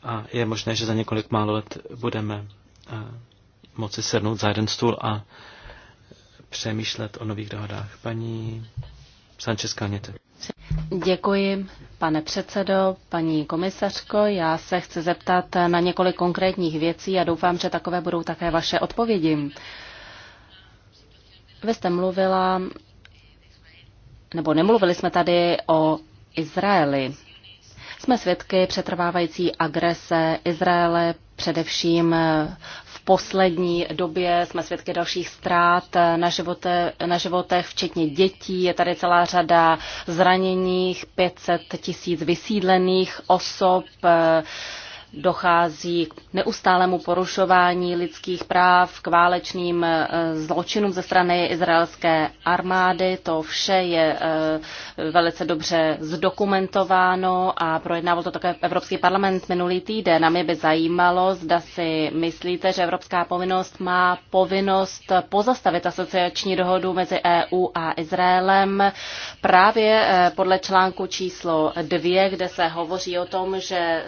A je možné, že za několik málo let budeme eh, moci sednout za jeden stůl a přemýšlet o nových dohodách. Paní Sanchez Kalněte. Děkuji, pane předsedo, paní komisařko. Já se chci zeptat na několik konkrétních věcí a doufám, že takové budou také vaše odpovědi. Vy jste mluvila nebo nemluvili jsme tady o Izraeli. Jsme svědky přetrvávající agrese Izraele, především v poslední době jsme svědky dalších ztrát na, živote, na životech, včetně dětí. Je tady celá řada zraněních, 500 tisíc vysídlených osob, dochází k neustálému porušování lidských práv, k válečným eh, zločinům ze strany izraelské armády. To vše je eh, velice dobře zdokumentováno a projednával to také Evropský parlament minulý týden. A mě by zajímalo, zda si myslíte, že Evropská povinnost má povinnost pozastavit asociační dohodu mezi EU a Izraelem právě eh, podle článku číslo dvě, kde se hovoří o tom, že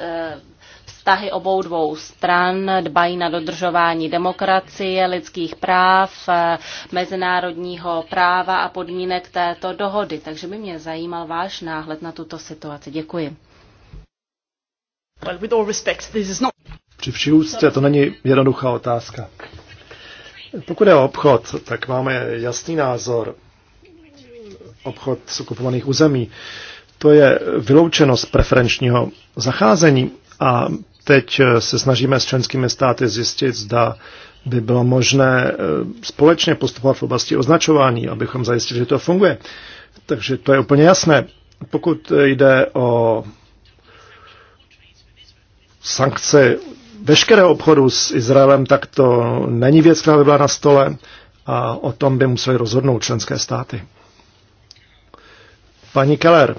Vztahy obou dvou stran dbají na dodržování demokracie, lidských práv, eh, mezinárodního práva a podmínek této dohody. Takže by mě zajímal váš náhled na tuto situaci. Děkuji. Při vší úctě to není jednoduchá otázka. Pokud je o obchod, tak máme jasný názor. Obchod z okupovaných území. To je vyloučeno z preferenčního zacházení a Teď eh, se snažíme s členskými státy zjistit, zda by bylo možné eh, společně postupovat v oblasti označování, abychom zajistili, že to funguje. Takže to je úplně jasné. Pokud jde o sankce veškerého obchodu s Izraelem, tak to není věc, která by byla na stole a o tom by museli rozhodnout členské státy. Paní Keller.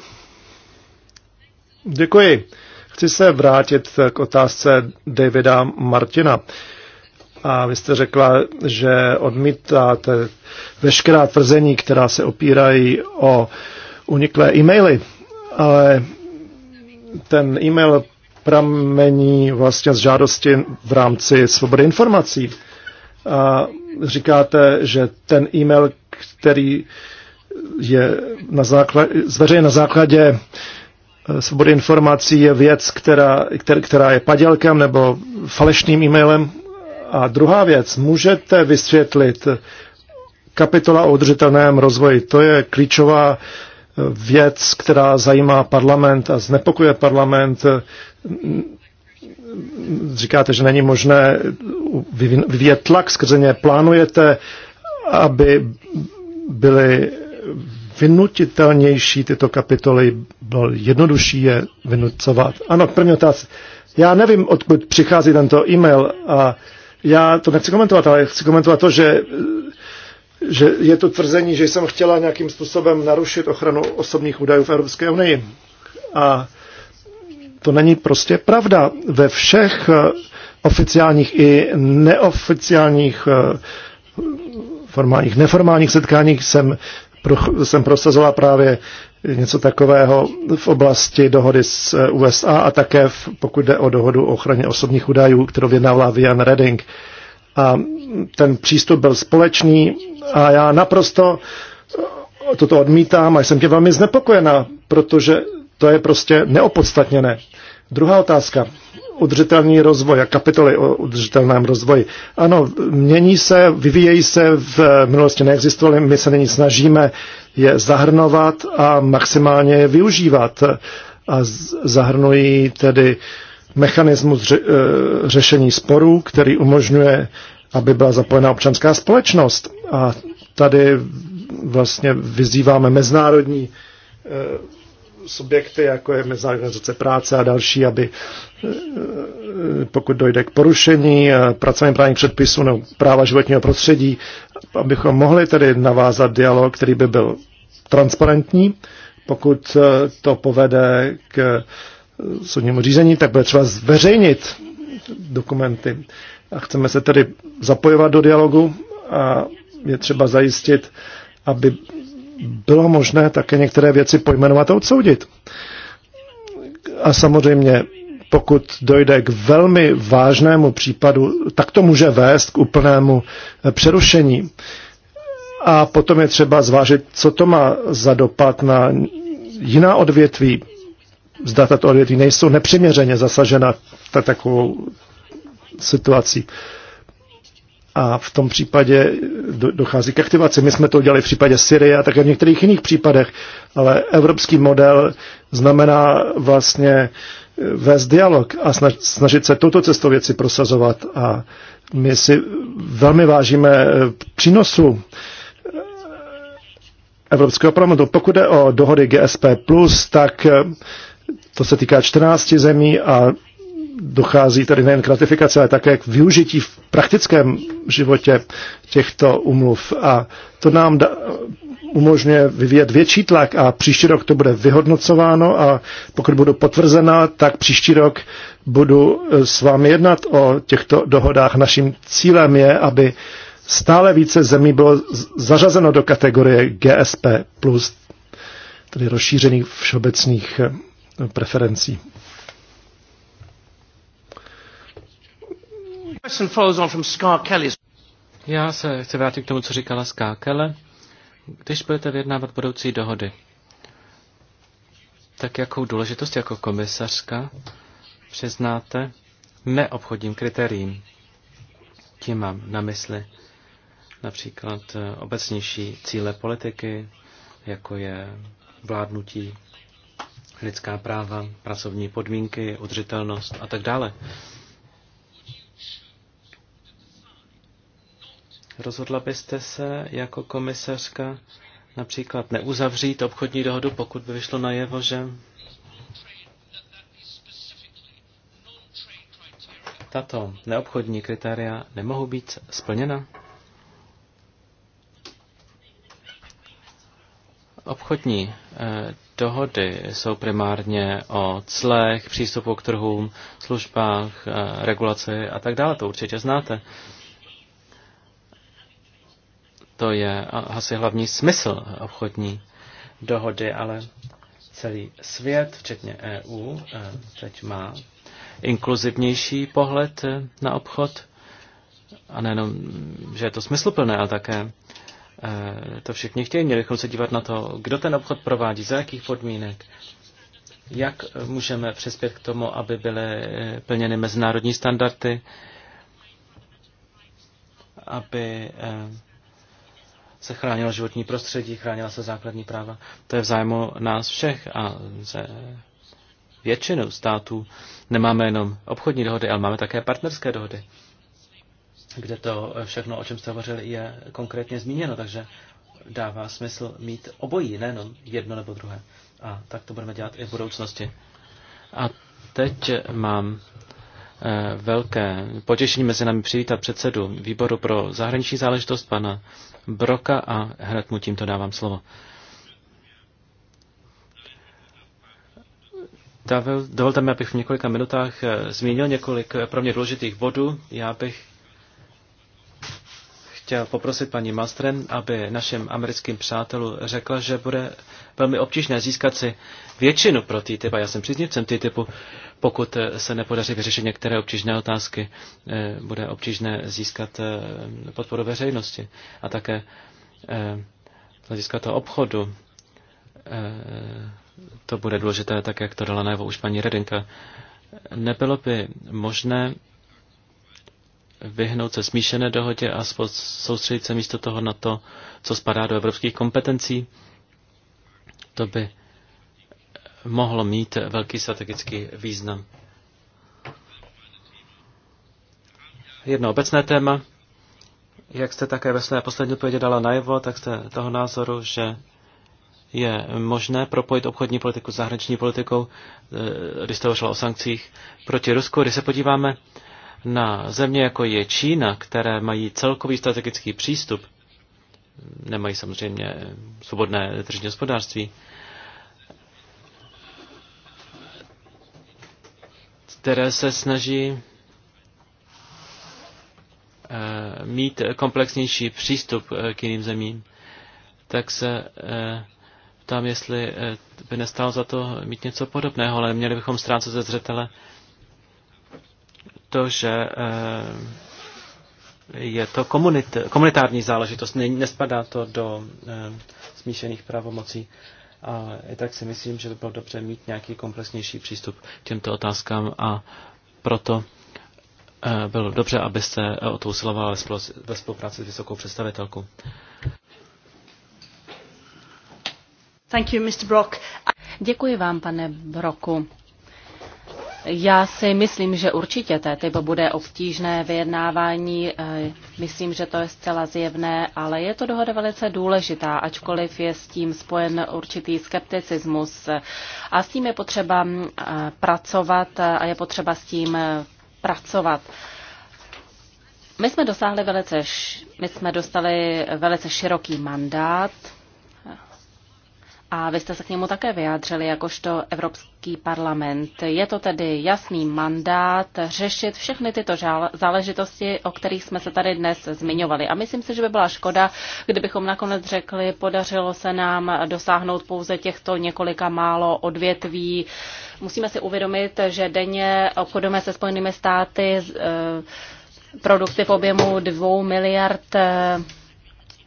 Děkuji. Chci se vrátit k otázce Davida Martina. A vy jste řekla, že odmítáte veškerá tvrzení, která se opírají o uniklé e-maily, ale ten e-mail pramení vlastně z žádosti v rámci svobody informací. A říkáte, že ten e-mail, který je na základě, zveřejen na základě Eh, svobody informací je věc, která, která je padělkem nebo falešným e-mailem. A druhá věc, můžete vysvětlit kapitola o udržitelném rozvoji. To je klíčová eh, věc, která zajímá parlament a znepokuje parlament. Říkáte, že není možné vyvíjet tlak skrze ně. Plánujete, aby byly vynutitelnější tyto kapitoly, byl jednodušší je vynucovat. Ano, první otázka. Já nevím, odkud přichází tento e-mail a já to nechci komentovat, ale chci komentovat to, že, že je to tvrzení, že jsem chtěla nějakým způsobem narušit ochranu osobních údajů v Evropské unii. A to není prostě pravda. Ve všech eh, oficiálních i neoficiálních eh, formálních, neformálních setkáních jsem jsem prosazoval právě něco takového v oblasti dohody s eh, USA a také v, pokud jde o dohodu o ochraně osobních údajů, kterou vyjednává Vian Redding. A ten přístup byl společný a já naprosto eh, toto odmítám a jsem tě velmi znepokojena, protože to je prostě neopodstatněné. Druhá otázka udržitelný rozvoj a kapitoly o udržitelném rozvoji. Ano, mění se, vyvíjejí se, v minulosti neexistovaly, my se nyní snažíme je zahrnovat a maximálně je využívat. A zahrnují tedy mechanismus ře, e, řešení sporů, který umožňuje, aby byla zapojena občanská společnost. A tady vlastně vyzýváme mezinárodní e, subjekty, jako je Mezinárodní práce a další, aby eh, pokud dojde k porušení eh, pracovně právních předpisů nebo práva životního prostředí, abychom mohli tedy navázat dialog, který by byl transparentní, pokud eh, to povede k soudnímu řízení, tak bude třeba zveřejnit dokumenty. A chceme se tedy zapojovat do dialogu a je třeba zajistit, aby bylo možné také některé věci pojmenovat a odsoudit. A samozřejmě, pokud dojde k velmi vážnému případu, tak to může vést k úplnému eh, přerušení. A potom je třeba zvážit, co to má za dopad na jiná odvětví. Zda tato odvětví nejsou nepřiměřeně zasažena takovou situací a v tom případě dochází k aktivaci. My jsme to udělali v případě Syrie a také v některých jiných případech, ale evropský model znamená vlastně eh, vést dialog a snažit se touto cestou věci prosazovat a my si velmi vážíme eh, přínosu eh, Evropského parlamentu. Pokud jde o dohody GSP+, tak to se týká 14 zemí a dochází tedy nejen k ratifikaci, ale také k využití v praktickém životě těchto umluv. A to nám da, umožňuje vyvíjet větší tlak a příští rok to bude vyhodnocováno a pokud budu potvrzena, tak příští rok budu e, s vámi jednat o těchto dohodách. Naším cílem je, aby stále více zemí bylo zařazeno do kategorie GSP+, tedy rozšířených všeobecných e, preferencí. Já se chci vrátit k tomu, co říkala Skákele. Když budete vyjednávat budoucí dohody, tak jakou důležitost jako komisařka přiznáte neobchodním kritériím? Tím mám na mysli například eh, obecnější cíle politiky, jako je vládnutí, lidská práva, pracovní podmínky, udržitelnost a tak dále. Rozhodla byste se jako komisařka například neuzavřít obchodní dohodu, pokud by vyšlo najevo, že tato neobchodní kritéria nemohou být splněna? Obchodní eh, dohody jsou primárně o clech, přístupu k trhům, službách, eh, regulaci a tak dále. To určitě znáte. To je asi hlavní smysl obchodní dohody, ale celý svět, včetně EU, eh, teď má inkluzivnější pohled eh, na obchod. A nejenom, že je to smysluplné, ale také eh, to všichni chtějí. Měli bychom se dívat na to, kdo ten obchod provádí, za jakých podmínek, jak můžeme přispět k tomu, aby byly plněny mezinárodní standardy, aby se chránilo životní prostředí, chránila se základní práva. To je v zájmu nás všech a ze většinou států nemáme jenom obchodní dohody, ale máme také partnerské dohody, kde to všechno, o čem jste hovořili, je konkrétně zmíněno, takže dává smysl mít obojí, nejenom jedno nebo druhé. A tak to budeme dělat i v budoucnosti. A teď mám Eh, velké potěšení mezi námi přivítat předsedu výboru pro zahraniční záležitost pana Broka a hned mu tímto dávám slovo. Dovolte mi, abych v několika minutách eh, zmínil několik eh, pro mě důležitých bodů. Já bych chtěl poprosit paní Mastren, aby našim americkým přátelům řekla, že bude velmi obtížné získat si většinu pro TTIP. A já jsem příznivcem TTIPu, pokud eh, se nepodaří vyřešit některé obtížné otázky, eh, bude obtížné získat eh, podporu veřejnosti a také získat hlediska toho obchodu to bude důležité, tak jak to dala najevo už paní Redinka. Nebylo by možné vyhnout se smíšené dohodě a soustředit se místo toho na to, co spadá do evropských kompetencí? To by mohlo mít velký strategický význam. Jedno obecné téma, jak jste také ve své poslední odpovědi dala najevo, tak jste toho názoru, že je možné propojit obchodní politiku s zahraniční politikou, eh, když jste hovořila o sankcích proti Rusku. Když se podíváme na země, jako je Čína, které mají celkový strategický přístup, nemají samozřejmě svobodné tržní hospodářství, které se snaží eh, mít komplexnější přístup eh, k jiným zemím, tak se eh, ptám, jestli by nestalo za to mít něco podobného, ale měli bychom ztrácet ze zřetele to, že je to komunit, komunitární záležitost, nespadá to do smíšených pravomocí. A i tak si myslím, že by bylo dobře mít nějaký komplexnější přístup k těmto otázkám a proto eh, bylo dobře, abyste eh, o to usilovala ve spolupráci s vysokou představitelkou. Thank you, Mr. Brock. Děkuji vám, pane Broku. Já si myslím, že určitě TTIP bude obtížné vyjednávání. Eh, myslím, že to je zcela zjevné, ale je to dohoda velice důležitá, ačkoliv je s tím spojen určitý skepticismus. A s tím je potřeba eh, pracovat eh, a je potřeba s tím pracovat. My jsme, dosáhli velice, my jsme dostali velice široký mandát a vy jste se k němu také vyjádřili jakožto Evropský parlament. Je to tedy jasný mandát řešit všechny tyto záležitosti, o kterých jsme se tady dnes zmiňovali. A myslím si, že by byla škoda, kdybychom nakonec řekli, podařilo se nám dosáhnout pouze těchto několika málo odvětví. Musíme si uvědomit, že denně obchodujeme se Spojenými státy eh, produkty v objemu 2 miliard eh,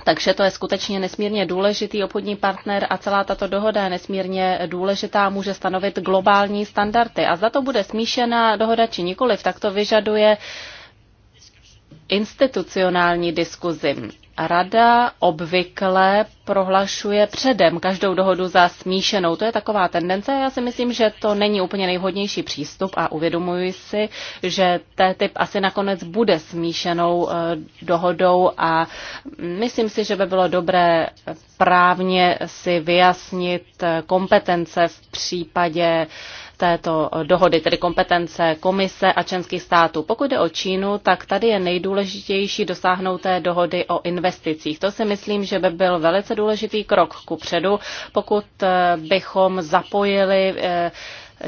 takže to je skutečně nesmírně důležitý obchodní partner a celá tato dohoda je nesmírně důležitá, může stanovit globální standardy. A za to bude smíšená dohoda či nikoliv, tak to vyžaduje institucionální diskuzi rada obvykle prohlašuje předem každou dohodu za smíšenou. To je taková tendence. Já si myslím, že to není úplně nejvhodnější přístup a uvědomuji si, že TTIP asi nakonec bude smíšenou eh, dohodou a myslím si, že by bylo dobré právně si vyjasnit eh, kompetence v případě této dohody, tedy kompetence komise a členských států. Pokud jde o Čínu, tak tady je nejdůležitější dosáhnout té dohody o investicích. To si myslím, že by byl velice důležitý krok ku předu, pokud eh, bychom zapojili eh,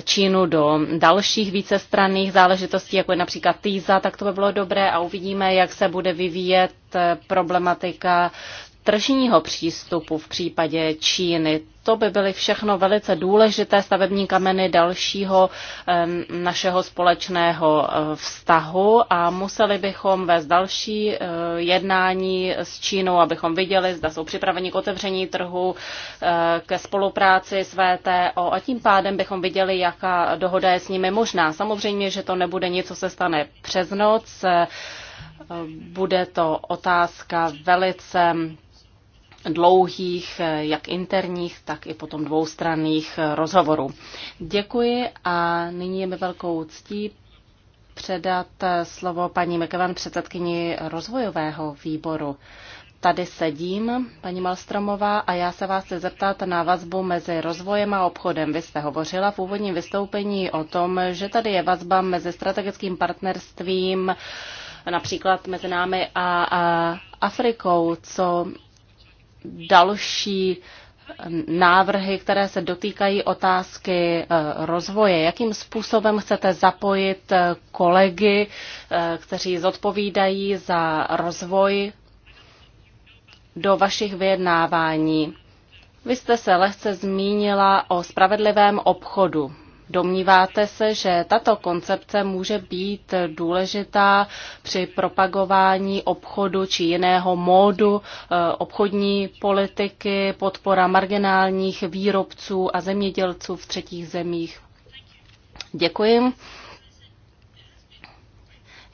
Čínu do dalších vícestranných záležitostí, jako je například TISA, tak to by bylo dobré a uvidíme, jak se bude vyvíjet eh, problematika tržního přístupu v případě Číny. To by byly všechno velice důležité stavební kameny dalšího našeho společného eh, vztahu a museli bychom vést další eh, jednání s Čínou, abychom viděli, zda jsou připraveni k otevření trhu, eh, ke spolupráci s VTO a tím pádem bychom viděli, jaká dohoda je s nimi možná. Samozřejmě, že to nebude něco, co se stane přes noc. Bude to otázka velice dlouhých, eh, jak interních, tak i potom dvoustranných eh, rozhovorů. Děkuji a nyní je mi velkou ctí předat eh, slovo paní McEwan, předsedkyni rozvojového výboru. Tady sedím, paní Malstromová, a já se vás chci zeptat na vazbu mezi rozvojem a obchodem. Vy jste hovořila v úvodním vystoupení o tom, že tady je vazba mezi strategickým partnerstvím, například mezi námi a, a Afrikou, co další eh, návrhy, které se dotýkají otázky eh, rozvoje. Jakým způsobem chcete zapojit eh, kolegy, kteří zodpovídají za rozvoj do vašich vyjednávání? Vy jste se lehce zmínila o spravedlivém obchodu. Domníváte se, že tato koncepce může být důležitá při propagování obchodu či jiného módu eh, obchodní politiky, podpora marginálních výrobců a zemědělců v třetích zemích? Děkuji.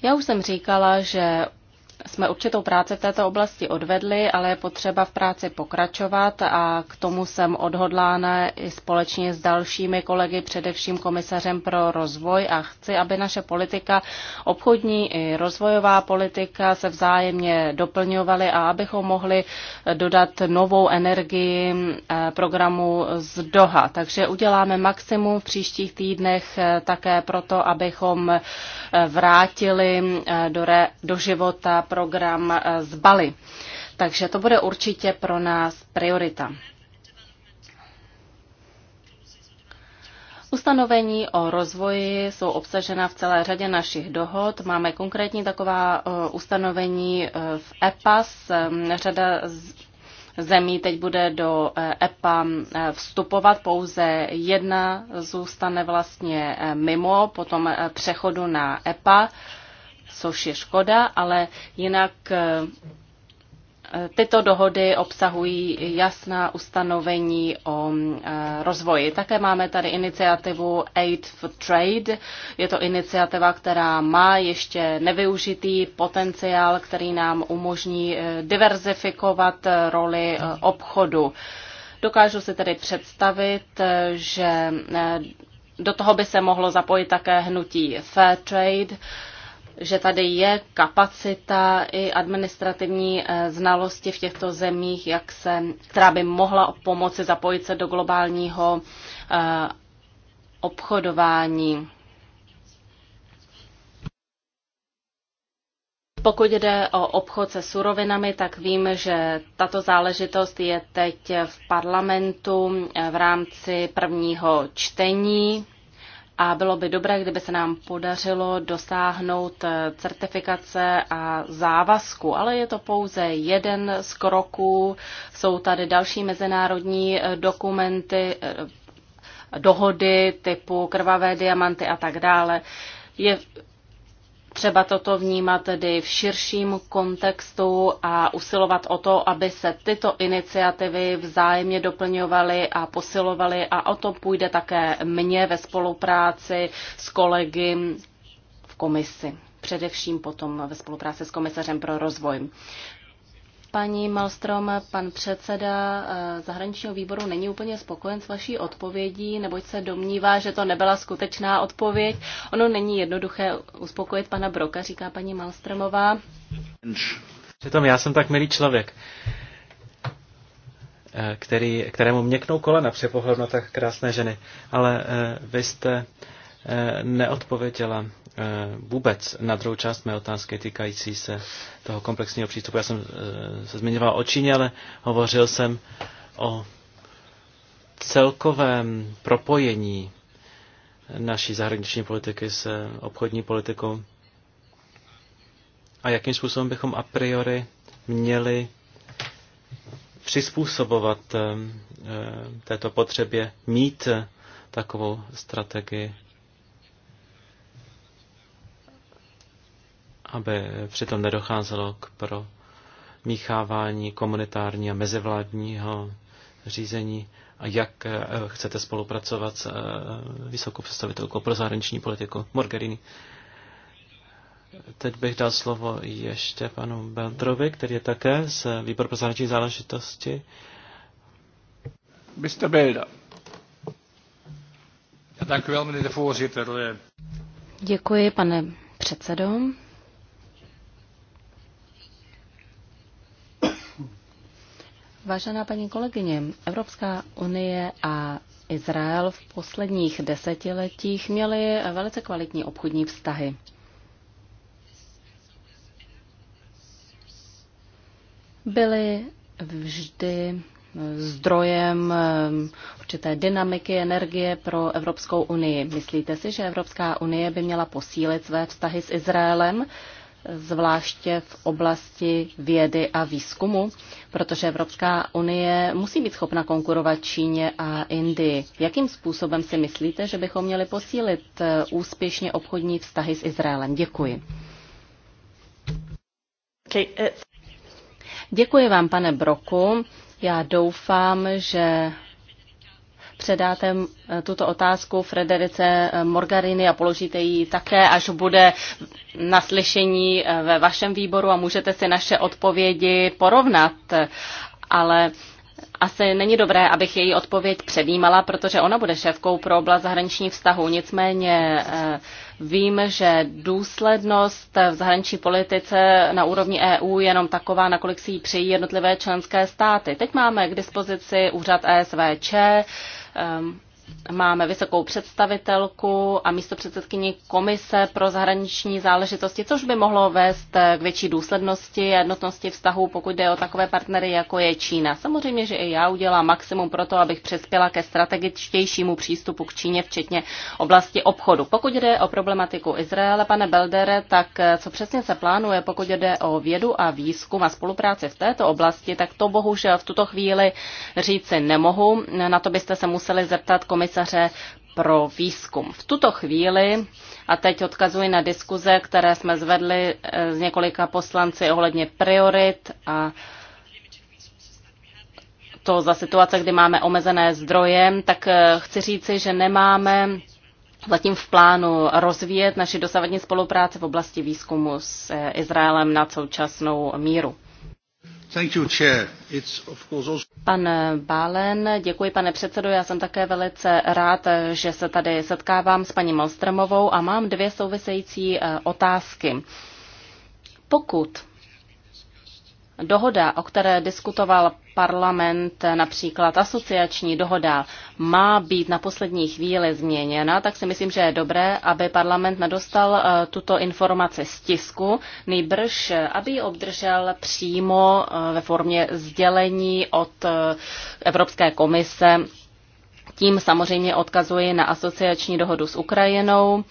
Já už jsem říkala, že jsme určitou práci v této oblasti odvedli, ale je potřeba v práci pokračovat a k tomu jsem odhodlána i společně s dalšími kolegy, především komisařem pro rozvoj a chci, aby naše politika, obchodní i rozvojová politika se vzájemně doplňovaly a abychom mohli dodat novou energii eh, programu z Doha. Takže uděláme maximum v příštích týdnech eh, také proto, abychom eh, vrátili do, re, do života pro program eh, z Bali. Takže to bude určitě pro nás priorita. Ustanovení o rozvoji jsou obsažena v celé řadě našich dohod. Máme konkrétní taková eh, ustanovení eh, v EPAS. Ehm, řada zemí teď bude do EPA vstupovat, pouze jedna zůstane vlastně mimo, potom přechodu na EPA což je škoda, ale jinak eh, tyto dohody obsahují jasná ustanovení o eh, rozvoji. Také máme tady iniciativu Aid for Trade. Je to iniciativa, která má ještě nevyužitý potenciál, který nám umožní eh, diverzifikovat roli obchodu. Dokážu si tedy představit, že do toho by se mohlo zapojit také hnutí Fair Trade, že tady je kapacita i administrativní eh, znalosti v těchto zemích, jak se, která by mohla pomoci zapojit se do globálního eh, obchodování. Pokud jde o obchod se surovinami, tak vím, že tato záležitost je teď v parlamentu eh, v rámci prvního čtení a bylo by dobré, kdyby se nám podařilo dosáhnout eh, certifikace a závazku, ale je to pouze jeden z kroků. Jsou tady další mezinárodní eh, dokumenty, eh, dohody typu krvavé diamanty a tak dále. Je třeba toto vnímat tedy v širším kontextu a usilovat o to, aby se tyto iniciativy vzájemně doplňovaly a posilovaly a o to půjde také mně ve spolupráci s kolegy v komisi především potom ve spolupráci s komisařem pro rozvoj. Paní Malstrom, pan předseda eh, zahraničního výboru není úplně spokojen s vaší odpovědí, neboť se domnívá, že to nebyla skutečná odpověď. Ono není jednoduché uspokojit pana Broka, říká paní Malstromová. Přitom já jsem tak milý člověk, eh, který, kterému měknou kolena při pohledu na tak krásné ženy. Ale eh, vy jste neodpověděla Eh, vůbec na druhou část mé otázky týkající se toho komplexního přístupu. Já jsem eh, se zmiňoval o Číně, ale hovořil jsem o celkovém propojení naší zahraniční politiky s obchodní politikou a jakým způsobem bychom a priori měli přizpůsobovat eh, této potřebě mít takovou strategii aby přitom nedocházelo k pro míchávání komunitární a mezivládního řízení a jak eh, chcete spolupracovat s eh, vysokou představitelkou pro zahraniční politiku Morgerini. Teď bych dal slovo ještě panu Beltrovi, který je také z Výboru pro zahraniční záležitosti. Mr. Belda. Děkuji, pane předsedo. Vážená paní kolegyně, Evropská unie a Izrael v posledních desetiletích měli velice kvalitní obchodní vztahy. Byly vždy zdrojem um, určité dynamiky energie pro Evropskou unii. Myslíte si, že Evropská unie by měla posílit své vztahy s Izraelem zvláště v oblasti vědy a výzkumu, protože Evropská unie musí být schopna konkurovat Číně a Indii. Jakým způsobem si myslíte, že bychom měli posílit eh, úspěšně obchodní vztahy s Izraelem? Děkuji. Eh. Děkuji vám, pane Broku. Já doufám, že předáte eh, tuto otázku Frederice eh, Morgarini a položíte ji také, až bude naslyšení eh, ve vašem výboru a můžete si naše odpovědi porovnat. Ale asi není dobré, abych její odpověď předjímala, protože ona bude šéfkou pro oblast zahraničních vztahů. Nicméně vím, že důslednost v zahraniční politice na úrovni EU je jenom taková, nakolik si ji přijí jednotlivé členské státy. Teď máme k dispozici úřad ESVČ, um, máme vysokou představitelku a místo předsedkyni Komise pro zahraniční záležitosti, což by mohlo vést k větší důslednosti a jednotnosti vztahu, pokud jde o takové partnery, jako je Čína. Samozřejmě, že i já udělám maximum pro to, abych přispěla ke strategičtějšímu přístupu k Číně, včetně oblasti obchodu. Pokud jde o problematiku Izraele, pane Beldere, tak eh, co přesně se plánuje, pokud jde o vědu a výzkum a spolupráci v této oblasti, tak to bohužel v tuto chvíli říci nemohu. Na to byste se museli zeptat komisaře pro výzkum. V tuto chvíli, a teď odkazuji na diskuze, které jsme zvedli z eh, několika poslanci ohledně priorit a to za situace, kdy máme omezené zdroje, tak eh, chci říci, že nemáme zatím v plánu rozvíjet naši dosavadní spolupráci v oblasti výzkumu s eh, Izraelem na současnou míru. Pan Bálen, děkuji pane předsedo. Já jsem také velice rád, že se tady setkávám s paní Malstromovou a mám dvě související eh, otázky. Pokud dohoda, o které diskutoval parlament, například asociační dohoda, má být na poslední chvíli změněna, tak si myslím, že je dobré, aby parlament nedostal eh, tuto informaci z tisku, nejbrž, eh, aby ji obdržel přímo eh, ve formě sdělení od Evropské komise. Tím samozřejmě odkazuji na asociační dohodu s Ukrajinou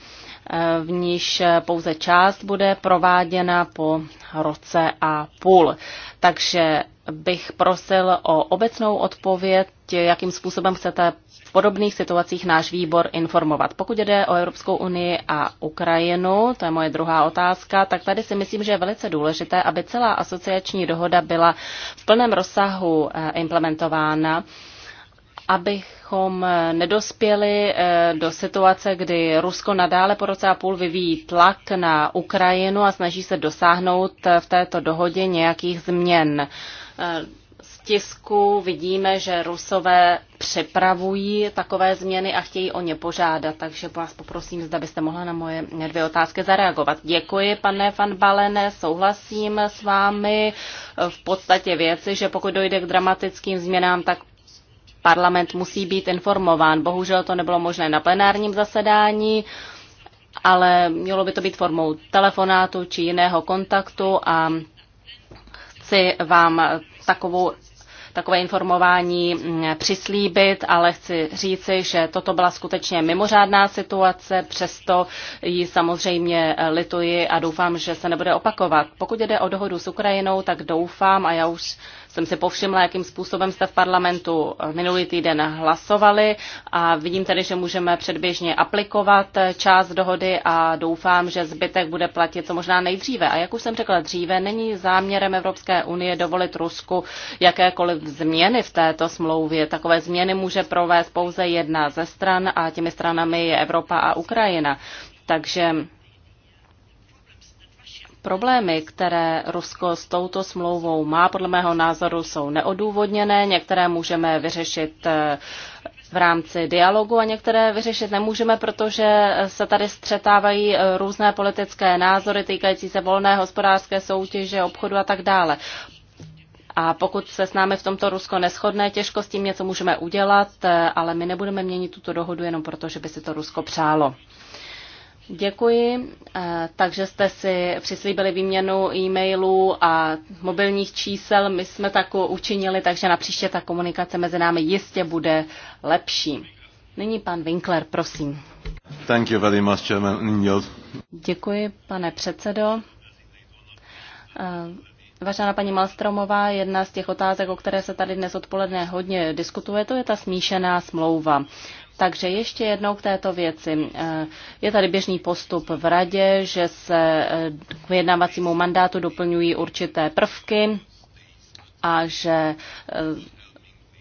v níž pouze část bude prováděna po roce a půl. Takže bych prosil o obecnou odpověď, jakým způsobem chcete v podobných situacích náš výbor informovat. Pokud jde o Evropskou unii a Ukrajinu, to je moje druhá otázka, tak tady si myslím, že je velice důležité, aby celá asociační dohoda byla v plném rozsahu eh, implementována abychom nedospěli eh, do situace, kdy Rusko nadále po roce a půl vyvíjí tlak na Ukrajinu a snaží se dosáhnout eh, v této dohodě nějakých změn. Eh, z tisku vidíme, že Rusové připravují takové změny a chtějí o ně požádat, takže vás poprosím, zda byste mohla na moje dvě otázky zareagovat. Děkuji, pane Van Balene, souhlasím s vámi v podstatě věci, že pokud dojde k dramatickým změnám, tak parlament musí být informován. Bohužel to nebylo možné na plenárním zasedání, ale mělo by to být formou telefonátu či jiného kontaktu a chci vám takovou takové informování mm, přislíbit, ale chci říci, že toto byla skutečně mimořádná situace, přesto ji samozřejmě lituji a doufám, že se nebude opakovat. Pokud jde o dohodu s Ukrajinou, tak doufám a já už jsem si povšimla, jakým způsobem jste v parlamentu minulý týden hlasovali a vidím tady, že můžeme předběžně aplikovat část dohody a doufám, že zbytek bude platit co možná nejdříve. A jak už jsem řekla dříve, není záměrem Evropské unie dovolit Rusku jakékoliv změny v této smlouvě. Takové změny může provést pouze jedna ze stran a těmi stranami je Evropa a Ukrajina. Takže Problémy, které Rusko s touto smlouvou má, podle mého názoru, jsou neodůvodněné. Některé můžeme vyřešit eh, v rámci dialogu a některé vyřešit nemůžeme, protože se tady střetávají eh, různé politické názory týkající se volné hospodářské soutěže, obchodu a tak dále. A pokud se s námi v tomto Rusko neschodné, těžko s tím něco můžeme udělat, eh, ale my nebudeme měnit tuto dohodu jenom proto, že by si to Rusko přálo. Děkuji. Eh, takže jste si přislíbili výměnu e-mailů a mobilních čísel. My jsme tak učinili, takže na příště ta komunikace mezi námi jistě bude lepší. Nyní pan Winkler, prosím. Thank you very much, Děkuji, pane předsedo. Eh, vážená paní Malstromová, jedna z těch otázek, o které se tady dnes odpoledne hodně diskutuje, to je ta smíšená smlouva. Takže ještě jednou k této věci. Eh, je tady běžný postup v radě, že se eh, k vyjednávacímu mandátu doplňují určité prvky a že eh,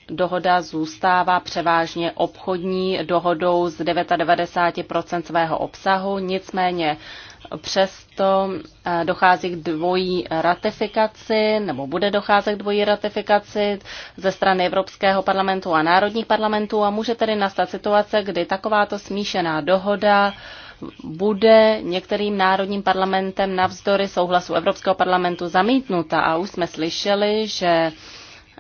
dohoda zůstává převážně obchodní dohodou z 99% svého obsahu, nicméně přesto eh, dochází k dvojí ratifikaci, nebo bude docházet k dvojí ratifikaci ze strany Evropského parlamentu a národních parlamentů a může tedy nastat situace, kdy takováto smíšená dohoda bude některým národním parlamentem navzdory souhlasu Evropského parlamentu zamítnuta. A už jsme slyšeli, že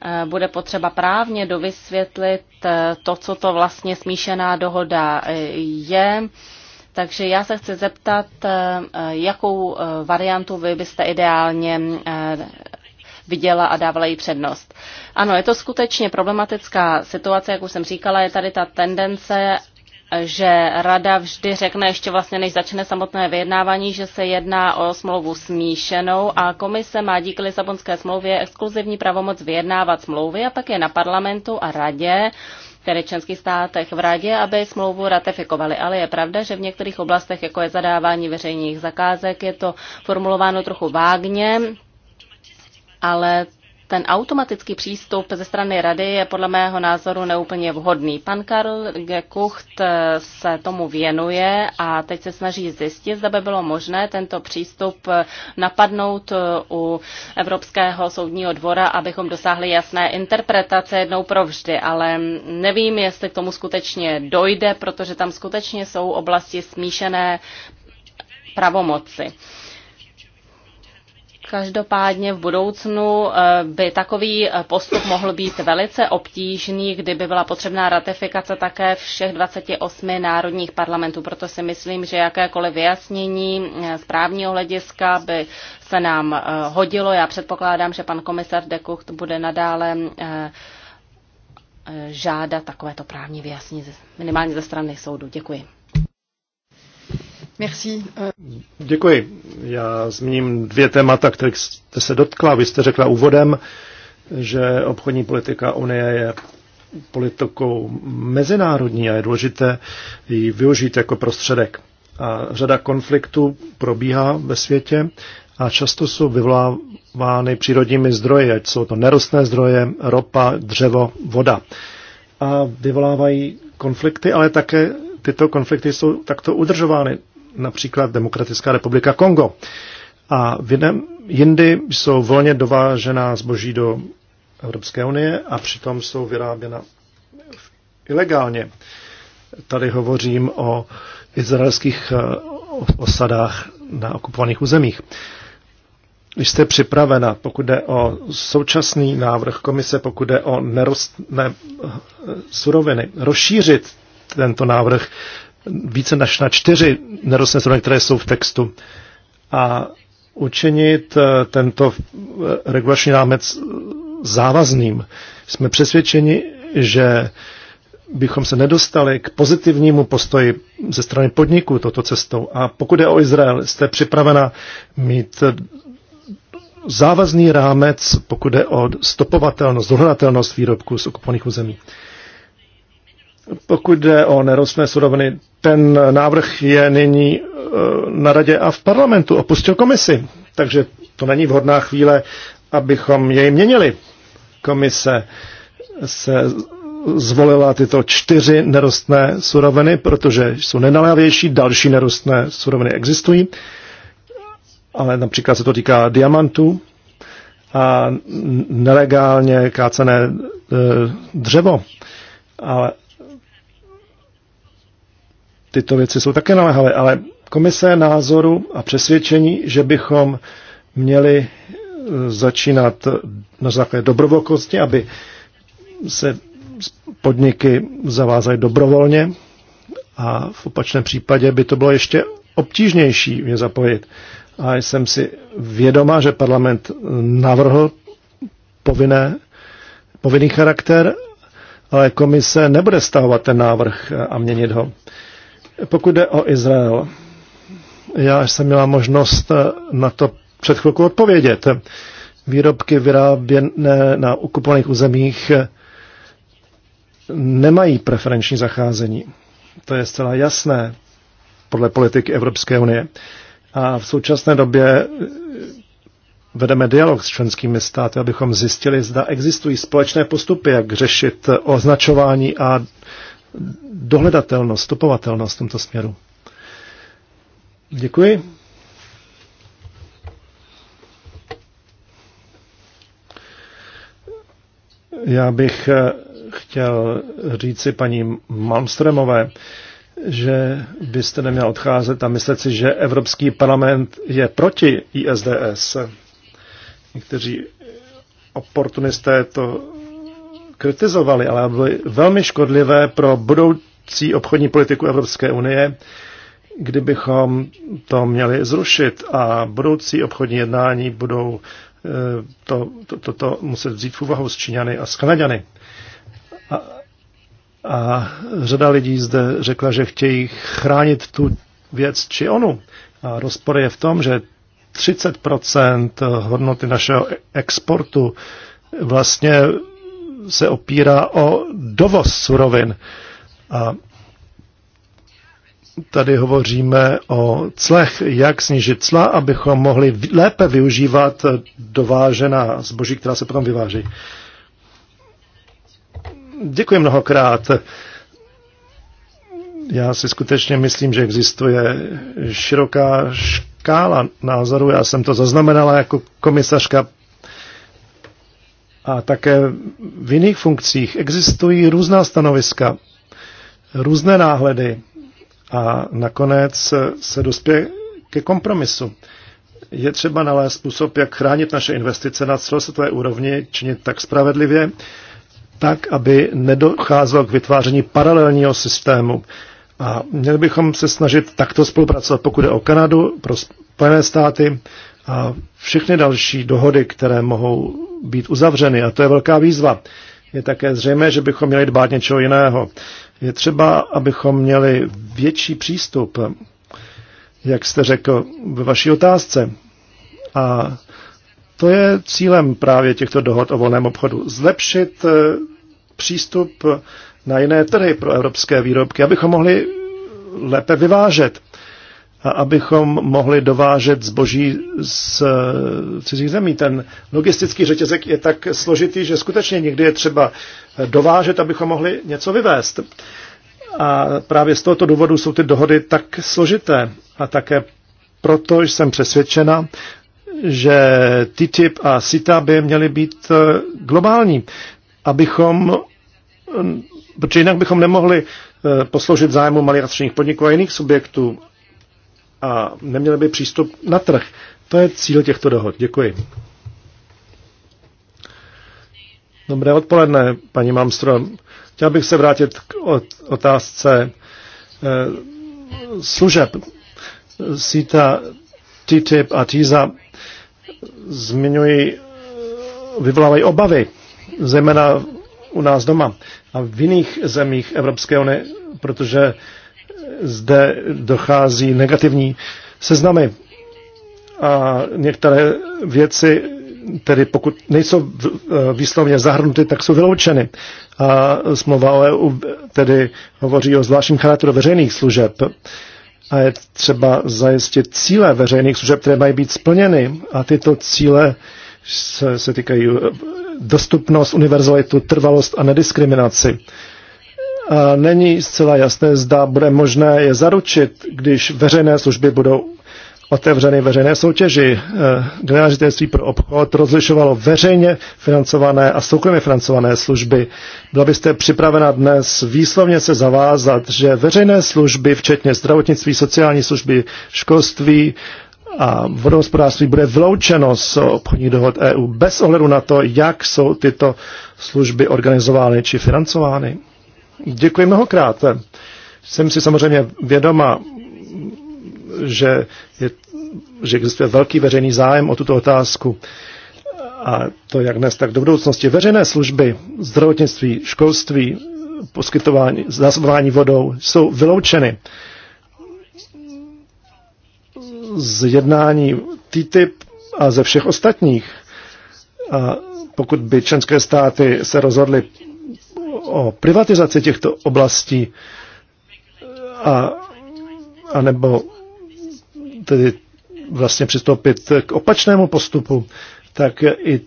eh, bude potřeba právně dovysvětlit eh, to, co to vlastně smíšená dohoda je takže já se chci zeptat, eh, jakou eh, variantu vy byste ideálně eh, viděla a dávala jí přednost. Ano, je to skutečně problematická situace, jak už jsem říkala, je tady ta tendence že rada vždy řekne ještě vlastně, než začne samotné vyjednávání, že se jedná o smlouvu smíšenou a komise má díky Lisabonské smlouvě exkluzivní pravomoc vyjednávat smlouvy a pak je na parlamentu a radě, které členských státech v Radě, aby smlouvu ratifikovali. Ale je pravda, že v některých oblastech, jako je zadávání veřejných zakázek, je to formulováno trochu vágně, ale ten automatický přístup ze strany rady je podle mého názoru neúplně vhodný. Pan Karl G. Kucht eh, se tomu věnuje a teď se snaží zjistit, zda by bylo možné tento přístup eh, napadnout eh, u Evropského soudního dvora, abychom dosáhli jasné interpretace jednou provždy, ale nevím, jestli k tomu skutečně dojde, protože tam skutečně jsou oblasti smíšené pravomoci. Každopádně v budoucnu eh, by takový eh, postup mohl být velice obtížný, kdyby byla potřebná ratifikace také všech 28 národních parlamentů. Proto si myslím, že jakékoliv vyjasnění eh, právního hlediska by se nám hodilo. Já předpokládám, že pan komisar Dekucht bude nadále žádat takovéto právní vyjasnění minimálně ze strany soudu. Děkuji. Merci. Děkuji. Já zmíním dvě témata, kterých jste se dotkla. Vy jste řekla úvodem, že obchodní politika Unie je politikou mezinárodní a je důležité ji využít jako prostředek. A řada konfliktů probíhá ve světě a často jsou vyvolávány přírodními zdroji, ať jsou to nerostné zdroje, ropa, dřevo, voda. A vyvolávají konflikty, ale také tyto konflikty jsou takto udržovány například Demokratická republika Kongo. A v jindy jsou volně dovážená zboží do Evropské unie a přitom jsou vyráběna ilegálně. Tady hovořím o izraelských eh, osadách na okupovaných územích. Když jste připravena, pokud jde o současný návrh komise, pokud jde o nerostné eh, suroviny, rozšířit tento návrh více než na čtyři nerostné strany, které jsou v textu. A učinit eh, tento eh, regulační rámec eh, závazným. Jsme přesvědčeni, že bychom se nedostali k pozitivnímu postoji ze strany podniků toto cestou. A pokud je o Izrael, jste připravena mít závazný rámec, pokud je o stopovatelnost, dohledatelnost výrobků z okupovaných území. Pokud jde o nerostné suroviny, ten návrh je nyní e, na radě a v parlamentu, opustil komisi. Takže to není vhodná chvíle, abychom jej měnili. Komise se zvolila tyto čtyři nerostné suroviny, protože jsou nenaléhavější, další nerostné suroviny existují, ale například se to týká diamantů a nelegálně kácené e, dřevo. Ale tyto věci jsou také naléhavé, ale komise je názoru a přesvědčení, že bychom měli eh, začínat na základě dobrovolnosti, aby se podniky zavázaly dobrovolně a v opačném případě by to bylo ještě obtížnější mě zapojit. A jsem si vědomá, že parlament navrhl povinné, povinný charakter, ale komise nebude stahovat ten návrh a měnit ho. Pokud jde o Izrael, já jsem měla možnost eh, na to před chvilkou odpovědět. Výrobky vyráběné na okupovaných územích eh, nemají preferenční zacházení. To je zcela jasné podle politiky Evropské unie. A v současné době eh, vedeme dialog s členskými státy, abychom zjistili, zda existují společné postupy, jak řešit označování a dohledatelnost, stopovatelnost v tomto směru. Děkuji. Já bych eh, chtěl říci paní Malmströmové, že byste neměl odcházet a myslet si, že Evropský parlament je proti ISDS. Někteří oportunisté to Kritizovali, ale byly velmi škodlivé pro budoucí obchodní politiku Evropské unie, kdybychom to měli zrušit a budoucí obchodní jednání budou eh, to, to, to, to muset vzít v úvahu s Číňany a s Kanaďany. A, a řada lidí zde řekla, že chtějí chránit tu věc či onu. A rozpor je v tom, že 30 hodnoty našeho exportu vlastně se opírá o dovoz surovin. A tady hovoříme o clech, jak snížit cla, abychom mohli lépe využívat dovážená zboží, která se potom vyváží. Děkuji mnohokrát. Já si skutečně myslím, že existuje široká škála názorů. Já jsem to zaznamenala jako komisařka a také v jiných funkcích existují různá stanoviska, různé náhledy a nakonec se dospěje ke kompromisu. Je třeba nalézt způsob, jak chránit naše investice na celosvětové úrovni, činit tak spravedlivě, tak, aby nedocházelo k vytváření paralelního systému. A měli bychom se snažit takto spolupracovat, pokud je o Kanadu, pro Spojené státy, a všechny další dohody, které mohou být uzavřeny. A to je velká výzva. Je také zřejmé, že bychom měli dbát něčeho jiného. Je třeba, abychom měli větší přístup, jak jste řekl ve vaší otázce. A to je cílem právě těchto dohod o volném obchodu. Zlepšit eh, přístup na jiné trhy pro evropské výrobky, abychom mohli lépe vyvážet a abychom mohli dovážet zboží z eh, cizích zemí. Ten logistický řetězek je tak složitý, že skutečně někdy je třeba eh, dovážet, abychom mohli něco vyvést. A právě z tohoto důvodu jsou ty dohody tak složité. A také proto jsem přesvědčena, že TTIP a CETA by měly být eh, globální, abychom, protože jinak bychom nemohli posloužit zájmu malých a středních podniků a jiných subjektů a neměli by přístup na trh. To je cíl těchto dohod. Děkuji. Dobré odpoledne, paní Mamstro. Chtěl bych se vrátit k otázce eh, služeb. Sita, TTIP a TISA zmiňují, vyvolávají obavy, zejména u nás doma a v jiných zemích Evropské unie, protože zde dochází negativní seznamy a některé věci, tedy pokud nejsou eh, výslovně zahrnuty, tak jsou vyloučeny. A smlouva o EU tedy hovoří o zvláštním charakteru veřejných služeb a je třeba zajistit cíle veřejných služeb, které mají být splněny. A tyto cíle se, se týkají eh, dostupnost, univerzalitu, trvalost a nediskriminaci není zcela jasné, zda bude možné je zaručit, když veřejné služby budou otevřeny veřejné soutěži. E, Generální pro obchod rozlišovalo veřejně financované a soukromě financované služby. Byla byste připravena dnes výslovně se zavázat, že veřejné služby, včetně zdravotnictví, sociální služby, školství a vodohospodářství bude vyloučeno z obchodních dohod EU bez ohledu na to, jak jsou tyto služby organizovány či financovány? Děkuji mnohokrát. Jsem si samozřejmě vědoma, že, je, že existuje velký veřejný zájem o tuto otázku. A to jak dnes, tak do budoucnosti. Veřejné služby, zdravotnictví, školství, poskytování, zásobování vodou jsou vyloučeny z jednání TTIP a ze všech ostatních. A pokud by členské státy se rozhodly o privatizaci těchto oblastí a, a nebo tedy vlastně přistoupit k opačnému postupu, tak i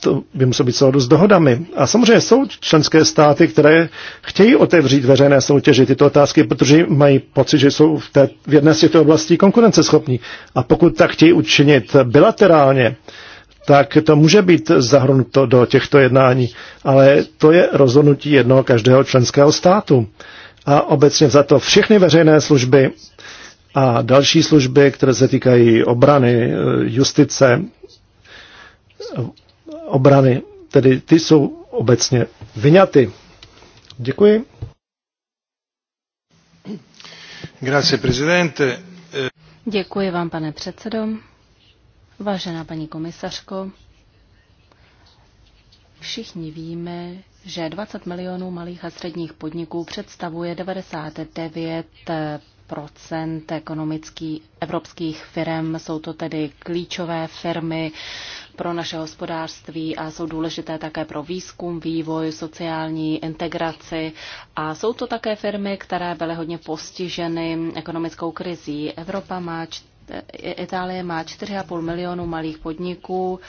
to by muselo být soudu s dohodami. A samozřejmě jsou členské státy, které chtějí otevřít veřejné soutěži tyto otázky, protože mají pocit, že jsou v, té, v jedné z těchto oblastí konkurenceschopní. A pokud tak chtějí učinit bilaterálně, tak to může být zahrnuto do těchto jednání, ale to je rozhodnutí jednoho každého členského státu. A obecně za to všechny veřejné služby a další služby, které se týkají obrany, eh, justice, obrany, tedy ty jsou obecně vyňaty. Děkuji. Grazie, prezidente. Děkuji vám, pane předsedo. Vážená paní komisařko, všichni víme, že 20 milionů malých a středních podniků představuje 99 ekonomických evropských firm. Jsou to tedy klíčové firmy pro naše hospodářství a jsou důležité také pro výzkum, vývoj, sociální integraci. A jsou to také firmy, které byly hodně postiženy ekonomickou krizí. Evropa má Itálie má 4,5 milionu malých podniků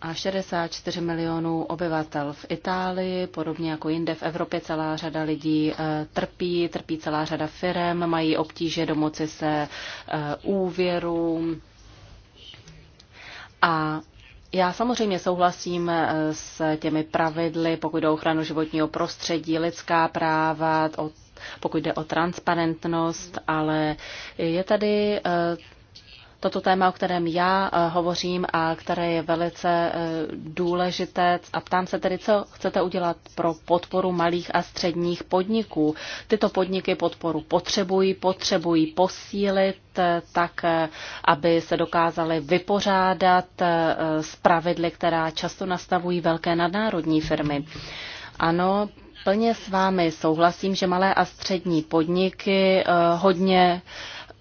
a 64 milionů obyvatel v Itálii, podobně jako jinde v Evropě celá řada lidí eh, trpí, trpí celá řada firem, mají obtíže domoci se eh, úvěru. A já samozřejmě souhlasím eh, s těmi pravidly, pokud o ochranu životního prostředí, lidská práva, o pokud jde o transparentnost, ale je tady eh, toto téma, o kterém já eh, hovořím a které je velice eh, důležité. A ptám se tedy, co chcete udělat pro podporu malých a středních podniků. Tyto podniky podporu potřebují, potřebují posílit tak, aby se dokázali vypořádat s pravidly, která často nastavují velké nadnárodní firmy. Ano, Plně s vámi souhlasím, že malé a střední podniky eh, hodně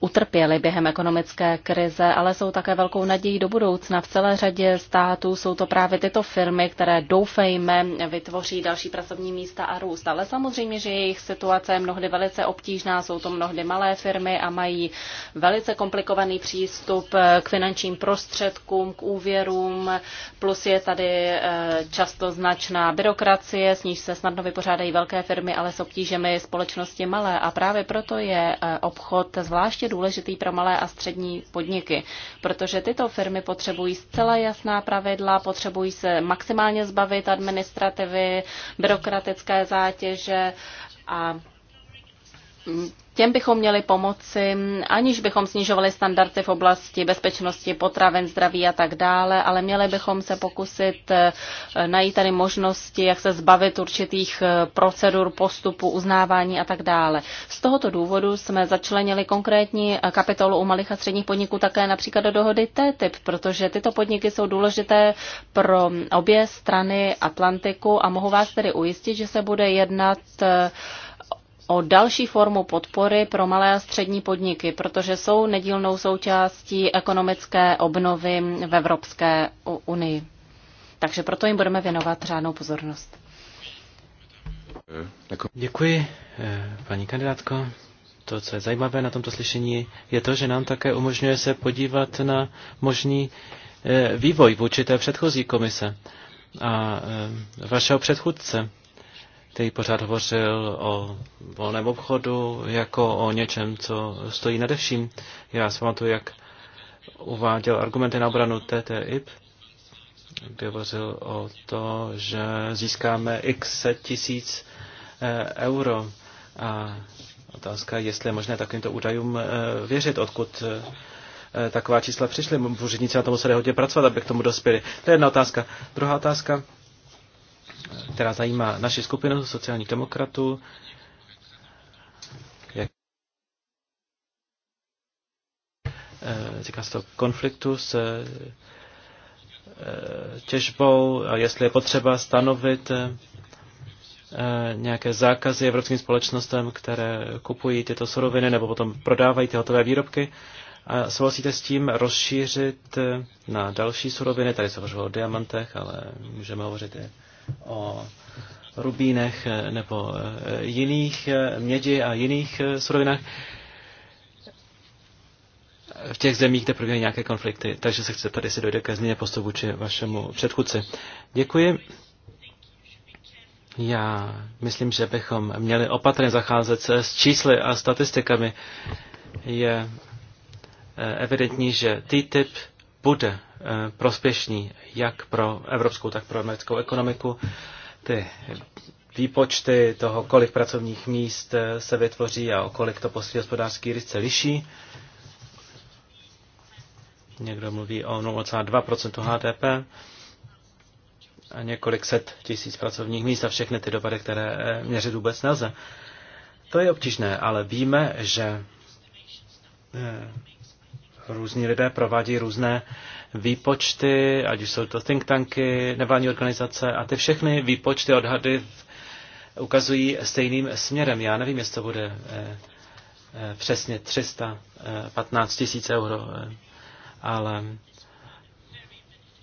utrpěli během ekonomické krize, ale jsou také velkou nadějí do budoucna. V celé řadě států jsou to právě tyto firmy, které doufejme vytvoří další pracovní místa a růst. Ale samozřejmě, že jejich situace je mnohdy velice obtížná, jsou to mnohdy malé firmy a mají velice komplikovaný přístup k finančním prostředkům, k úvěrům, plus je tady eh, často značná byrokracie, s níž se snadno vypořádají velké firmy, ale s obtížemi společnosti malé. A právě proto je eh, obchod zvláště důležitý pro malé a střední podniky, protože tyto firmy potřebují zcela jasná pravidla, potřebují se maximálně zbavit administrativy, byrokratické zátěže a Těm bychom měli pomoci, aniž bychom snižovali standardy v oblasti bezpečnosti potraven, zdraví a tak dále, ale měli bychom se pokusit eh, najít tady možnosti, jak se zbavit určitých eh, procedur, postupů, uznávání a tak dále. Z tohoto důvodu jsme začlenili konkrétní eh, kapitolu u malých a středních podniků také například do dohody TTIP, protože tyto podniky jsou důležité pro obě strany Atlantiku a mohu vás tedy ujistit, že se bude jednat o další formu podpory pro malé a střední podniky, protože jsou nedílnou součástí ekonomické obnovy v Evropské unii. Takže proto jim budeme věnovat řádnou pozornost. Děkuji, eh, paní kandidátko. To, co je zajímavé na tomto slyšení, je to, že nám také umožňuje se podívat na možný eh, vývoj v určité předchozí komise a eh, vašeho předchůdce který pořád hovořil o volném obchodu jako o něčem, co stojí nade vším. Já si pamatuju, jak uváděl argumenty na obranu TTIP, kde hovořil o to, že získáme x tisíc eh, euro. A otázka jestli je možné takovýmto údajům eh, věřit, odkud eh, taková čísla přišly. Úředníci na to museli hodně pracovat, aby k tomu dospěli. To je jedna otázka. Druhá otázka která zajímá naši skupinu sociálních demokratů. Jak, eh, říká se to konfliktu s eh, těžbou, a jestli je potřeba stanovit eh, nějaké zákazy evropským společnostem, které kupují tyto suroviny nebo potom prodávají ty hotové výrobky. A souhlasíte s tím rozšířit na další suroviny? Tady se hovořilo o diamantech, ale můžeme hovořit i o rubínech eh, nebo eh, jiných eh, mědi a jiných surovinách v těch zemích, kde probíhají nějaké konflikty. Takže se chci tady, si dojde ke změně postupu či vašemu předchůdci. Děkuji. Já myslím, že bychom měli opatrně zacházet se s čísly a statistikami. Je evidentní, že TTIP bude Eh, prospěšní jak pro evropskou, tak pro americkou ekonomiku. Ty výpočty toho, kolik pracovních míst eh, se vytvoří a o kolik to posílí hospodářský risk se liší. Někdo mluví o 0,2 HDP a několik set tisíc pracovních míst a všechny ty dopady, které eh, měřit vůbec nelze. To je obtížné, ale víme, že různí lidé provádí různé výpočty, ať už jsou to think tanky, nevládní organizace a ty všechny výpočty, odhady ukazují stejným směrem. Já nevím, jestli to bude eh, eh, přesně 315 eh, tisíc euro, ale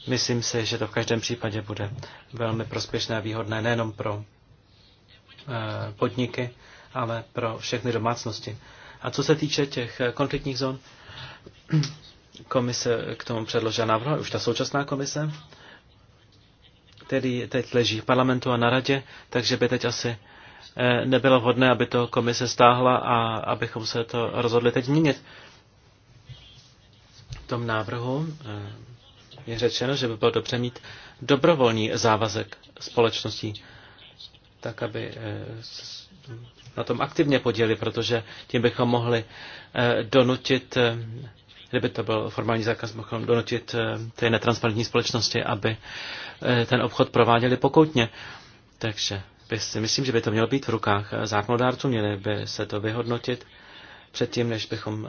myslím si, že to v každém případě bude velmi prospěšné a výhodné nejenom pro podniky, ale pro všechny domácnosti. A co se týče těch konfliktních zón, Komise k tomu předložila návrh, už ta současná komise, který teď leží v parlamentu a na radě, takže by teď asi eh, nebylo vhodné, aby to komise stáhla a abychom se to rozhodli teď měnit. V tom návrhu eh, je řečeno, že by bylo dobře mít dobrovolný závazek společností, tak aby eh, na tom aktivně podělili, protože tím bychom mohli donutit Kdyby to byl formální zákaz, mohl donutit eh, ty netransparentní společnosti, aby eh, ten obchod prováděli pokoutně. Takže si myslím, že by to mělo být v rukách eh, zákonodárců, měli by se to vyhodnotit předtím, než bychom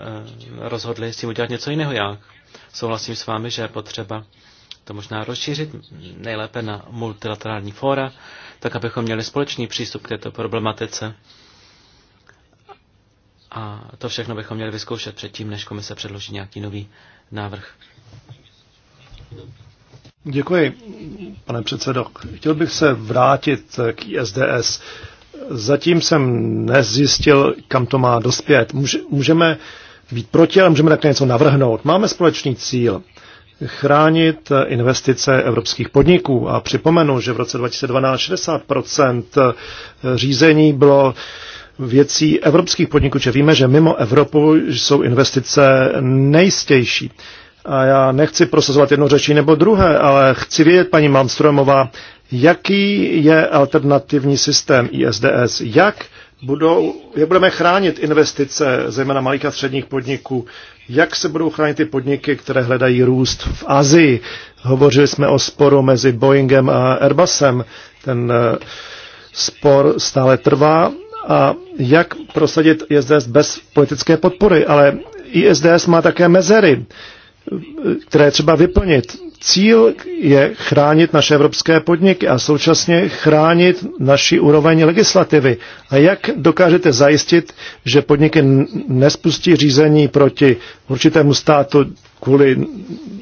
rozhodli s tím udělat něco jiného. Já souhlasím s vámi, že je potřeba to možná rozšířit, nejlépe na multilaterální fóra, tak abychom měli společný přístup k této problematice. A to všechno bychom měli vyzkoušet předtím, než komise předloží nějaký nový návrh. Děkuji, pane předsedo. Chtěl bych se vrátit k ISDS. Zatím jsem nezjistil, kam to má dospět. Můžeme být proti, ale můžeme také něco navrhnout. Máme společný cíl chránit investice evropských podniků. A připomenu, že v roce 2012 60 řízení bylo věcí evropských podniků, že víme, že mimo Evropu jsou investice nejistější. A já nechci prosazovat jedno řeči nebo druhé, ale chci vědět, paní Malmstromová, jaký je alternativní systém ISDS, jak, budou, jak budeme chránit investice, zejména malých a středních podniků, jak se budou chránit ty podniky, které hledají růst v Azii. Hovořili jsme o sporu mezi Boeingem a Airbusem. Ten eh, spor stále trvá a jak prosadit ISDS bez politické podpory, ale ISDS má také mezery, které je třeba vyplnit. Cíl je chránit naše evropské podniky a současně chránit naši úroveň legislativy. A jak dokážete zajistit, že podniky nespustí řízení proti určitému státu kvůli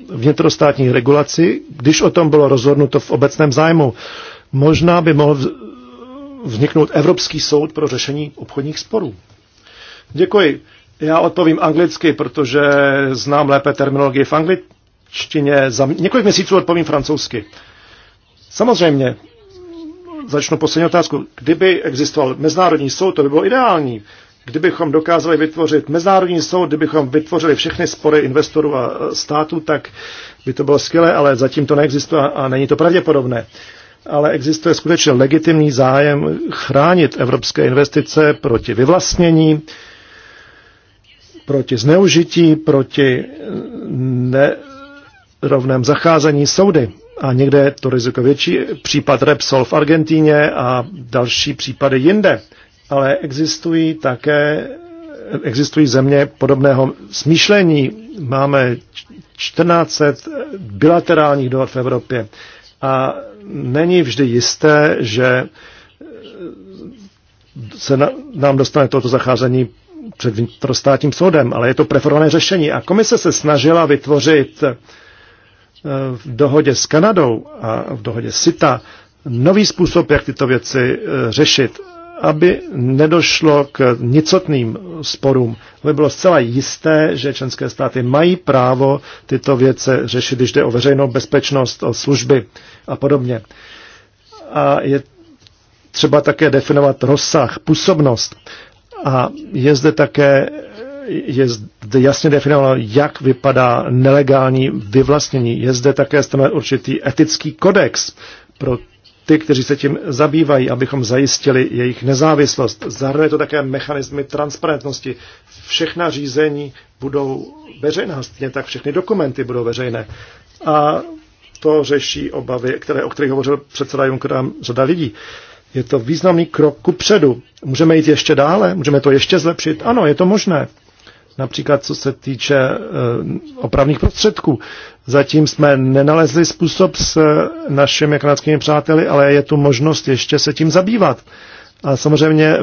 vnitrostátní regulaci, když o tom bylo rozhodnuto v obecném zájmu? Možná by mohl vzniknout Evropský soud pro řešení obchodních sporů. Děkuji. Já odpovím anglicky, protože znám lépe terminologii v angličtině. Za několik měsíců odpovím francouzsky. Samozřejmě, začnu poslední otázku. Kdyby existoval mezinárodní soud, to by bylo ideální. Kdybychom dokázali vytvořit mezinárodní soud, kdybychom vytvořili všechny spory investorů a států, tak by to bylo skvělé, ale zatím to neexistuje a není to pravděpodobné ale existuje skutečně legitimní zájem chránit evropské investice proti vyvlastnění, proti zneužití, proti nerovném zacházení soudy. A někde je to riziko větší. Případ Repsol v Argentíně a další případy jinde. Ale existují také existují země podobného smýšlení. Máme 1400 bilaterálních dohod v Evropě a není vždy jisté, že se na, nám dostane toto zacházení před vnitrostátním soudem, ale je to preferované řešení. A komise se snažila vytvořit eh, v dohodě s Kanadou a v dohodě SITA nový způsob, jak tyto věci eh, řešit aby nedošlo k nicotným sporům, aby bylo zcela jisté, že členské státy mají právo tyto věce řešit, když jde o veřejnou bezpečnost, o služby a podobně. A je třeba také definovat rozsah, působnost. A je zde také je zde jasně definováno, jak vypadá nelegální vyvlastnění. Je zde také stanoven určitý etický kodex pro ty, kteří se tím zabývají, abychom zajistili jejich nezávislost. Zahrnuje to také mechanismy transparentnosti. Všechna řízení budou veřejná, stejně tak všechny dokumenty budou veřejné. A to řeší obavy, které, o kterých hovořil předseda Juncker a řada lidí. Je to významný krok ku předu. Můžeme jít ještě dále? Můžeme to ještě zlepšit? Ano, je to možné například co se týče eh, opravných prostředků. Zatím jsme nenalezli způsob s eh, našimi kanadskými přáteli, ale je tu možnost ještě se tím zabývat. A samozřejmě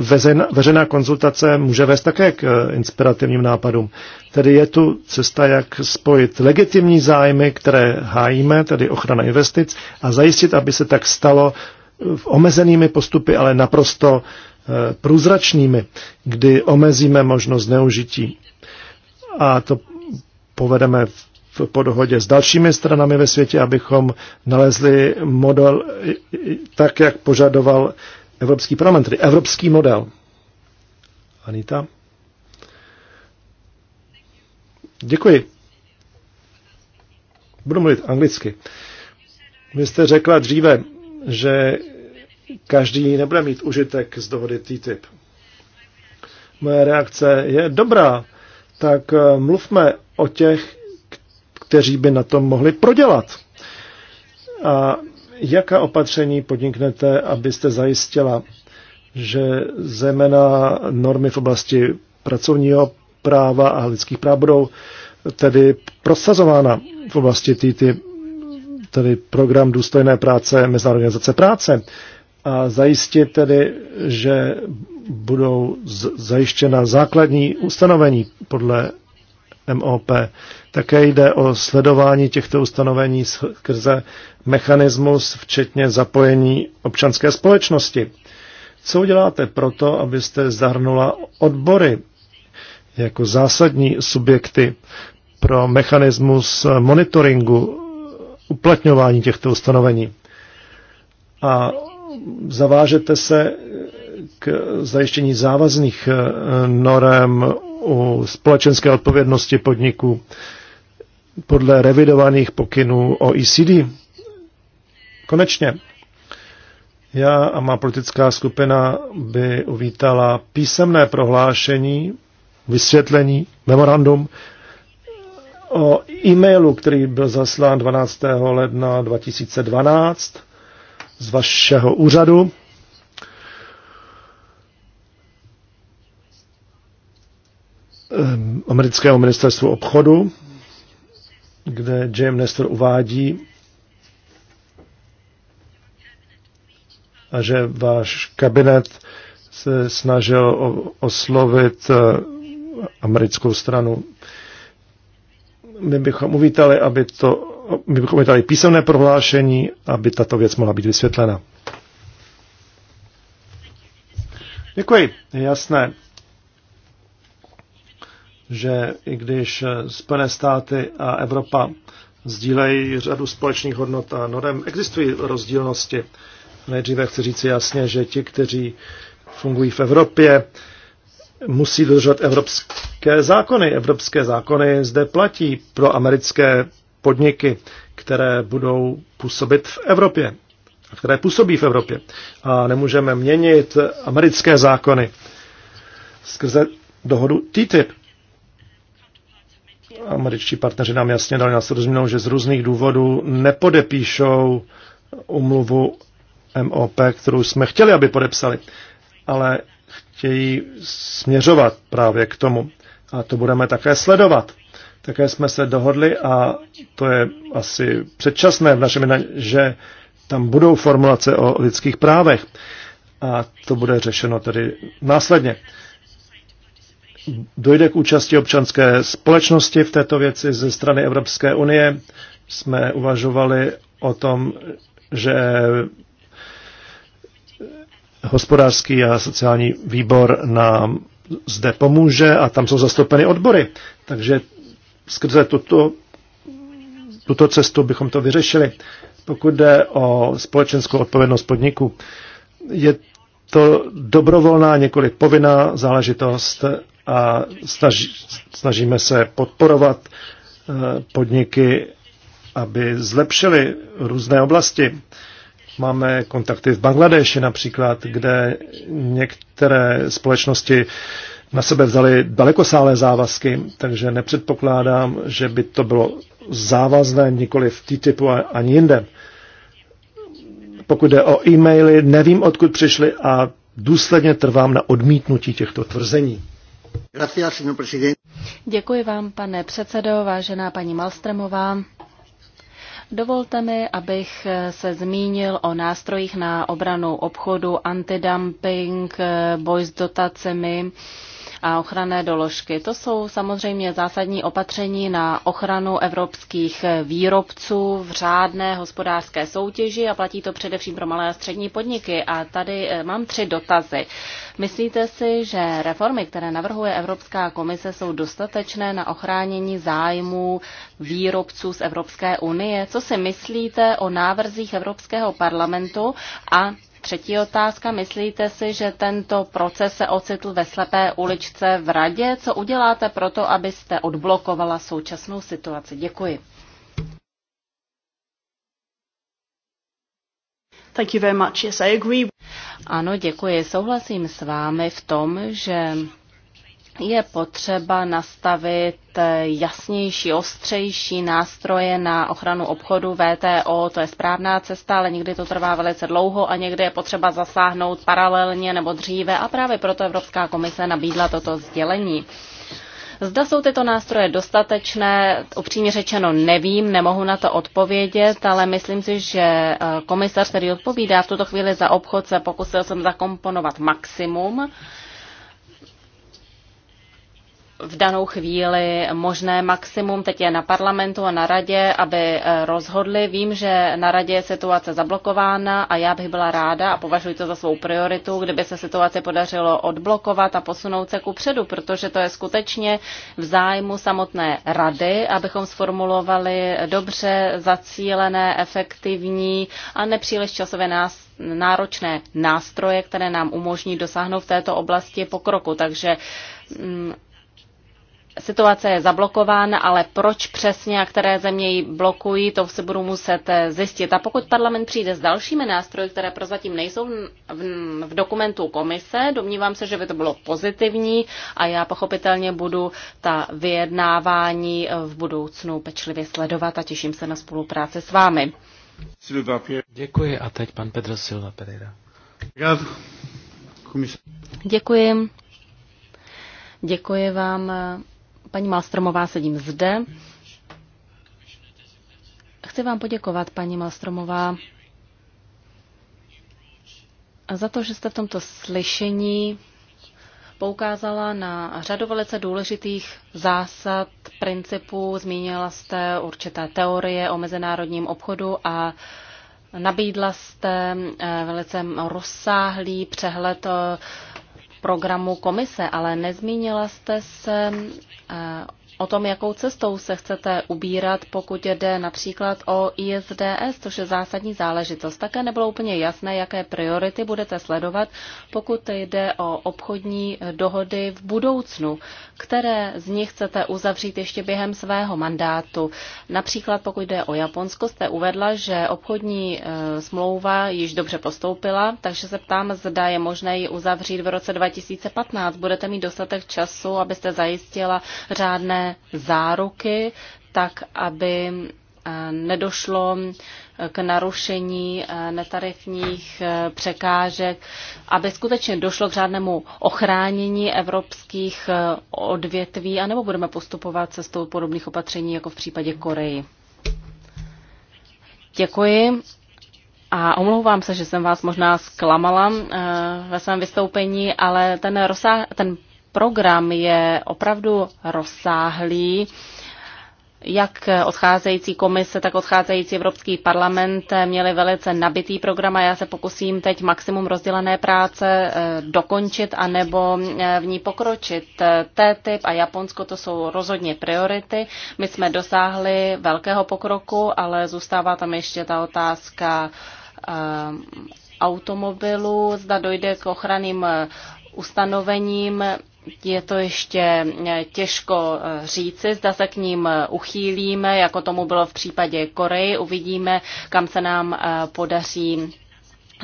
veřejná, konzultace může vést také k eh, inspirativním nápadům. Tedy je tu cesta, jak spojit legitimní zájmy, které hájíme, tedy ochrana investic, a zajistit, aby se tak stalo v omezenými postupy, ale naprosto průzračnými, kdy omezíme možnost zneužití a to povedeme v, po dohodě s dalšími stranami ve světě, abychom nalezli model tak, jak požadoval Evropský parlament, tedy evropský model. Anita? Děkuji. Budu mluvit anglicky. Vy jste řekla dříve, že každý nebude mít užitek z dohody TTIP. Moje reakce je dobrá tak eh, mluvme o těch, kteří by na tom mohli prodělat. A jaká opatření podniknete, abyste zajistila, že zejména normy v oblasti pracovního práva a lidských práv budou tedy prosazována v oblasti TTIP, tedy program důstojné práce Mezinárodní organizace práce a zajistit tedy, že budou zajištěna základní ustanovení podle MOP. Také jde o sledování těchto ustanovení skrze mechanismus, včetně zapojení občanské společnosti. Co uděláte proto, abyste zahrnula odbory jako zásadní subjekty pro mechanismus monitoringu uplatňování těchto ustanovení? A zavážete se zajištění závazných eh, norem u společenské odpovědnosti podniků podle revidovaných pokynů OECD. Konečně, já a má politická skupina by uvítala písemné prohlášení, vysvětlení, memorandum o e-mailu, který byl zaslán 12. ledna 2012 z vašeho úřadu Ehm, amerického ministerstvu obchodu, kde Jim Nestor uvádí, a že váš kabinet se snažil oslovit eh, americkou stranu. My bychom uvítali, aby to, my bychom uvítali písemné prohlášení, aby tato věc mohla být vysvětlena. Děkuji. Jasné že i když Spojené státy a Evropa sdílejí řadu společných hodnot a norem, existují rozdílnosti. Nejdříve chci říci jasně, že ti, kteří fungují v Evropě, musí dodržovat evropské zákony. Evropské zákony zde platí pro americké podniky, které budou působit v Evropě, které působí v Evropě. A nemůžeme měnit americké zákony skrze dohodu TTIP. Američtí partneři nám jasně dali na srozuměnou, že z různých důvodů nepodepíšou umluvu MOP, kterou jsme chtěli, aby podepsali, ale chtějí směřovat právě k tomu. A to budeme také sledovat. Také jsme se dohodli, a to je asi předčasné v našem, že tam budou formulace o lidských právech. A to bude řešeno tedy následně dojde k účasti občanské společnosti v této věci ze strany Evropské unie. Jsme uvažovali o tom, že hospodářský a sociální výbor nám zde pomůže a tam jsou zastoupeny odbory. Takže skrze tuto, tuto cestu bychom to vyřešili. Pokud jde o společenskou odpovědnost podniku, je to dobrovolná, několik povinná záležitost a snaží, snažíme se podporovat eh, podniky, aby zlepšili různé oblasti. Máme kontakty v Bangladeši například, kde některé společnosti na sebe vzali dalekosálé závazky, takže nepředpokládám, že by to bylo závazné nikoli v TTIPu ani jinde. Pokud jde o e-maily, nevím, odkud přišly a důsledně trvám na odmítnutí těchto tvrzení. Děkuji vám, pane předsedo, vážená paní Malstremová. Dovolte mi, abych se zmínil o nástrojích na obranu obchodu, antidumping, boj s dotacemi a ochranné doložky. To jsou samozřejmě zásadní opatření na ochranu evropských výrobců v řádné hospodářské soutěži a platí to především pro malé a střední podniky. A tady eh, mám tři dotazy. Myslíte si, že reformy, které navrhuje Evropská komise, jsou dostatečné na ochránění zájmů výrobců z Evropské unie? Co si myslíte o návrzích Evropského parlamentu a Třetí otázka. Myslíte si, že tento proces se ocitl ve slepé uličce v radě? Co uděláte pro to, abyste odblokovala současnou situaci? Děkuji. Thank you very much. Yes, I agree. Ano, děkuji. Souhlasím s vámi v tom, že je potřeba nastavit eh, jasnější, ostřejší nástroje na ochranu obchodu VTO. To je správná cesta, ale někdy to trvá velice dlouho a někdy je potřeba zasáhnout paralelně nebo dříve a právě proto Evropská komise nabídla toto sdělení. Zda jsou tyto nástroje dostatečné, upřímně řečeno nevím, nemohu na to odpovědět, ale myslím si, že eh, komisař, který odpovídá v tuto chvíli za obchod, se pokusil jsem zakomponovat maximum v danou chvíli možné maximum. Teď je na parlamentu a na radě, aby eh, rozhodli. Vím, že na radě je situace zablokována a já bych byla ráda a považuji to za svou prioritu, kdyby se situace podařilo odblokovat a posunout se ku předu, protože to je skutečně v zájmu samotné rady, abychom sformulovali dobře zacílené, efektivní a nepříliš časově nás náročné nástroje, které nám umožní dosáhnout v této oblasti pokroku. Takže mm, Situace je zablokována, ale proč přesně a které země ji blokují, to se budu muset eh, zjistit. A pokud parlament přijde s dalšími nástroji, které prozatím nejsou v, v dokumentu komise, domnívám se, že by to bylo pozitivní a já pochopitelně budu ta vyjednávání eh, v budoucnu pečlivě sledovat a těším se na spolupráci s vámi. Děkuji a teď pan Pedro Silva Pereira. Děkuji. Děkuji vám, eh, Paní Malstromová, sedím zde. Chci vám poděkovat, paní Malstromová, za to, že jste v tomto slyšení poukázala na řadu velice důležitých zásad, principů. Zmínila jste určité teorie o mezinárodním obchodu a nabídla jste eh, velice rozsáhlý přehled eh, programu komise, ale nezmínila jste se eh, o tom, jakou cestou se chcete ubírat, pokud jde například o ISDS, což je zásadní záležitost. Také nebylo úplně jasné, jaké priority budete sledovat, pokud jde o obchodní dohody v budoucnu, které z nich chcete uzavřít ještě během svého mandátu. Například pokud jde o Japonsko, jste uvedla, že obchodní eh, smlouva již dobře postoupila, takže se ptám, zda je možné ji uzavřít v roce 2015. Budete mít dostatek času, abyste zajistila řádné záruky, tak aby eh, nedošlo eh, k narušení eh, netarifních překážek, aby skutečně došlo k řádnému ochránění evropských odvětví, anebo budeme postupovat cestou podobných opatření jako v případě Koreji. Děkuji. A omlouvám se, že jsem vás možná zklamala ve svém vystoupení, ale ten, rozsah, ten program je opravdu rozsáhlý. Jak odcházející komise, tak odcházející Evropský parlament měli velice nabitý program a já se pokusím teď maximum rozdělené práce eh, dokončit a nebo eh, v ní pokročit. TTIP a Japonsko to jsou rozhodně priority. My jsme dosáhli velkého pokroku, ale zůstává tam ještě ta otázka eh, automobilů, zda dojde k ochranným ustanovením je to ještě eh, těžko eh, říci, zda se k ním eh, uchýlíme, jako tomu bylo v případě Koreji. Uvidíme, kam se nám podaří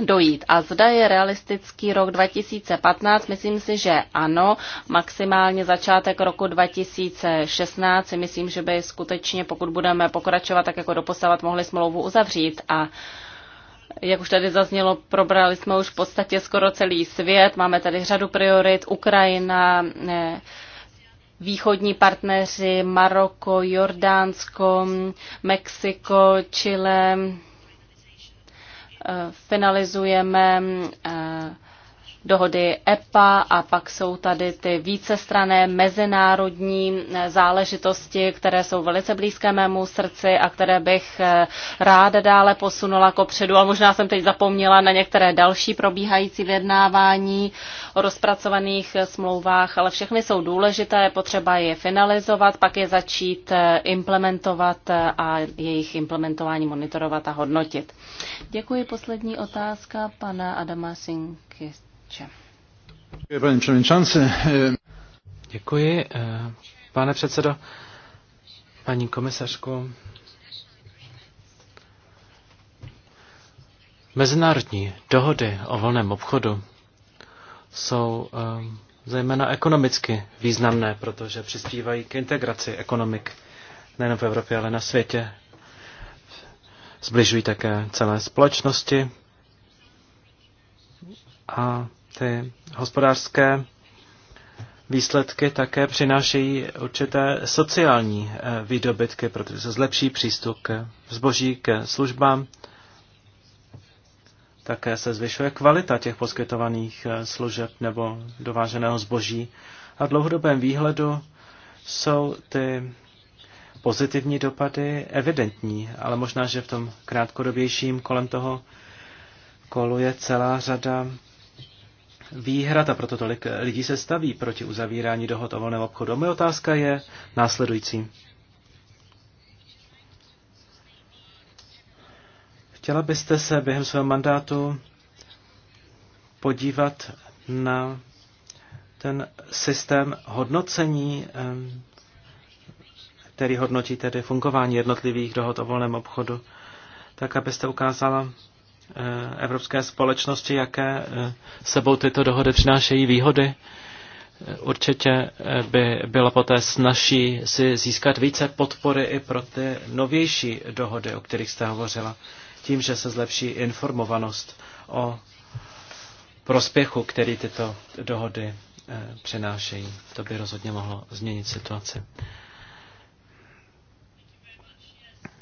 dojít. A zda je realistický rok 2015? Myslím si, že ano. Maximálně začátek roku 2016 myslím, že by skutečně, pokud budeme pokračovat tak jako doposavat, mohli smlouvu uzavřít. A jak už tady zaznělo, probrali jsme už v podstatě skoro celý svět. Máme tady řadu priorit. Ukrajina, eh, východní partneři, Maroko, Jordánsko, Mexiko, Chile. Eh, finalizujeme eh, dohody EPA a pak jsou tady ty vícestrané mezinárodní eh, záležitosti, které jsou velice blízké mému srdci a které bych eh, ráda dále posunula kopředu. A možná jsem teď zapomněla na některé další probíhající vyjednávání o rozpracovaných eh, smlouvách, ale všechny jsou důležité, je potřeba je finalizovat, pak je začít implementovat a jejich implementování monitorovat a hodnotit. Děkuji. Poslední otázka pana Adama Sinkist. Kovače. Děkuji, eh, pane předsedo. Paní komisařku, mezinárodní dohody o volném obchodu jsou eh, zejména ekonomicky významné, protože přispívají k integraci ekonomik nejen v Evropě, ale na světě. Zbližují také celé společnosti a ty hospodářské výsledky také přinášejí určité sociální eh, výdobytky, protože se zlepší přístup k zboží, k službám. Také se zvyšuje kvalita těch poskytovaných eh, služeb nebo dováženého zboží. A v dlouhodobém výhledu jsou ty pozitivní dopady evidentní, ale možná, že v tom krátkodobějším kolem toho koluje celá řada výhrad a proto tolik lidí se staví proti uzavírání dohod o volném obchodu. Moje otázka je následující. Chtěla byste se během svého mandátu podívat na ten systém hodnocení, eh, který hodnotí tedy fungování jednotlivých dohod o volném obchodu, tak abyste ukázala, Eh, evropské společnosti, jaké eh, sebou tyto dohody přinášejí výhody. Eh, určitě by bylo poté snažší si získat více podpory i pro ty novější dohody, o kterých jste hovořila, tím, že se zlepší informovanost o prospěchu, který tyto dohody přinášejí. To by rozhodně mohlo změnit situaci.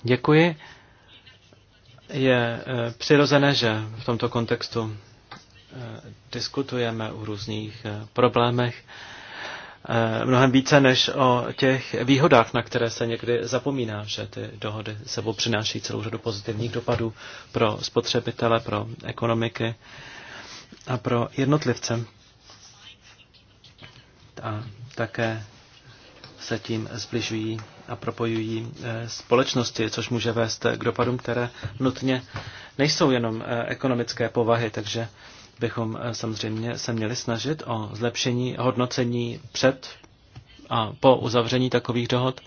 Děkuji. Je eh, přirozené, že v tomto kontextu eh, diskutujeme o různých eh, problémech mnohem více než o těch výhodách, na které se někdy zapomíná, že ty dohody sebou přináší celou řadu pozitivních dopadů pro spotřebitele, pro ekonomiky a pro jednotlivce. A také se tím zbližují a propojují eh, společnosti, což může vést k dopadům, které nutně nejsou jenom eh, ekonomické povahy, takže bychom eh, samozřejmě se měli snažit o zlepšení hodnocení před a po uzavření takových dohod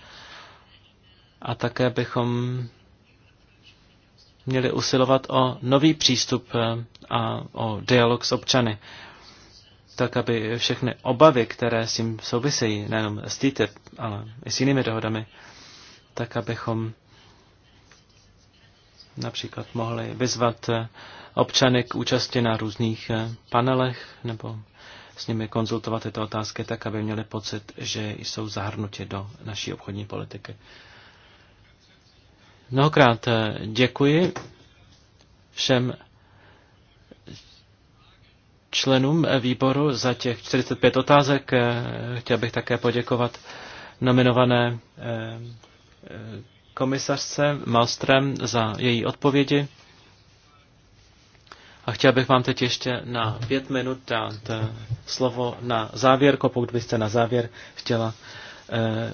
a také bychom měli usilovat o nový přístup a o dialog s občany tak aby všechny obavy, které s tím souvisejí, nejenom s TTIP, ale i s jinými dohodami, tak abychom například mohli vyzvat občany k účasti na různých eh, panelech nebo s nimi konzultovat tyto otázky tak, aby měli pocit, že jsou zahrnuti do naší obchodní politiky. Mnohokrát eh, děkuji všem členům výboru za těch 45 otázek. Eh, chtěl bych také poděkovat nominované eh, eh, komisařce Malstrem za její odpovědi. A chtěl bych vám teď ještě na pět minut dát slovo na závěr. pokud byste na závěr chtěla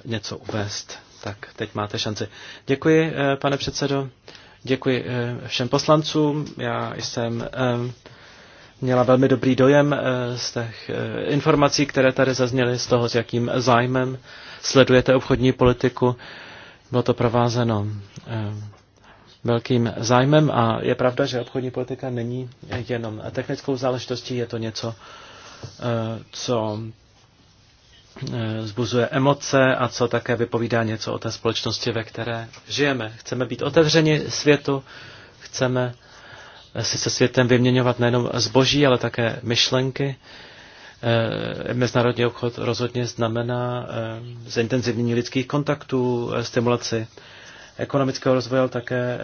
něco uvést. Tak teď máte šanci. Děkuji, pane předsedo. Děkuji všem poslancům. Já jsem měla velmi dobrý dojem eh, z těch eh, informací, které tady zazněly, z toho, s jakým zájmem sledujete obchodní politiku. Bylo to provázeno eh, velkým zájmem a je pravda, že obchodní politika není jenom technickou záležitostí, je to něco, co zbuzuje emoce a co také vypovídá něco o té společnosti, ve které žijeme. Chceme být otevřeni světu, chceme si se světem vyměňovat nejenom zboží, ale také myšlenky. Eh, mezinárodní obchod rozhodně znamená eh, zintenzivnění lidských kontaktů, eh, stimulaci ekonomického rozvoje, ale také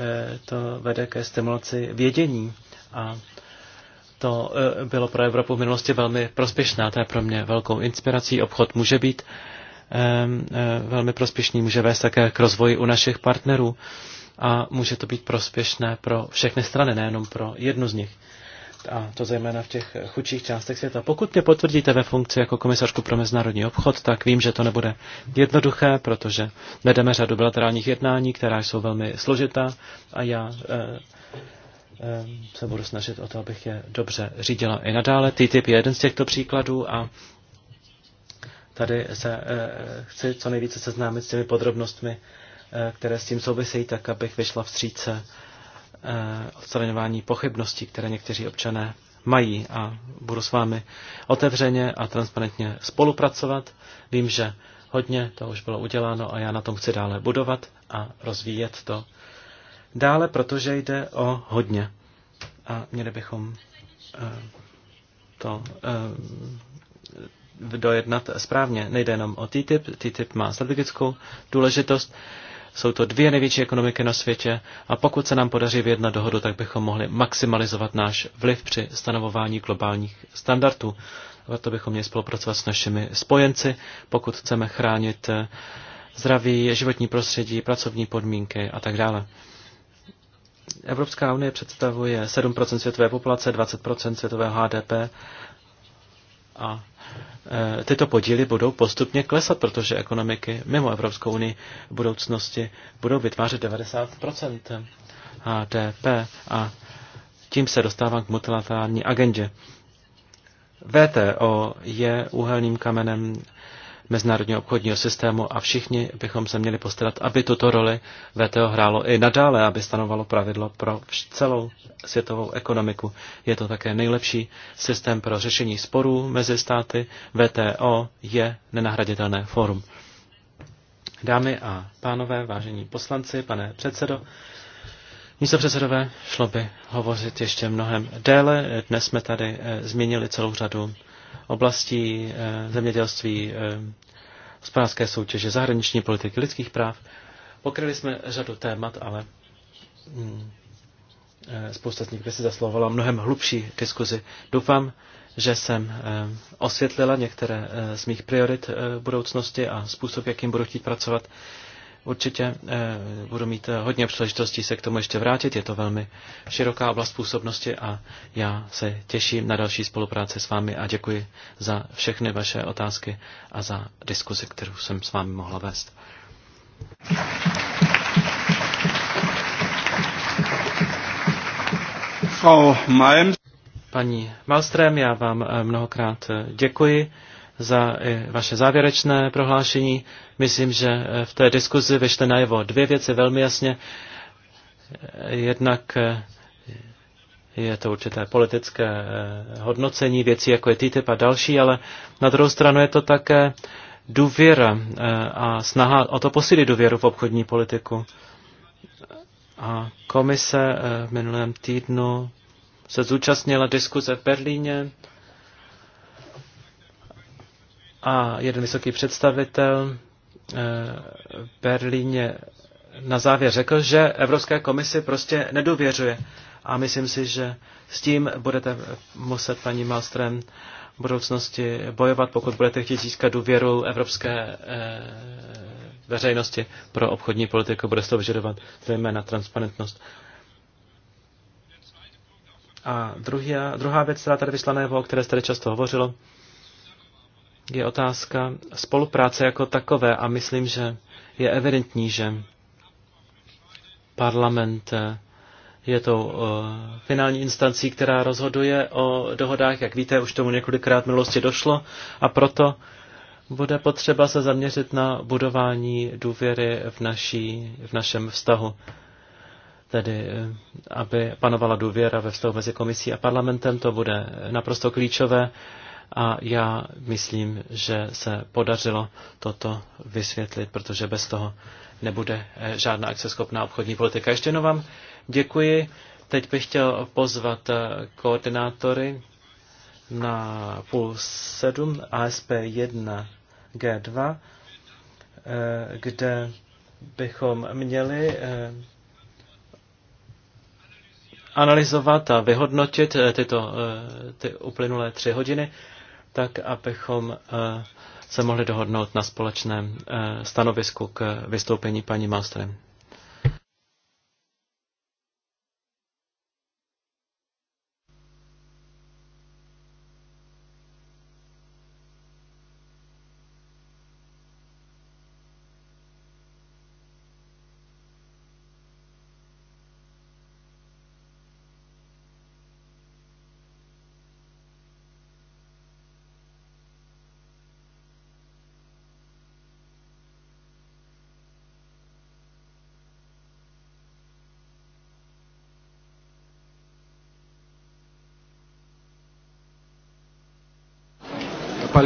to vede ke stimulaci vědění. A to bylo pro Evropu v minulosti velmi prospěšné. To je pro mě velkou inspirací. Obchod může být velmi prospěšný, může vést také k rozvoji u našich partnerů a může to být prospěšné pro všechny strany, nejenom pro jednu z nich. A to zejména v těch chudších částech světa. Pokud mě potvrdíte ve funkci jako komisařku pro mezinárodní obchod, tak vím, že to nebude jednoduché, protože vedeme řadu bilaterálních jednání, která jsou velmi složitá a já eh, eh, se budu snažit o to, abych je dobře řídila i nadále. TTIP je jeden z těchto příkladů a tady se eh, chci co nejvíce seznámit s těmi podrobnostmi Eh, které s tím souvisejí, tak abych vyšla vstříce eh, odstraňování pochybností, které někteří občané mají a budu s vámi otevřeně a transparentně spolupracovat. Vím, že hodně to už bylo uděláno a já na tom chci dále budovat a rozvíjet to dále, protože jde o hodně. A měli bychom eh, to dojednat správně. Nejde jenom o TTIP, TTIP má strategickou důležitost, jsou to dvě největší ekonomiky na světě a pokud se nám podaří vyjednat dohodu, tak bychom mohli maximalizovat náš vliv při stanovování globálních standardů. Proto bychom měli spolupracovat s našimi spojenci, pokud chceme chránit eh, zdraví, životní prostředí, pracovní podmínky a tak dále. Evropská unie představuje 7% světové populace, 20% světového HDP a Eh, tyto podíly budou postupně klesat, protože ekonomiky mimo Evropskou unii v budoucnosti budou vytvářet 90 HDP a tím se dostávám k multilaterální agendě. VTO je úhelným kamenem mezinárodního obchodního systému a všichni bychom se měli postarat, aby tuto roli VTO hrálo i nadále, aby stanovalo pravidlo pro celou světovou ekonomiku. Je to také nejlepší systém pro řešení sporů mezi státy. VTO je nenahraditelné fórum. Dámy a pánové, vážení poslanci, pane předsedo, Místo předsedové, šlo by hovořit ještě mnohem déle. Dnes jsme tady eh, změnili celou řadu oblasti eh, zemědělství, eh, hospodářské soutěže, zahraniční politiky, lidských práv. Pokryli jsme řadu témat, ale hmm, spousta z nich by si zaslovovala mnohem hlubší diskuzi. Doufám, že jsem osvětlila některé z mých priorit budoucnosti a způsob, jakým budu chtít pracovat Určitě eh, budu mít eh, hodně příležitostí se k tomu ještě vrátit. Je to velmi široká oblast působnosti a já se těším na další spolupráci s vámi a děkuji za všechny vaše otázky a za diskuzi, kterou jsem s vámi mohla vést. Frau Malm. Paní Malström, já vám eh, mnohokrát děkuji za i vaše závěrečné prohlášení. Myslím, že eh, v té diskuzi vyšly najevo dvě věci velmi jasně. Jednak eh, je to určité politické eh, hodnocení věcí, jako je TTIP a další, ale na druhou stranu je to také důvěra a snaha o to posílit důvěru v obchodní politiku. A komise v minulém týdnu se zúčastnila diskuze v Berlíně a jeden vysoký představitel eh, v Berlíně na závěr řekl, že Evropské komisi prostě nedověřuje. A myslím si, že s tím budete muset, paní Malstrem, v budoucnosti bojovat, pokud budete chtít získat důvěru evropské eh, veřejnosti pro obchodní politiku. Bude se to vyžadovat zejména transparentnost. A druhá, druhá věc, která tady vyšla, o které jste tady často hovořilo, je otázka spolupráce jako takové a myslím, že je evidentní, že parlament eh, je tou eh, finální instancí, která rozhoduje o dohodách. Jak víte, už tomu několikrát v minulosti došlo a proto bude potřeba se zaměřit na budování důvěry v, naší, v našem vztahu. Tedy, eh, aby panovala důvěra ve vztahu mezi komisí a parlamentem, to bude naprosto klíčové a já myslím, že se podařilo toto vysvětlit, protože bez toho nebude eh, žádná akceschopná obchodní politika. Ještě jednou vám děkuji. Teď bych chtěl pozvat eh, koordinátory na půl sedm ASP 1 G2, kde bychom měli eh, analyzovat a vyhodnotit tyto ty uplynulé tři hodiny tak abychom eh, se mohli dohodnout na společném eh, stanovisku k vystoupení paní Malstrem.